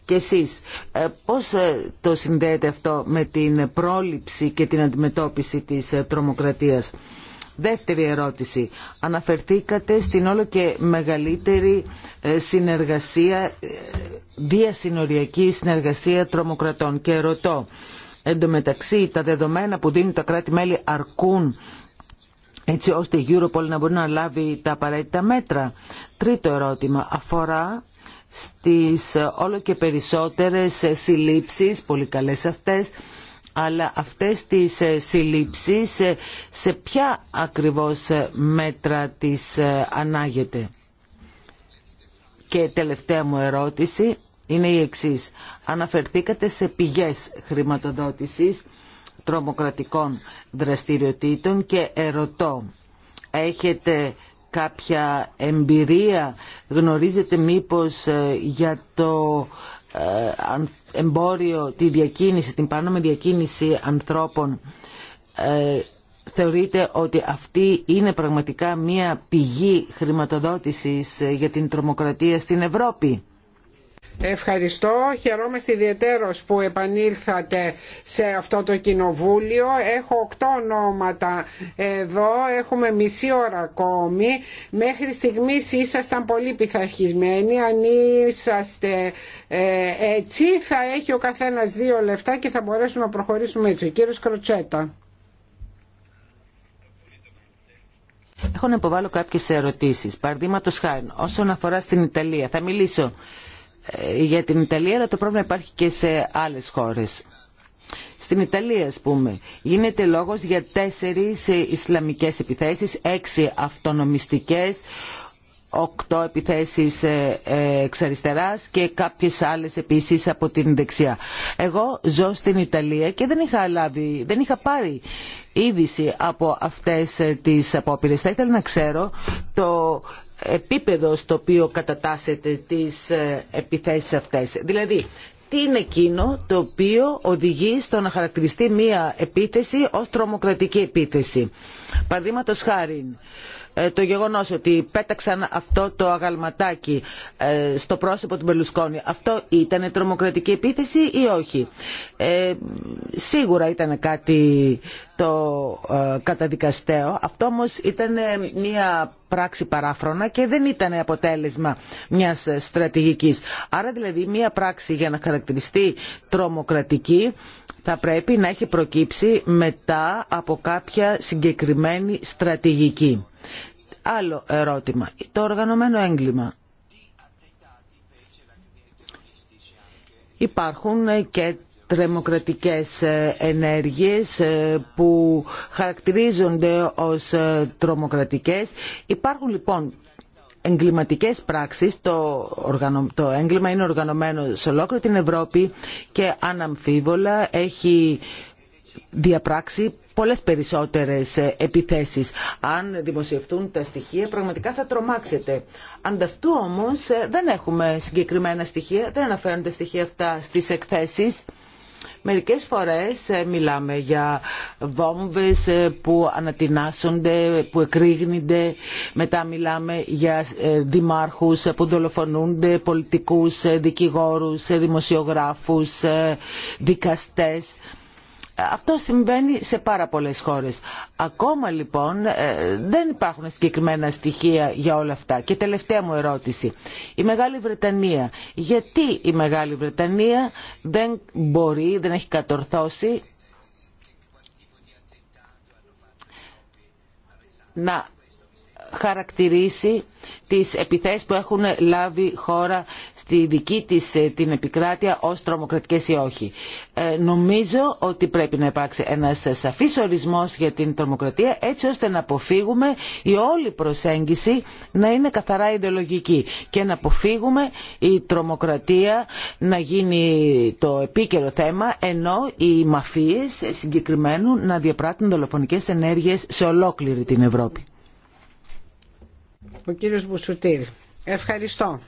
και εσείς ε, πώς ε, το συνδέεται αυτό με την πρόληψη και την αντιμετώπιση της ε, τρομοκρατίας. Δεύτερη ερώτηση. Αναφερθήκατε στην όλο και μεγαλύτερη συνεργασία, διασυνοριακή συνεργασία τρομοκρατών. Και ρωτώ, εντωμεταξύ τα δεδομένα που δίνουν τα κράτη-μέλη αρκούν έτσι ώστε η Europol να μπορεί να λάβει τα απαραίτητα μέτρα. Τρίτο ερώτημα αφορά στις όλο και περισσότερες συλλήψεις, πολύ καλές αυτές, αλλά αυτές τις συλλήψεις σε ποια ακριβώς μέτρα τις ανάγεται. Και τελευταία μου ερώτηση είναι η εξής. Αναφερθήκατε σε πηγές χρηματοδότησης τρομοκρατικών δραστηριοτήτων και ερωτώ. Έχετε κάποια εμπειρία, γνωρίζετε μήπως ε, για το ε, εμπόριο, τη διακίνηση, την με διακίνηση ανθρώπων. Ε, θεωρείτε ότι αυτή είναι πραγματικά μια πηγή χρηματοδότησης για την τρομοκρατία στην Ευρώπη. Ευχαριστώ. Χαιρόμαστε ιδιαίτερο που επανήλθατε σε αυτό το κοινοβούλιο. Έχω οκτώ ονόματα εδώ. Έχουμε μισή ώρα ακόμη. Μέχρι στιγμής ήσασταν πολύ πειθαρχισμένοι. Αν είσαστε ε, έτσι θα έχει ο καθένας δύο λεφτά και θα μπορέσουμε να προχωρήσουμε έτσι. Κύριος Κροτσέτα. Έχω να υποβάλω κάποιες ερωτήσεις. Παραδείγματος χάρη, όσον αφορά στην Ιταλία, θα μιλήσω ε, για την Ιταλία, αλλά το πρόβλημα υπάρχει και σε άλλες χώρες. Στην Ιταλία, ας πούμε, γίνεται λόγος για τέσσερις Ισλαμικές επιθέσεις, έξι αυτονομιστικές, οκτώ επιθέσεις ε, ε, εξ αριστεράς και κάποιες άλλες επίσης από την δεξιά. Εγώ ζω στην Ιταλία και δεν είχα, λάβει, δεν είχα πάρει είδηση από αυτές τις απόπειρες. Θα ήθελα να ξέρω το επίπεδο στο οποίο κατατάσσεται τις ε, επιθέσεις αυτές. Δηλαδή, τι είναι εκείνο το οποίο οδηγεί στο να χαρακτηριστεί μία επίθεση ως τρομοκρατική επίθεση. Παραδείγματος χάρη, ε, το γεγονός ότι πέταξαν αυτό το αγαλματάκι ε, στο πρόσωπο του Μπελουσκόνη αυτό ήταν τρομοκρατική επίθεση ή όχι. Ε, σίγουρα ήταν κάτι το ε, καταδικαστέο. Αυτό όμως ήταν μια πράξη παράφρονα και δεν ήταν αποτέλεσμα μιας στρατηγικής. Άρα δηλαδή μια πράξη για να χαρακτηριστεί τρομοκρατική θα πρέπει να έχει προκύψει μετά από κάποια συγκεκριμένη στρατηγική. Άλλο ερώτημα. Το οργανωμένο έγκλημα. Υπάρχουν και τρεμοκρατικές ενέργειες που χαρακτηρίζονται ως τρομοκρατικές. Υπάρχουν λοιπόν εγκληματικές πράξεις, το, οργανω... το έγκλημα είναι οργανωμένο σε ολόκληρη την Ευρώπη και αναμφίβολα έχει διαπράξει πολλές περισσότερες ε, επιθέσεις. Αν δημοσιευτούν τα στοιχεία πραγματικά θα τρομάξετε. Ανταυτού όμως ε, δεν έχουμε συγκεκριμένα στοιχεία, δεν αναφέρονται στοιχεία αυτά στις εκθέσεις. Μερικές φορές ε, μιλάμε για βόμβες που ανατινάσσονται, που εκρήγνονται. Μετά μιλάμε για δημάρχους που δολοφονούνται, πολιτικούς, δικηγόρους, δημοσιογράφους, δικαστές. Αυτό συμβαίνει σε πάρα πολλές χώρες. Ακόμα λοιπόν ε, δεν υπάρχουν συγκεκριμένα στοιχεία για όλα αυτά. Και τελευταία μου ερώτηση. Η Μεγάλη Βρετανία. Γιατί η Μεγάλη Βρετανία δεν μπορεί, δεν έχει κατορθώσει να χαρακτηρίσει τις επιθέσεις που έχουν λάβει χώρα στη δική της ε, την επικράτεια ως τρομοκρατικές ή όχι. Ε, νομίζω ότι πρέπει να υπάρξει ένας σαφής ορισμός για την τρομοκρατία έτσι ώστε να αποφύγουμε η όλη προσέγγιση να είναι καθαρά ιδεολογική και να αποφύγουμε η τρομοκρατία να γίνει το επίκαιρο θέμα ενώ οι μαφίες συγκεκριμένου να διαπράττουν δολοφονικές ενέργειες σε ολόκληρη την Ευρώπη. Ο κύριος Μπουσουτήλ. Ευχαριστώ.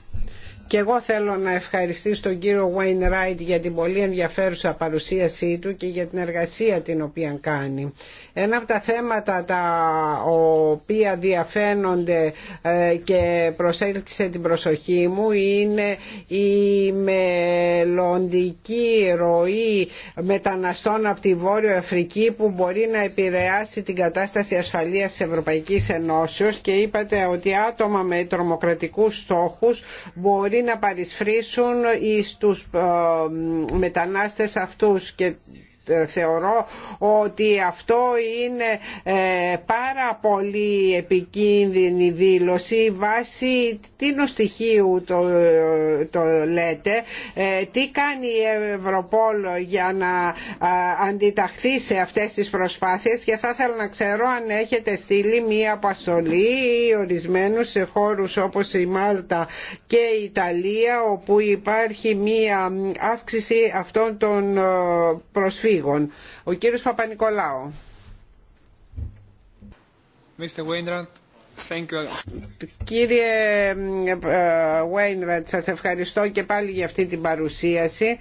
Και εγώ θέλω να ευχαριστήσω τον κύριο Wayne Ράιτ για την πολύ ενδιαφέρουσα παρουσίασή του και για την εργασία την οποία κάνει. Ένα από τα θέματα τα οποία διαφαίνονται ε, και προσέλκυσε την προσοχή μου είναι η μελλοντική ροή μεταναστών από τη Βόρειο Αφρική που μπορεί να επηρεάσει την κατάσταση ασφαλείας της Ευρωπαϊκής Ενώσεως και είπατε ότι άτομα με τρομοκρατικούς στόχους μπορεί Δηλαδή να παρισφρήσουν στους ε, μετανάστες αυτούς και ε, θεωρώ ότι αυτό είναι ε, πάρα πολύ επικίνδυνη δήλωση βάσει τίνο στοιχείου το, λέτε ε, τι κάνει η Ευρωπόλ για να αντιταχθεί σε αυτές τις προσπάθειες και θα ήθελα να ξέρω αν έχετε στείλει μία απαστολή ή ορισμένους σε χώρους όπως η Μάλτα και η Ιταλία όπου υπάρχει μία αύξηση αυτών των προσφύγων ο κύριος Παπα-Νικολάου. Mr. Thank you. Κύριε Βέινρατ, ε, σας ευχαριστώ και πάλι για αυτή την παρουσίαση.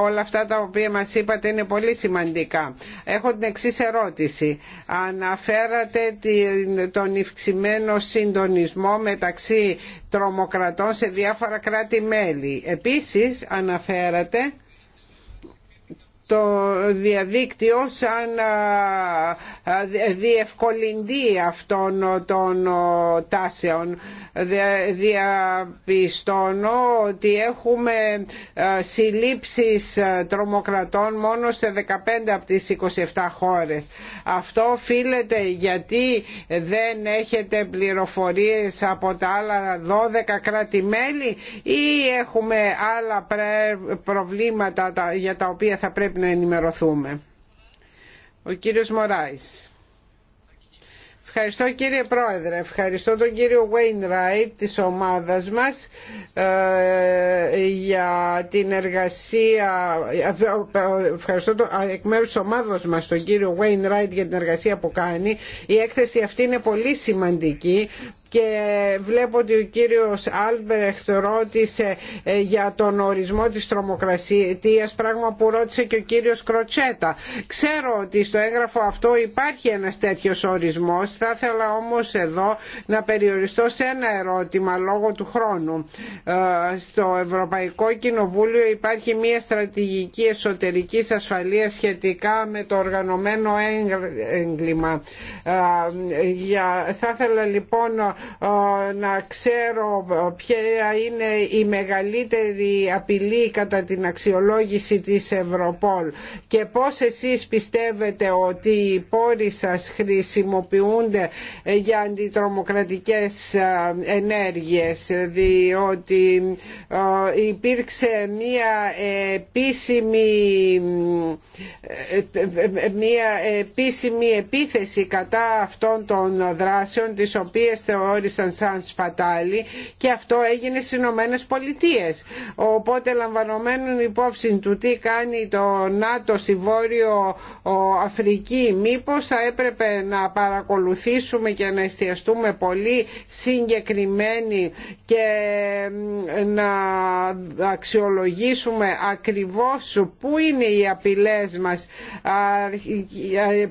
Όλα αυτά τα οποία μας είπατε είναι πολύ σημαντικά. Έχω την εξή ερώτηση. Αναφέρατε τον ευξημένο συντονισμό μεταξύ τρομοκρατών σε διάφορα κράτη-μέλη. Επίσης αναφέρατε το διαδίκτυο σαν διευκολυντή αυτών ε, των ε, τάσεων. Διαπιστώνω ότι έχουμε ε, συλλήψεις τρομοκρατών μόνο σε 15 από τις 27 χώρες. Αυτό οφείλεται γιατί δεν έχετε πληροφορίες από τα άλλα 12 κράτη-μέλη ή έχουμε άλλα προβλήματα για τα οποία θα πρέπει να ενημερωθούμε. Ο κύριος Μωράης. Ευχαριστώ κύριε Πρόεδρε, ευχαριστώ τον κύριο Wainwright της ομάδας μας ε, για την εργασία, ευχαριστώ το, εκ της ομάδας μας τον κύριο για την εργασία που κάνει. Η έκθεση αυτή είναι πολύ σημαντική και βλέπω ότι ο κύριος Άλμπερεχτ ρώτησε ε, για τον ορισμό της τρομοκρασίας πράγμα που ρώτησε και ο κύριος Κροτσέτα ξέρω ότι στο έγγραφο αυτό υπάρχει ένας τέτοιος ορισμός θα ήθελα όμως εδώ να περιοριστώ σε ένα ερώτημα λόγω του χρόνου ε, στο Ευρωπαϊκό Κοινοβούλιο υπάρχει μια στρατηγική εσωτερικής ασφαλείας σχετικά με το οργανωμένο έγκλημα ε, θα ήθελα λοιπόν να ξέρω ποια είναι η μεγαλύτερη απειλή κατά την αξιολόγηση της Ευρωπόλ και πώς εσείς πιστεύετε ότι οι πόροι σας χρησιμοποιούνται για αντιτρομοκρατικές ενέργειες διότι υπήρξε μία επίσημη, μία επίσημη επίθεση κατά αυτών των δράσεων τις οποίες θεωρώ όρισαν σαν σφατάλι και αυτό έγινε στι Ηνωμένε Πολιτείε. Οπότε λαμβανομένων υπόψη του τι κάνει το ΝΑΤΟ στη Βόρειο Αφρική μήπως θα έπρεπε να παρακολουθήσουμε και να εστιαστούμε πολύ συγκεκριμένοι και να αξιολογήσουμε ακριβώς πού είναι οι απειλές μας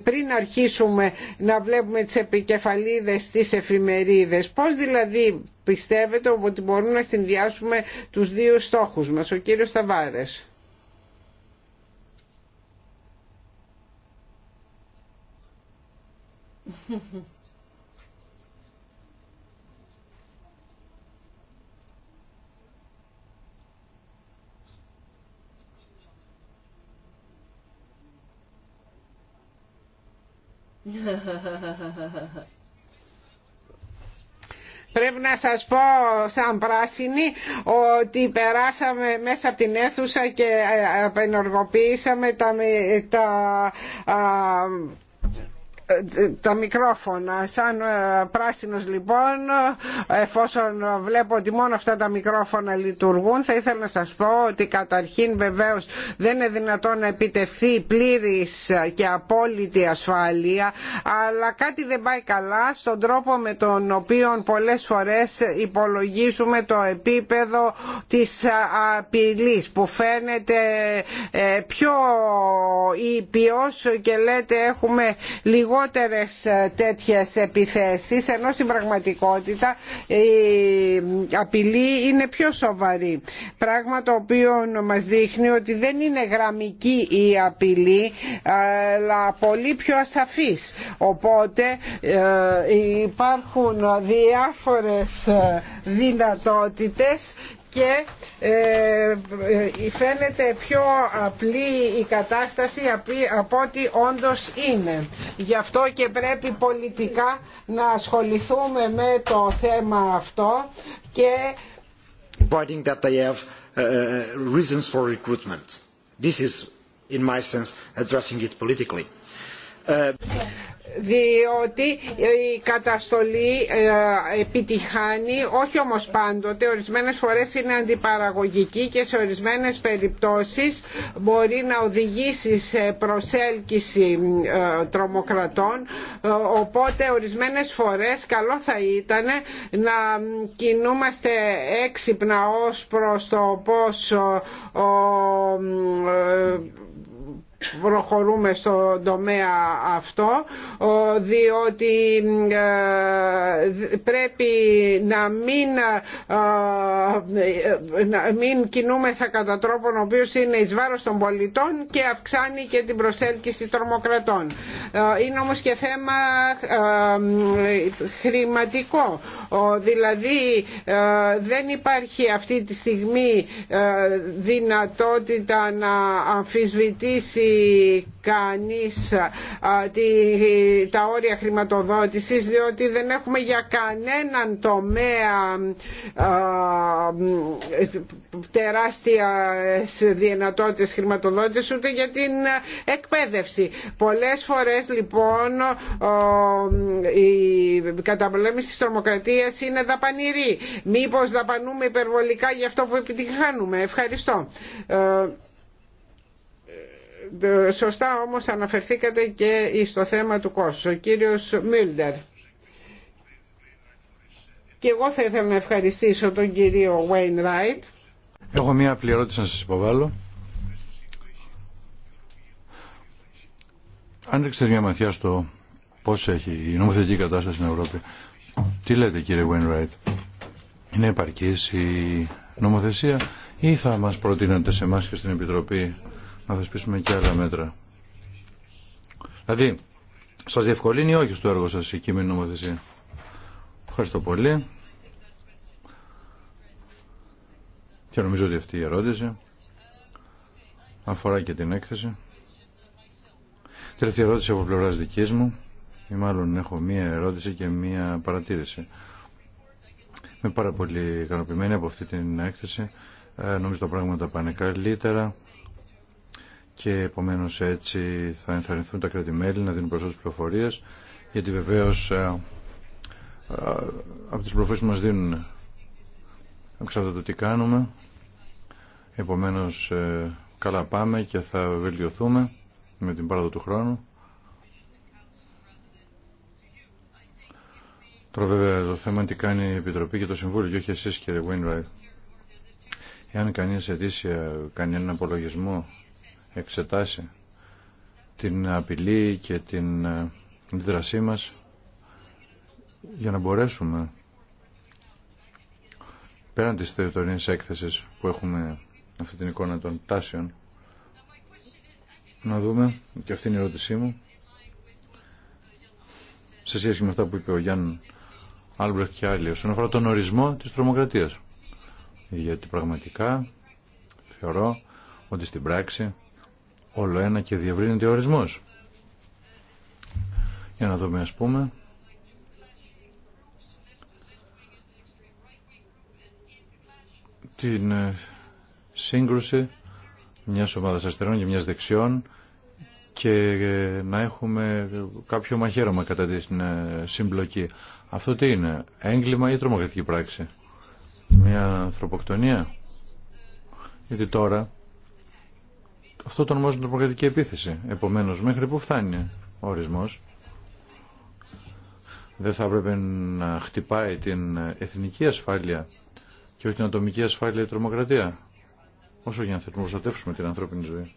πριν αρχίσουμε να βλέπουμε τις επικεφαλίδες της εφημερίδας Πώ Πώς δηλαδή πιστεύετε ότι μπορούμε να συνδυάσουμε τους δύο στόχους μας, ο κύριος Σταβάρες. Πρέπει να σας πω σαν πράσινη ότι περάσαμε μέσα από την αίθουσα και ε, απενεργοποιήσαμε τα, τα τα μικρόφωνα. Σαν ε, πράσινος λοιπόν, εφόσον βλέπω ότι μόνο αυτά τα μικρόφωνα λειτουργούν, θα ήθελα να σας πω ότι καταρχήν βεβαίως δεν είναι δυνατόν να επιτευχθεί πλήρης και απόλυτη ασφάλεια, αλλά κάτι δεν πάει καλά στον τρόπο με τον οποίο πολλές φορές υπολογίζουμε το επίπεδο της απειλής που φαίνεται ε, πιο ήπιος και λέτε έχουμε λιγότερες ε, τέτοιες επιθέσεις ενώ στην πραγματικότητα η απειλή είναι πιο σοβαρή πράγμα το οποίο μας δείχνει ότι δεν είναι γραμμική η απειλή αλλά πολύ πιο ασαφής οπότε ε, υπάρχουν διάφορες ε, δυνατότητες και ε, ε, φαίνεται πιο απλή η κατάσταση από ό,τι όντως είναι. Γι' αυτό και πρέπει πολιτικά να ασχοληθούμε με το θέμα αυτό και that they have ε, reasons for recruitment. This is, in my sense, addressing it politically διότι η καταστολή ε, επιτυχάνει, όχι όμως πάντοτε, ορισμένες φορές είναι αντιπαραγωγική και σε ορισμένες περιπτώσεις μπορεί να οδηγήσει σε προσέλκυση ε, τρομοκρατών, ε, οπότε ορισμένες φορές καλό θα ήταν να κινούμαστε έξυπνα ως προς το πώς προχωρούμε στο τομέα αυτό διότι ε, πρέπει να μην, ε, να μην κινούμεθα κατά τρόπον ο οποίος είναι εις βάρος των πολιτών και αυξάνει και την προσέλκυση τρομοκρατών. Ε, είναι όμως και θέμα χρηματικό. Δηλαδή δεν υπάρχει αυτή τη στιγμή δυνατότητα να αμφισβητήσει κανείς τα όρια χρηματοδότησης διότι δεν έχουμε για κανέναν τομέα τεράστιες δυνατότητες χρηματοδότησης ούτε για την εκπαίδευση. Πολλές φορές λοιπόν η καταπολέμηση της τρομοκρατίας είναι δαπανηρή. Μήπως δαπανούμε υπερβολικά για αυτό που επιτυχάνουμε. Ευχαριστώ. Ε, ε, σωστά όμως αναφερθήκατε και στο θέμα του κόσμου, Ο κύριος Μίλντερ. Και εγώ θα ήθελα να ευχαριστήσω τον κύριο Βέιν Έχω μία απλή ερώτηση να σας υποβάλω. Αν ρίξετε μια ματιά στο πώς έχει η νομοθετική κατάσταση στην Ευρώπη, τι λέτε κύριε Wainwright, είναι επαρκής η νομοθεσία ή θα μας προτείνετε σε εμά και στην Επιτροπή να θεσπίσουμε και άλλα μέτρα. Δηλαδή, σας διευκολύνει όχι στο έργο σας η κείμενη νομοθεσία. Ευχαριστώ πολύ. Και νομίζω ότι αυτή η ερώτηση αφορά και την έκθεση. Τρίτη ερώτηση από πλευρά δική μου, ή μάλλον έχω μία ερώτηση και μία παρατήρηση. Είμαι πάρα πολύ ικανοποιημένη από αυτή την έκθεση. Ε, νομίζω τα πράγματα πάνε καλύτερα και επομένω έτσι θα ενθαρρυνθούν τα κράτη-μέλη να δίνουν περισσότερε πληροφορίε, γιατί βεβαίω ε, ε, από τι πληροφορίε που μας δίνουν εξαρτάται το τι κάνουμε επομένως ε, καλά πάμε και θα βελτιωθούμε με την πάροδο του χρόνου Τώρα βέβαια το θέμα είναι τι κάνει η Επιτροπή και το Συμβούλιο και όχι εσείς κύριε Wainwright. Εάν κανείς ετήσια κάνει έναν απολογισμό εξετάσει την απειλή και την ε, δρασή μας για να μπορέσουμε πέραν της θεωρητορίας έκθεσης που έχουμε αυτή την εικόνα των τάσεων να δούμε και αυτή είναι η ερώτησή μου σε σχέση με αυτά που είπε ο Γιάνν Άλμπρεχτ και άλλοι όσον αφορά τον ορισμό της τρομοκρατίας γιατί πραγματικά θεωρώ ότι στην πράξη όλο ένα και διευρύνεται ο ορισμός. Για να δούμε ας πούμε. Την ε, σύγκρουση μιας ομάδας αστερών και μιας δεξιών και ε, να έχουμε κάποιο μαχαίρωμα κατά τη ε, συμπλοκή. Αυτό τι είναι, έγκλημα ή τρομοκρατική πράξη. Μια ανθρωποκτονία. Γιατί τώρα αυτό το ονομάζουν τρομοκρατική επίθεση. Επομένως, μέχρι που φτάνει ο ορισμός, δεν θα έπρεπε να χτυπάει την εθνική ασφάλεια και όχι την ατομική ασφάλεια η τρομοκρατία. Όσο για να θέλουμε να προστατεύσουμε την ανθρώπινη ζωή.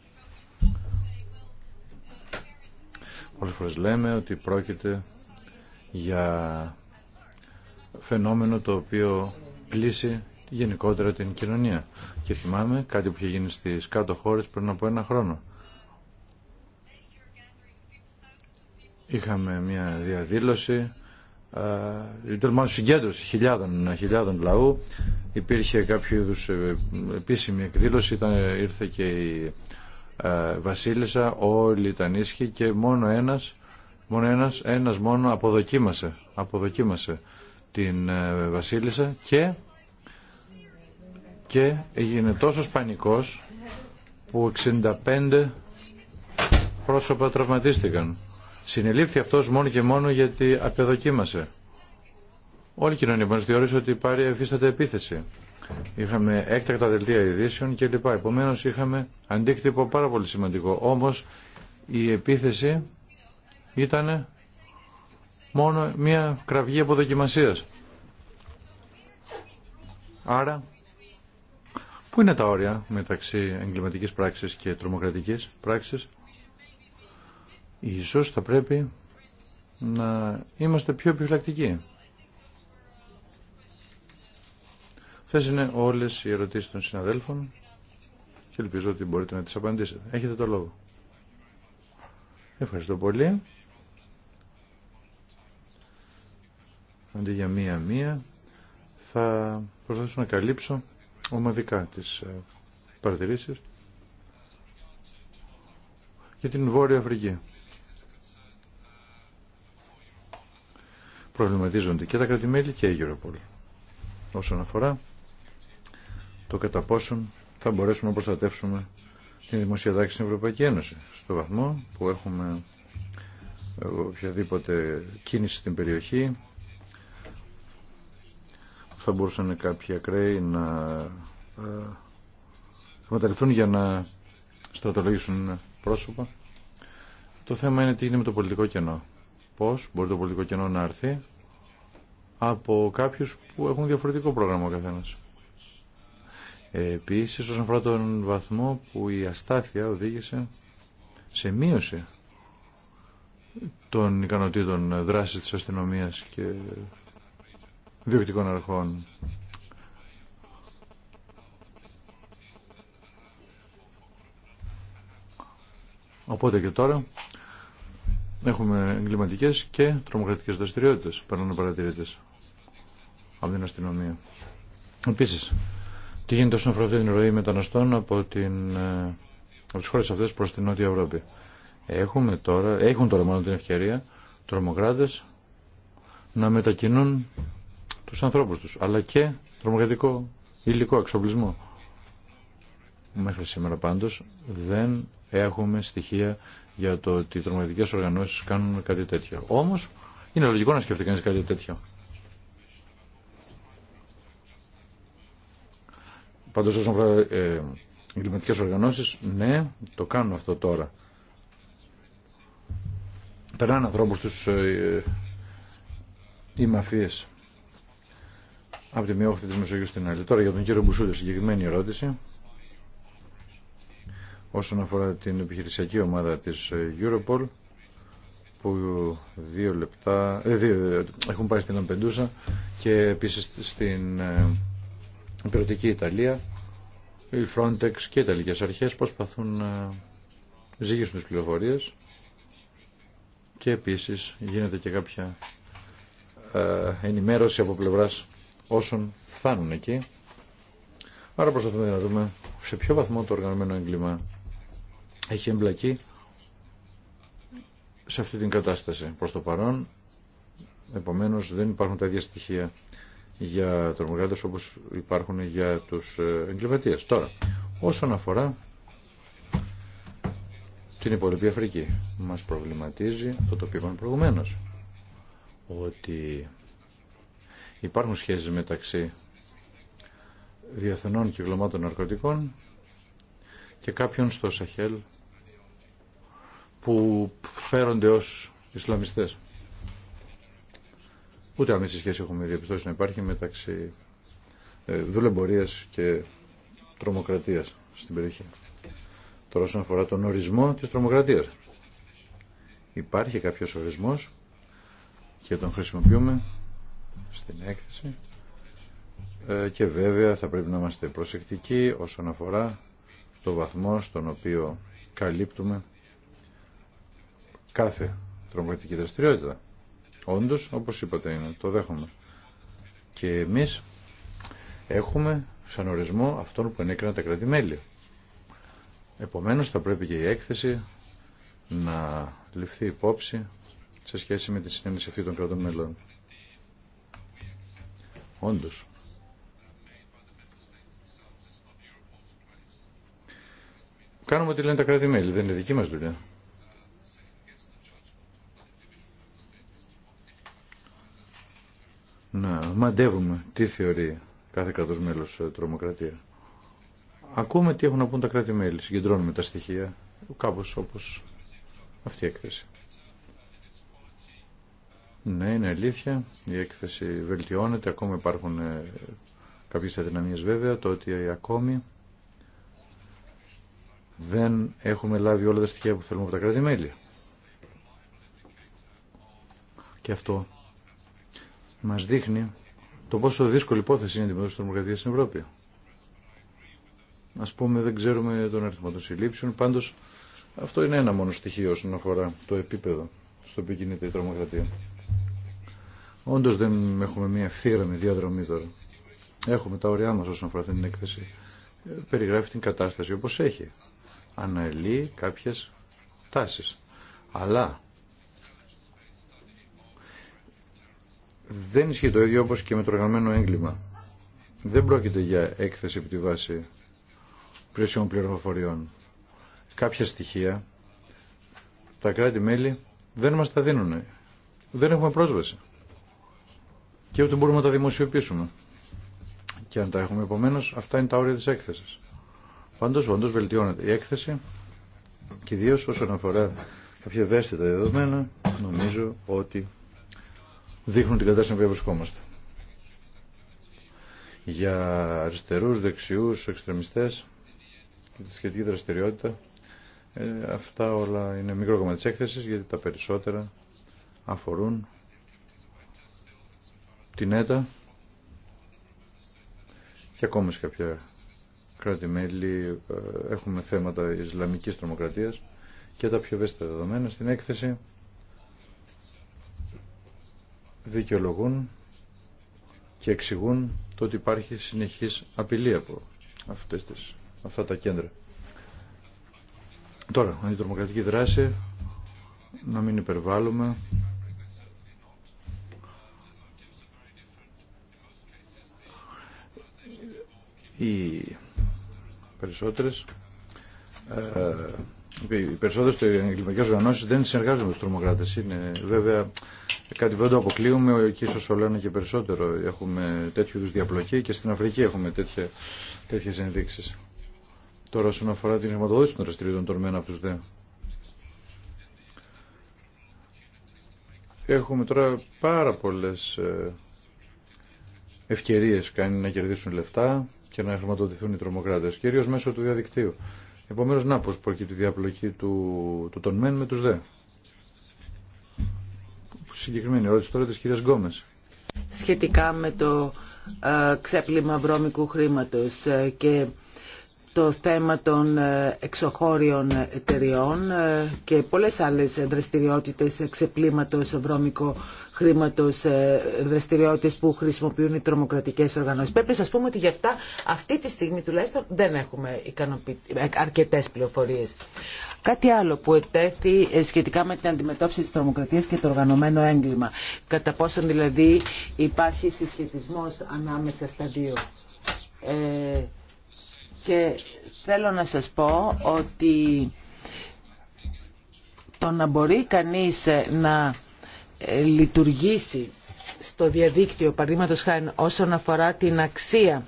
Πολλές φορές λέμε ότι πρόκειται για φαινόμενο το οποίο πλήσει γενικότερα την κοινωνία. Και θυμάμαι κάτι που είχε γίνει στις κάτω χώρες πριν από ένα χρόνο. Είχαμε μια διαδήλωση, μάλλον συγκέντρωση χιλιάδων, χιλιάδων λαού. Υπήρχε κάποιο είδου ε, επίσημη εκδήλωση, ήταν, ήρθε και η βασίλισσα, όλοι ήταν ίσχυοι και μόνο ένας, μόνο ένας, ένας μόνο αποδοκίμασε, αποδοκίμασε την ε, βασίλισσα και και έγινε τόσο πανικός που 65 πρόσωπα τραυματίστηκαν. Συνελήφθη αυτός μόνο και μόνο γιατί απεδοκίμασε. Όλη η κοινωνία μας θεωρήσε ότι πάρει εφίσταται επίθεση. Είχαμε έκτακτα δελτία ειδήσεων κλπ. Επομένως είχαμε αντίκτυπο πάρα πολύ σημαντικό. Όμως η επίθεση ήταν μόνο μια κραυγή αποδοκιμασίας. Άρα Πού είναι τα όρια μεταξύ εγκληματικής πράξης και τρομοκρατικής πράξης. Ίσως θα πρέπει να είμαστε πιο επιφυλακτικοί. Αυτές είναι όλες οι ερωτήσεις των συναδέλφων και ελπίζω ότι μπορείτε να τις απαντήσετε. Έχετε το λόγο. Ευχαριστώ πολύ. Αντί για μία-μία θα προσπαθήσω να καλύψω ομαδικά τις ε, παρατηρήσεις για την Βόρεια Αφρική. Προβληματίζονται και τα κρατημέλη και η Europol όσον αφορά το κατά πόσον θα μπορέσουμε να προστατεύσουμε την δημοσία στην Ευρωπαϊκή Ένωση στο βαθμό που έχουμε οποιαδήποτε κίνηση στην περιοχή θα μπορούσαν κάποιοι ακραίοι να εκμεταλλευτούν για να στρατολογήσουν πρόσωπα. Το θέμα είναι τι γίνεται με το πολιτικό κενό. Πώς μπορεί το πολιτικό κενό να έρθει από κάποιους που έχουν διαφορετικό πρόγραμμα ο καθένας. Ε, επίσης, όσον αφορά τον βαθμό που η αστάθεια οδήγησε σε μείωση των ικανοτήτων δράσης της αστυνομίας και διοικητικών αρχών. Οπότε και τώρα έχουμε εγκληματικέ και τρομοκρατικέ δραστηριότητε παρόν παρατηρητέ από την αστυνομία. Επίση, τι γίνεται όσον αφορά την ροή μεταναστών από, την, ε, από τι χώρε αυτέ προ την Νότια Ευρώπη. Έχουμε τώρα, έχουν τώρα μόνο την ευκαιρία τρομοκράτε να μετακινούν του ανθρώπου του, αλλά και τρομοκρατικό υλικό, εξοπλισμό. Μέχρι σήμερα πάντως δεν έχουμε στοιχεία για το ότι οι τρομοκρατικέ οργανώσει κάνουν κάτι τέτοιο. Όμω, είναι λογικό να σκεφτεί κανεί κάτι τέτοιο. Παντώ όσον αφορά ε, εγκληματικέ οργανώσει, ναι, το κάνουν αυτό τώρα. Περνάνε ανθρώπου του ε, ε, οι μαφίες από τη μία όχθη της Μεσογείου στην άλλη. Τώρα για τον κύριο Μπουσούδη συγκεκριμένη ερώτηση όσον αφορά την επιχειρησιακή ομάδα της ε, Europol που δύο λεπτά ε, ε, έχουν πάει στην Λαμπεντούσα και επίσης στην πυροτική Ιταλία η Frontex και οι Ιταλικές αρχές προσπαθούν να ζυγίσουν τις πληροφορίες και επίσης γίνεται και κάποια ενημέρωση από πλευράς όσων φτάνουν εκεί. Άρα προσπαθούμε να δούμε σε ποιο βαθμό το οργανωμένο έγκλημα έχει εμπλακεί σε αυτή την κατάσταση. Προς το παρόν, επομένως, δεν υπάρχουν τα ίδια στοιχεία για τρομοκράτες όπως υπάρχουν για τους ε, εγκληματίες. Τώρα, όσον αφορά την υπόλοιπη Αφρική, μας προβληματίζει αυτό το οποίο είπαμε προηγουμένως, ότι Υπάρχουν σχέσεις μεταξύ διεθνών κυκλωμάτων ναρκωτικών και κάποιων στο Σαχέλ που φέρονται ως Ισλαμιστές. Ούτε αμέσως σχέση έχουμε διαπιστώσει να υπάρχει μεταξύ ε, δουλεμπορίας και τρομοκρατίας στην περιοχή. Τώρα όσον αφορά τον ορισμό της τρομοκρατίας. Υπάρχει κάποιος ορισμός και τον χρησιμοποιούμε στην έκθεση ε, και βέβαια θα πρέπει να είμαστε προσεκτικοί όσον αφορά το βαθμό στον οποίο καλύπτουμε κάθε τρομοκρατική δραστηριότητα. Όντως, όπως είπατε είναι, το δέχομαι. Και εμείς έχουμε σαν ορισμό αυτόν που ενέκριναν τα κράτη-μέλη. Επομένως θα πρέπει και η έκθεση να ληφθεί υπόψη σε σχέση με τη συνέντευξη αυτή των κρατών μελών. Όντως. Κάνουμε ό,τι λένε τα κράτη-μέλη, δεν είναι δική μας δουλειά. Να, μαντεύουμε τι θεωρεί κάθε κρατός μέλος ε, τρομοκρατία. Ακούμε τι έχουν να πούν τα κράτη-μέλη, συγκεντρώνουμε τα στοιχεία, κάπως όπως αυτή η έκθεση. Ναι, είναι αλήθεια. Η έκθεση βελτιώνεται. Ακόμα υπάρχουν ε, κάποιες αδυναμίες βέβαια. Το ότι ακόμη δεν έχουμε λάβει όλα τα στοιχεία που θέλουμε από τα κράτη-μέλη. Και αυτό μας δείχνει το πόσο δύσκολη υπόθεση είναι η αντιμετώπιση της τρομοκρατίας στην Ευρώπη. Ας πούμε δεν ξέρουμε τον αριθμό των συλλήψεων, πάντως αυτό είναι ένα μόνο στοιχείο όσον αφορά το επίπεδο στο οποίο κινείται η τρομοκρατία. Όντως δεν έχουμε μια με διαδρομή τώρα. Έχουμε τα ωριά μας όσον αφορά την έκθεση. Ε, περιγράφει την κατάσταση όπως έχει. Αναλύει κάποιε τάσεις. Αλλά δεν ισχύει το ίδιο όπως και με το οργανωμένο έγκλημα. Δεν πρόκειται για έκθεση από τη βάση πλαισιών πληροφοριών. Κάποια στοιχεία τα κράτη-μέλη δεν μας τα δίνουν. Δεν έχουμε πρόσβαση και ούτε μπορούμε να τα δημοσιοποιήσουμε. Και αν τα έχουμε επομένω, αυτά είναι τα όρια τη έκθεση. Πάντω, όντω βελτιώνεται η έκθεση και ιδίω όσον αφορά κάποια ευαίσθητα δεδομένα, νομίζω ότι δείχνουν την κατάσταση που βρισκόμαστε. Για αριστερού, δεξιού, εξτρεμιστέ και τη σχετική δραστηριότητα, ε, αυτά όλα είναι μικρό κομμάτι τη έκθεση γιατί τα περισσότερα αφορούν την ΕΤΑ και ακόμα σε κάποια κράτη-μέλη ε, έχουμε θέματα Ισλαμικής τρομοκρατίας και τα πιο βέστα δεδομένα στην έκθεση δικαιολογούν και εξηγούν το ότι υπάρχει συνεχής απειλή από αυτές τις, αυτά τα κέντρα. Τώρα, η δράση, να μην υπερβάλλουμε, οι περισσότερες ε, οι περισσότερε εγκληματικέ οργανώσει δεν συνεργάζονται με τους τρομοκράτε. Είναι βέβαια κάτι που δεν το αποκλείουμε και ίσω όλο ένα και περισσότερο. Έχουμε τέτοιου είδου διαπλοκή και στην Αφρική έχουμε τέτοιε ενδείξει. Τώρα, όσον αφορά την χρηματοδότηση των δραστηριοτήτων των ΜΕΝ από του ΔΕ. Έχουμε τώρα πάρα πολλέ ε, ευκαιρίε κάνει να κερδίσουν λεφτά, και να χρηματοδοτηθούν οι τρομοκράτε κυρίως μέσω του διαδικτύου. Επομένως, να πώ προκύπτει η διαπλοκή του, του των μεν με τους δε. Συγκεκριμένη ερώτηση τώρα τη κυρία Γκόμες. Σχετικά με το ε, ξέπλυμα βρώμικου χρήματο ε, και το θέμα των ε, εξωχώριων εταιριών ε, και πολλές άλλες δραστηριότητες ξεπλήματος βρώμικο χρήματος ε, δραστηριότητες που χρησιμοποιούν οι τρομοκρατικέ οργανώσεις. Πρέπει να σας πούμε ότι γι' αυτά αυτή τη στιγμή τουλάχιστον δεν έχουμε ε, αρκετέ πληροφορίε. Κάτι άλλο που ετέθη ε, σχετικά με την αντιμετώπιση της τρομοκρατία και το οργανωμένο έγκλημα. Κατά πόσον δηλαδή υπάρχει συσχετισμό ανάμεσα στα δύο. Ε, και θέλω να σας πω ότι το να μπορεί κανείς να ε, λειτουργήσει στο διαδίκτυο, παραδείγματο χάρη όσον αφορά την αξία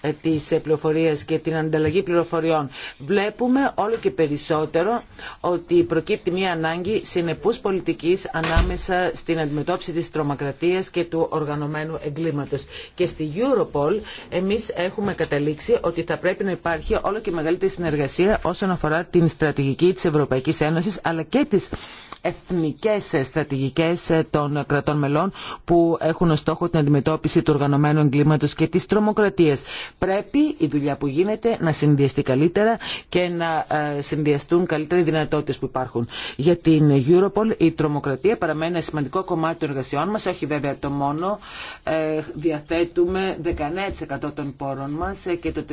ε, της πληροφορίας και την ανταλλαγή πληροφοριών. Βλέπουμε όλο και περισσότερο ότι προκύπτει μια ανάγκη συνεπούς πολιτικής ανάμεσα στην αντιμετώπιση της τρομακρατίας και του οργανωμένου εγκλήματος. Και στη Europol εμείς έχουμε καταλήξει ότι θα πρέπει να υπάρχει όλο και μεγαλύτερη συνεργασία όσον αφορά την στρατηγική της Ευρωπαϊκής Ένωσης αλλά και τις εθνικές στρατηγικές των κρατών μελών που έχουν ως στόχο την αντιμετώπιση του οργανωμένου εγκλήματος και της τρομοκρατίας. Πρέπει η δουλειά που γίνεται να συνδυαστεί καλύτερα και να ε, συνδυαστούν καλύτερα οι δυνατότητε που υπάρχουν. Για την Europol η τρομοκρατία παραμένει ένα σημαντικό κομμάτι των εργασιών μα, όχι βέβαια το μόνο. Ε, διαθέτουμε 19% των πόρων μα και το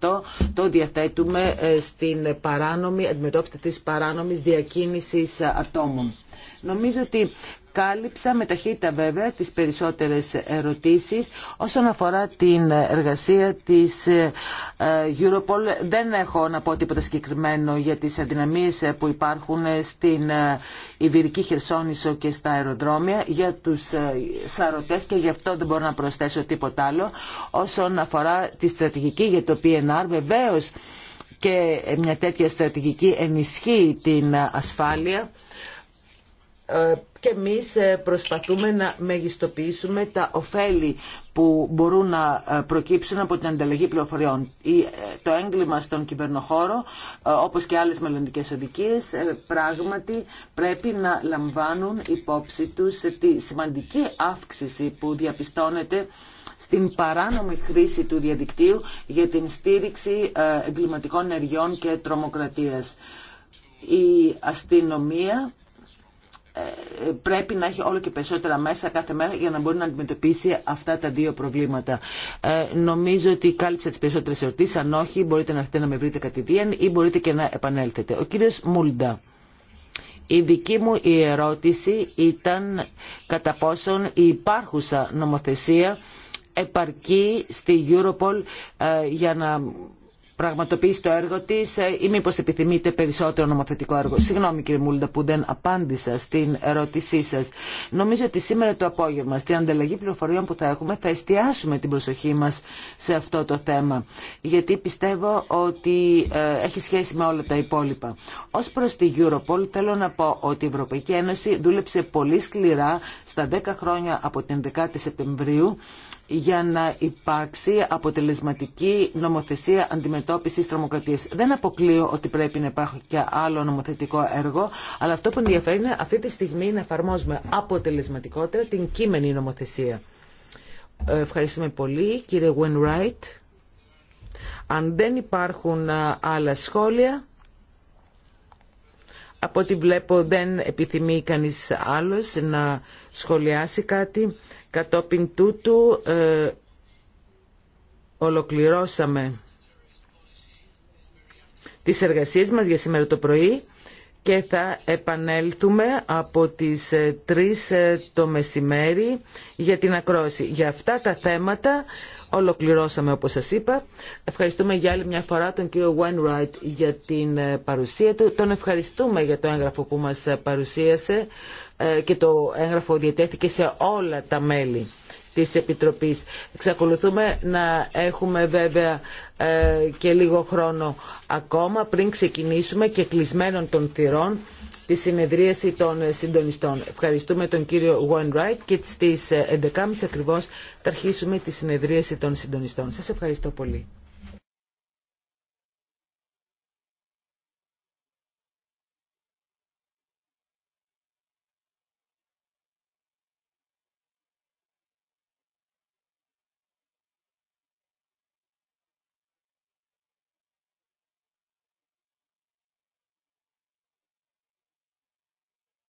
30% το διαθέτουμε ε, στην παράνομη αντιμετώπιση της παράνομη διακίνηση ατόμων. Νομίζω Κάλυψα με ταχύτητα βέβαια τις περισσότερες ερωτήσεις όσον αφορά την εργασία της ε, Europol. Δεν έχω να πω τίποτα συγκεκριμένο για τις αδυναμίες που υπάρχουν στην ε, Ιβυρική Χερσόνησο και στα αεροδρόμια για τους ε, σαρωτές και γι' αυτό δεν μπορώ να προσθέσω τίποτα άλλο. Όσον αφορά τη στρατηγική για το PNR βεβαίω και μια τέτοια στρατηγική ενισχύει την ασφάλεια. Ε, και εμείς ε, προσπαθούμε να μεγιστοποιήσουμε τα ωφέλη που μπορούν να ε, προκύψουν από την ανταλλαγή πληροφοριών. Το έγκλημα στον κυβερνοχώρο, όπως και άλλες μελλοντικές οδικίες, πράγματι πρέπει να λαμβάνουν υπόψη τους τη σημαντική αύξηση που διαπιστώνεται στην παράνομη χρήση του διαδικτύου για την στήριξη εγκληματικών ενεργειών και τρομοκρατίας. Η αστυνομία ε, πρέπει να έχει όλο και περισσότερα μέσα κάθε μέρα για να μπορεί να αντιμετωπίσει αυτά τα δύο προβλήματα. Ε, νομίζω ότι κάλυψα τις περισσότερες ερωτήσει, Αν όχι, μπορείτε να έρθετε να με βρείτε κατηδίαν ή μπορείτε και να επανέλθετε. Ο κύριος Μούλντα. Η δική μου η ερώτηση ήταν κατά πόσον η υπάρχουσα νομοθεσία επαρκεί στη Europol ε, για να πραγματοποιήσει το έργο τη ε, ή μήπω επιθυμείτε περισσότερο νομοθετικό έργο. Συγγνώμη κύριε Μούλντα που δεν απάντησα στην ερώτησή σα. Νομίζω ότι σήμερα το απόγευμα στην ανταλλαγή πληροφοριών που θα έχουμε θα εστιάσουμε την προσοχή μα σε αυτό το θέμα. Γιατί πιστεύω ότι ε, έχει σχέση με όλα τα υπόλοιπα. Ω προ τη Europol θέλω να πω ότι η Ευρωπαϊκή Ένωση δούλεψε πολύ σκληρά στα 10 χρόνια από την 10η Σεπτεμβρίου για να υπάρξει αποτελεσματική νομοθεσία αντιμετώπιση τρομοκρατία. Δεν αποκλείω ότι πρέπει να υπάρχει και άλλο νομοθετικό έργο, αλλά αυτό που ενδιαφέρει είναι αυτή τη στιγμή να εφαρμόζουμε αποτελεσματικότερα την κείμενη νομοθεσία. Ε, ευχαριστούμε πολύ, κύριε Wainwright. Αν δεν υπάρχουν ε, άλλα σχόλια, από ό,τι βλέπω δεν επιθυμεί κανείς άλλος να σχολιάσει κάτι. Κατόπιν τούτου ε, ολοκληρώσαμε τις εργασίες μας για σήμερα το πρωί και θα επανέλθουμε από τις 3 ε, ε, το μεσημέρι για την ακρόση. Για αυτά τα θέματα Ολοκληρώσαμε όπως σας είπα. Ευχαριστούμε για άλλη μια φορά τον κύριο Wainwright για την ε, παρουσία του. Τον ευχαριστούμε για το έγγραφο που μας ε, παρουσίασε ε, και το έγγραφο διατέθηκε σε όλα τα μέλη της Επιτροπής. Εξακολουθούμε να έχουμε βέβαια και λίγο χρόνο ακόμα πριν ξεκινήσουμε και κλεισμένων των θυρών τη συνεδρίαση των συντονιστών. Ευχαριστούμε τον κύριο Ράιτ και στις 11.30 ε, ακριβώς θα αρχίσουμε τη συνεδρίαση των συντονιστών. Σας ευχαριστώ πολύ.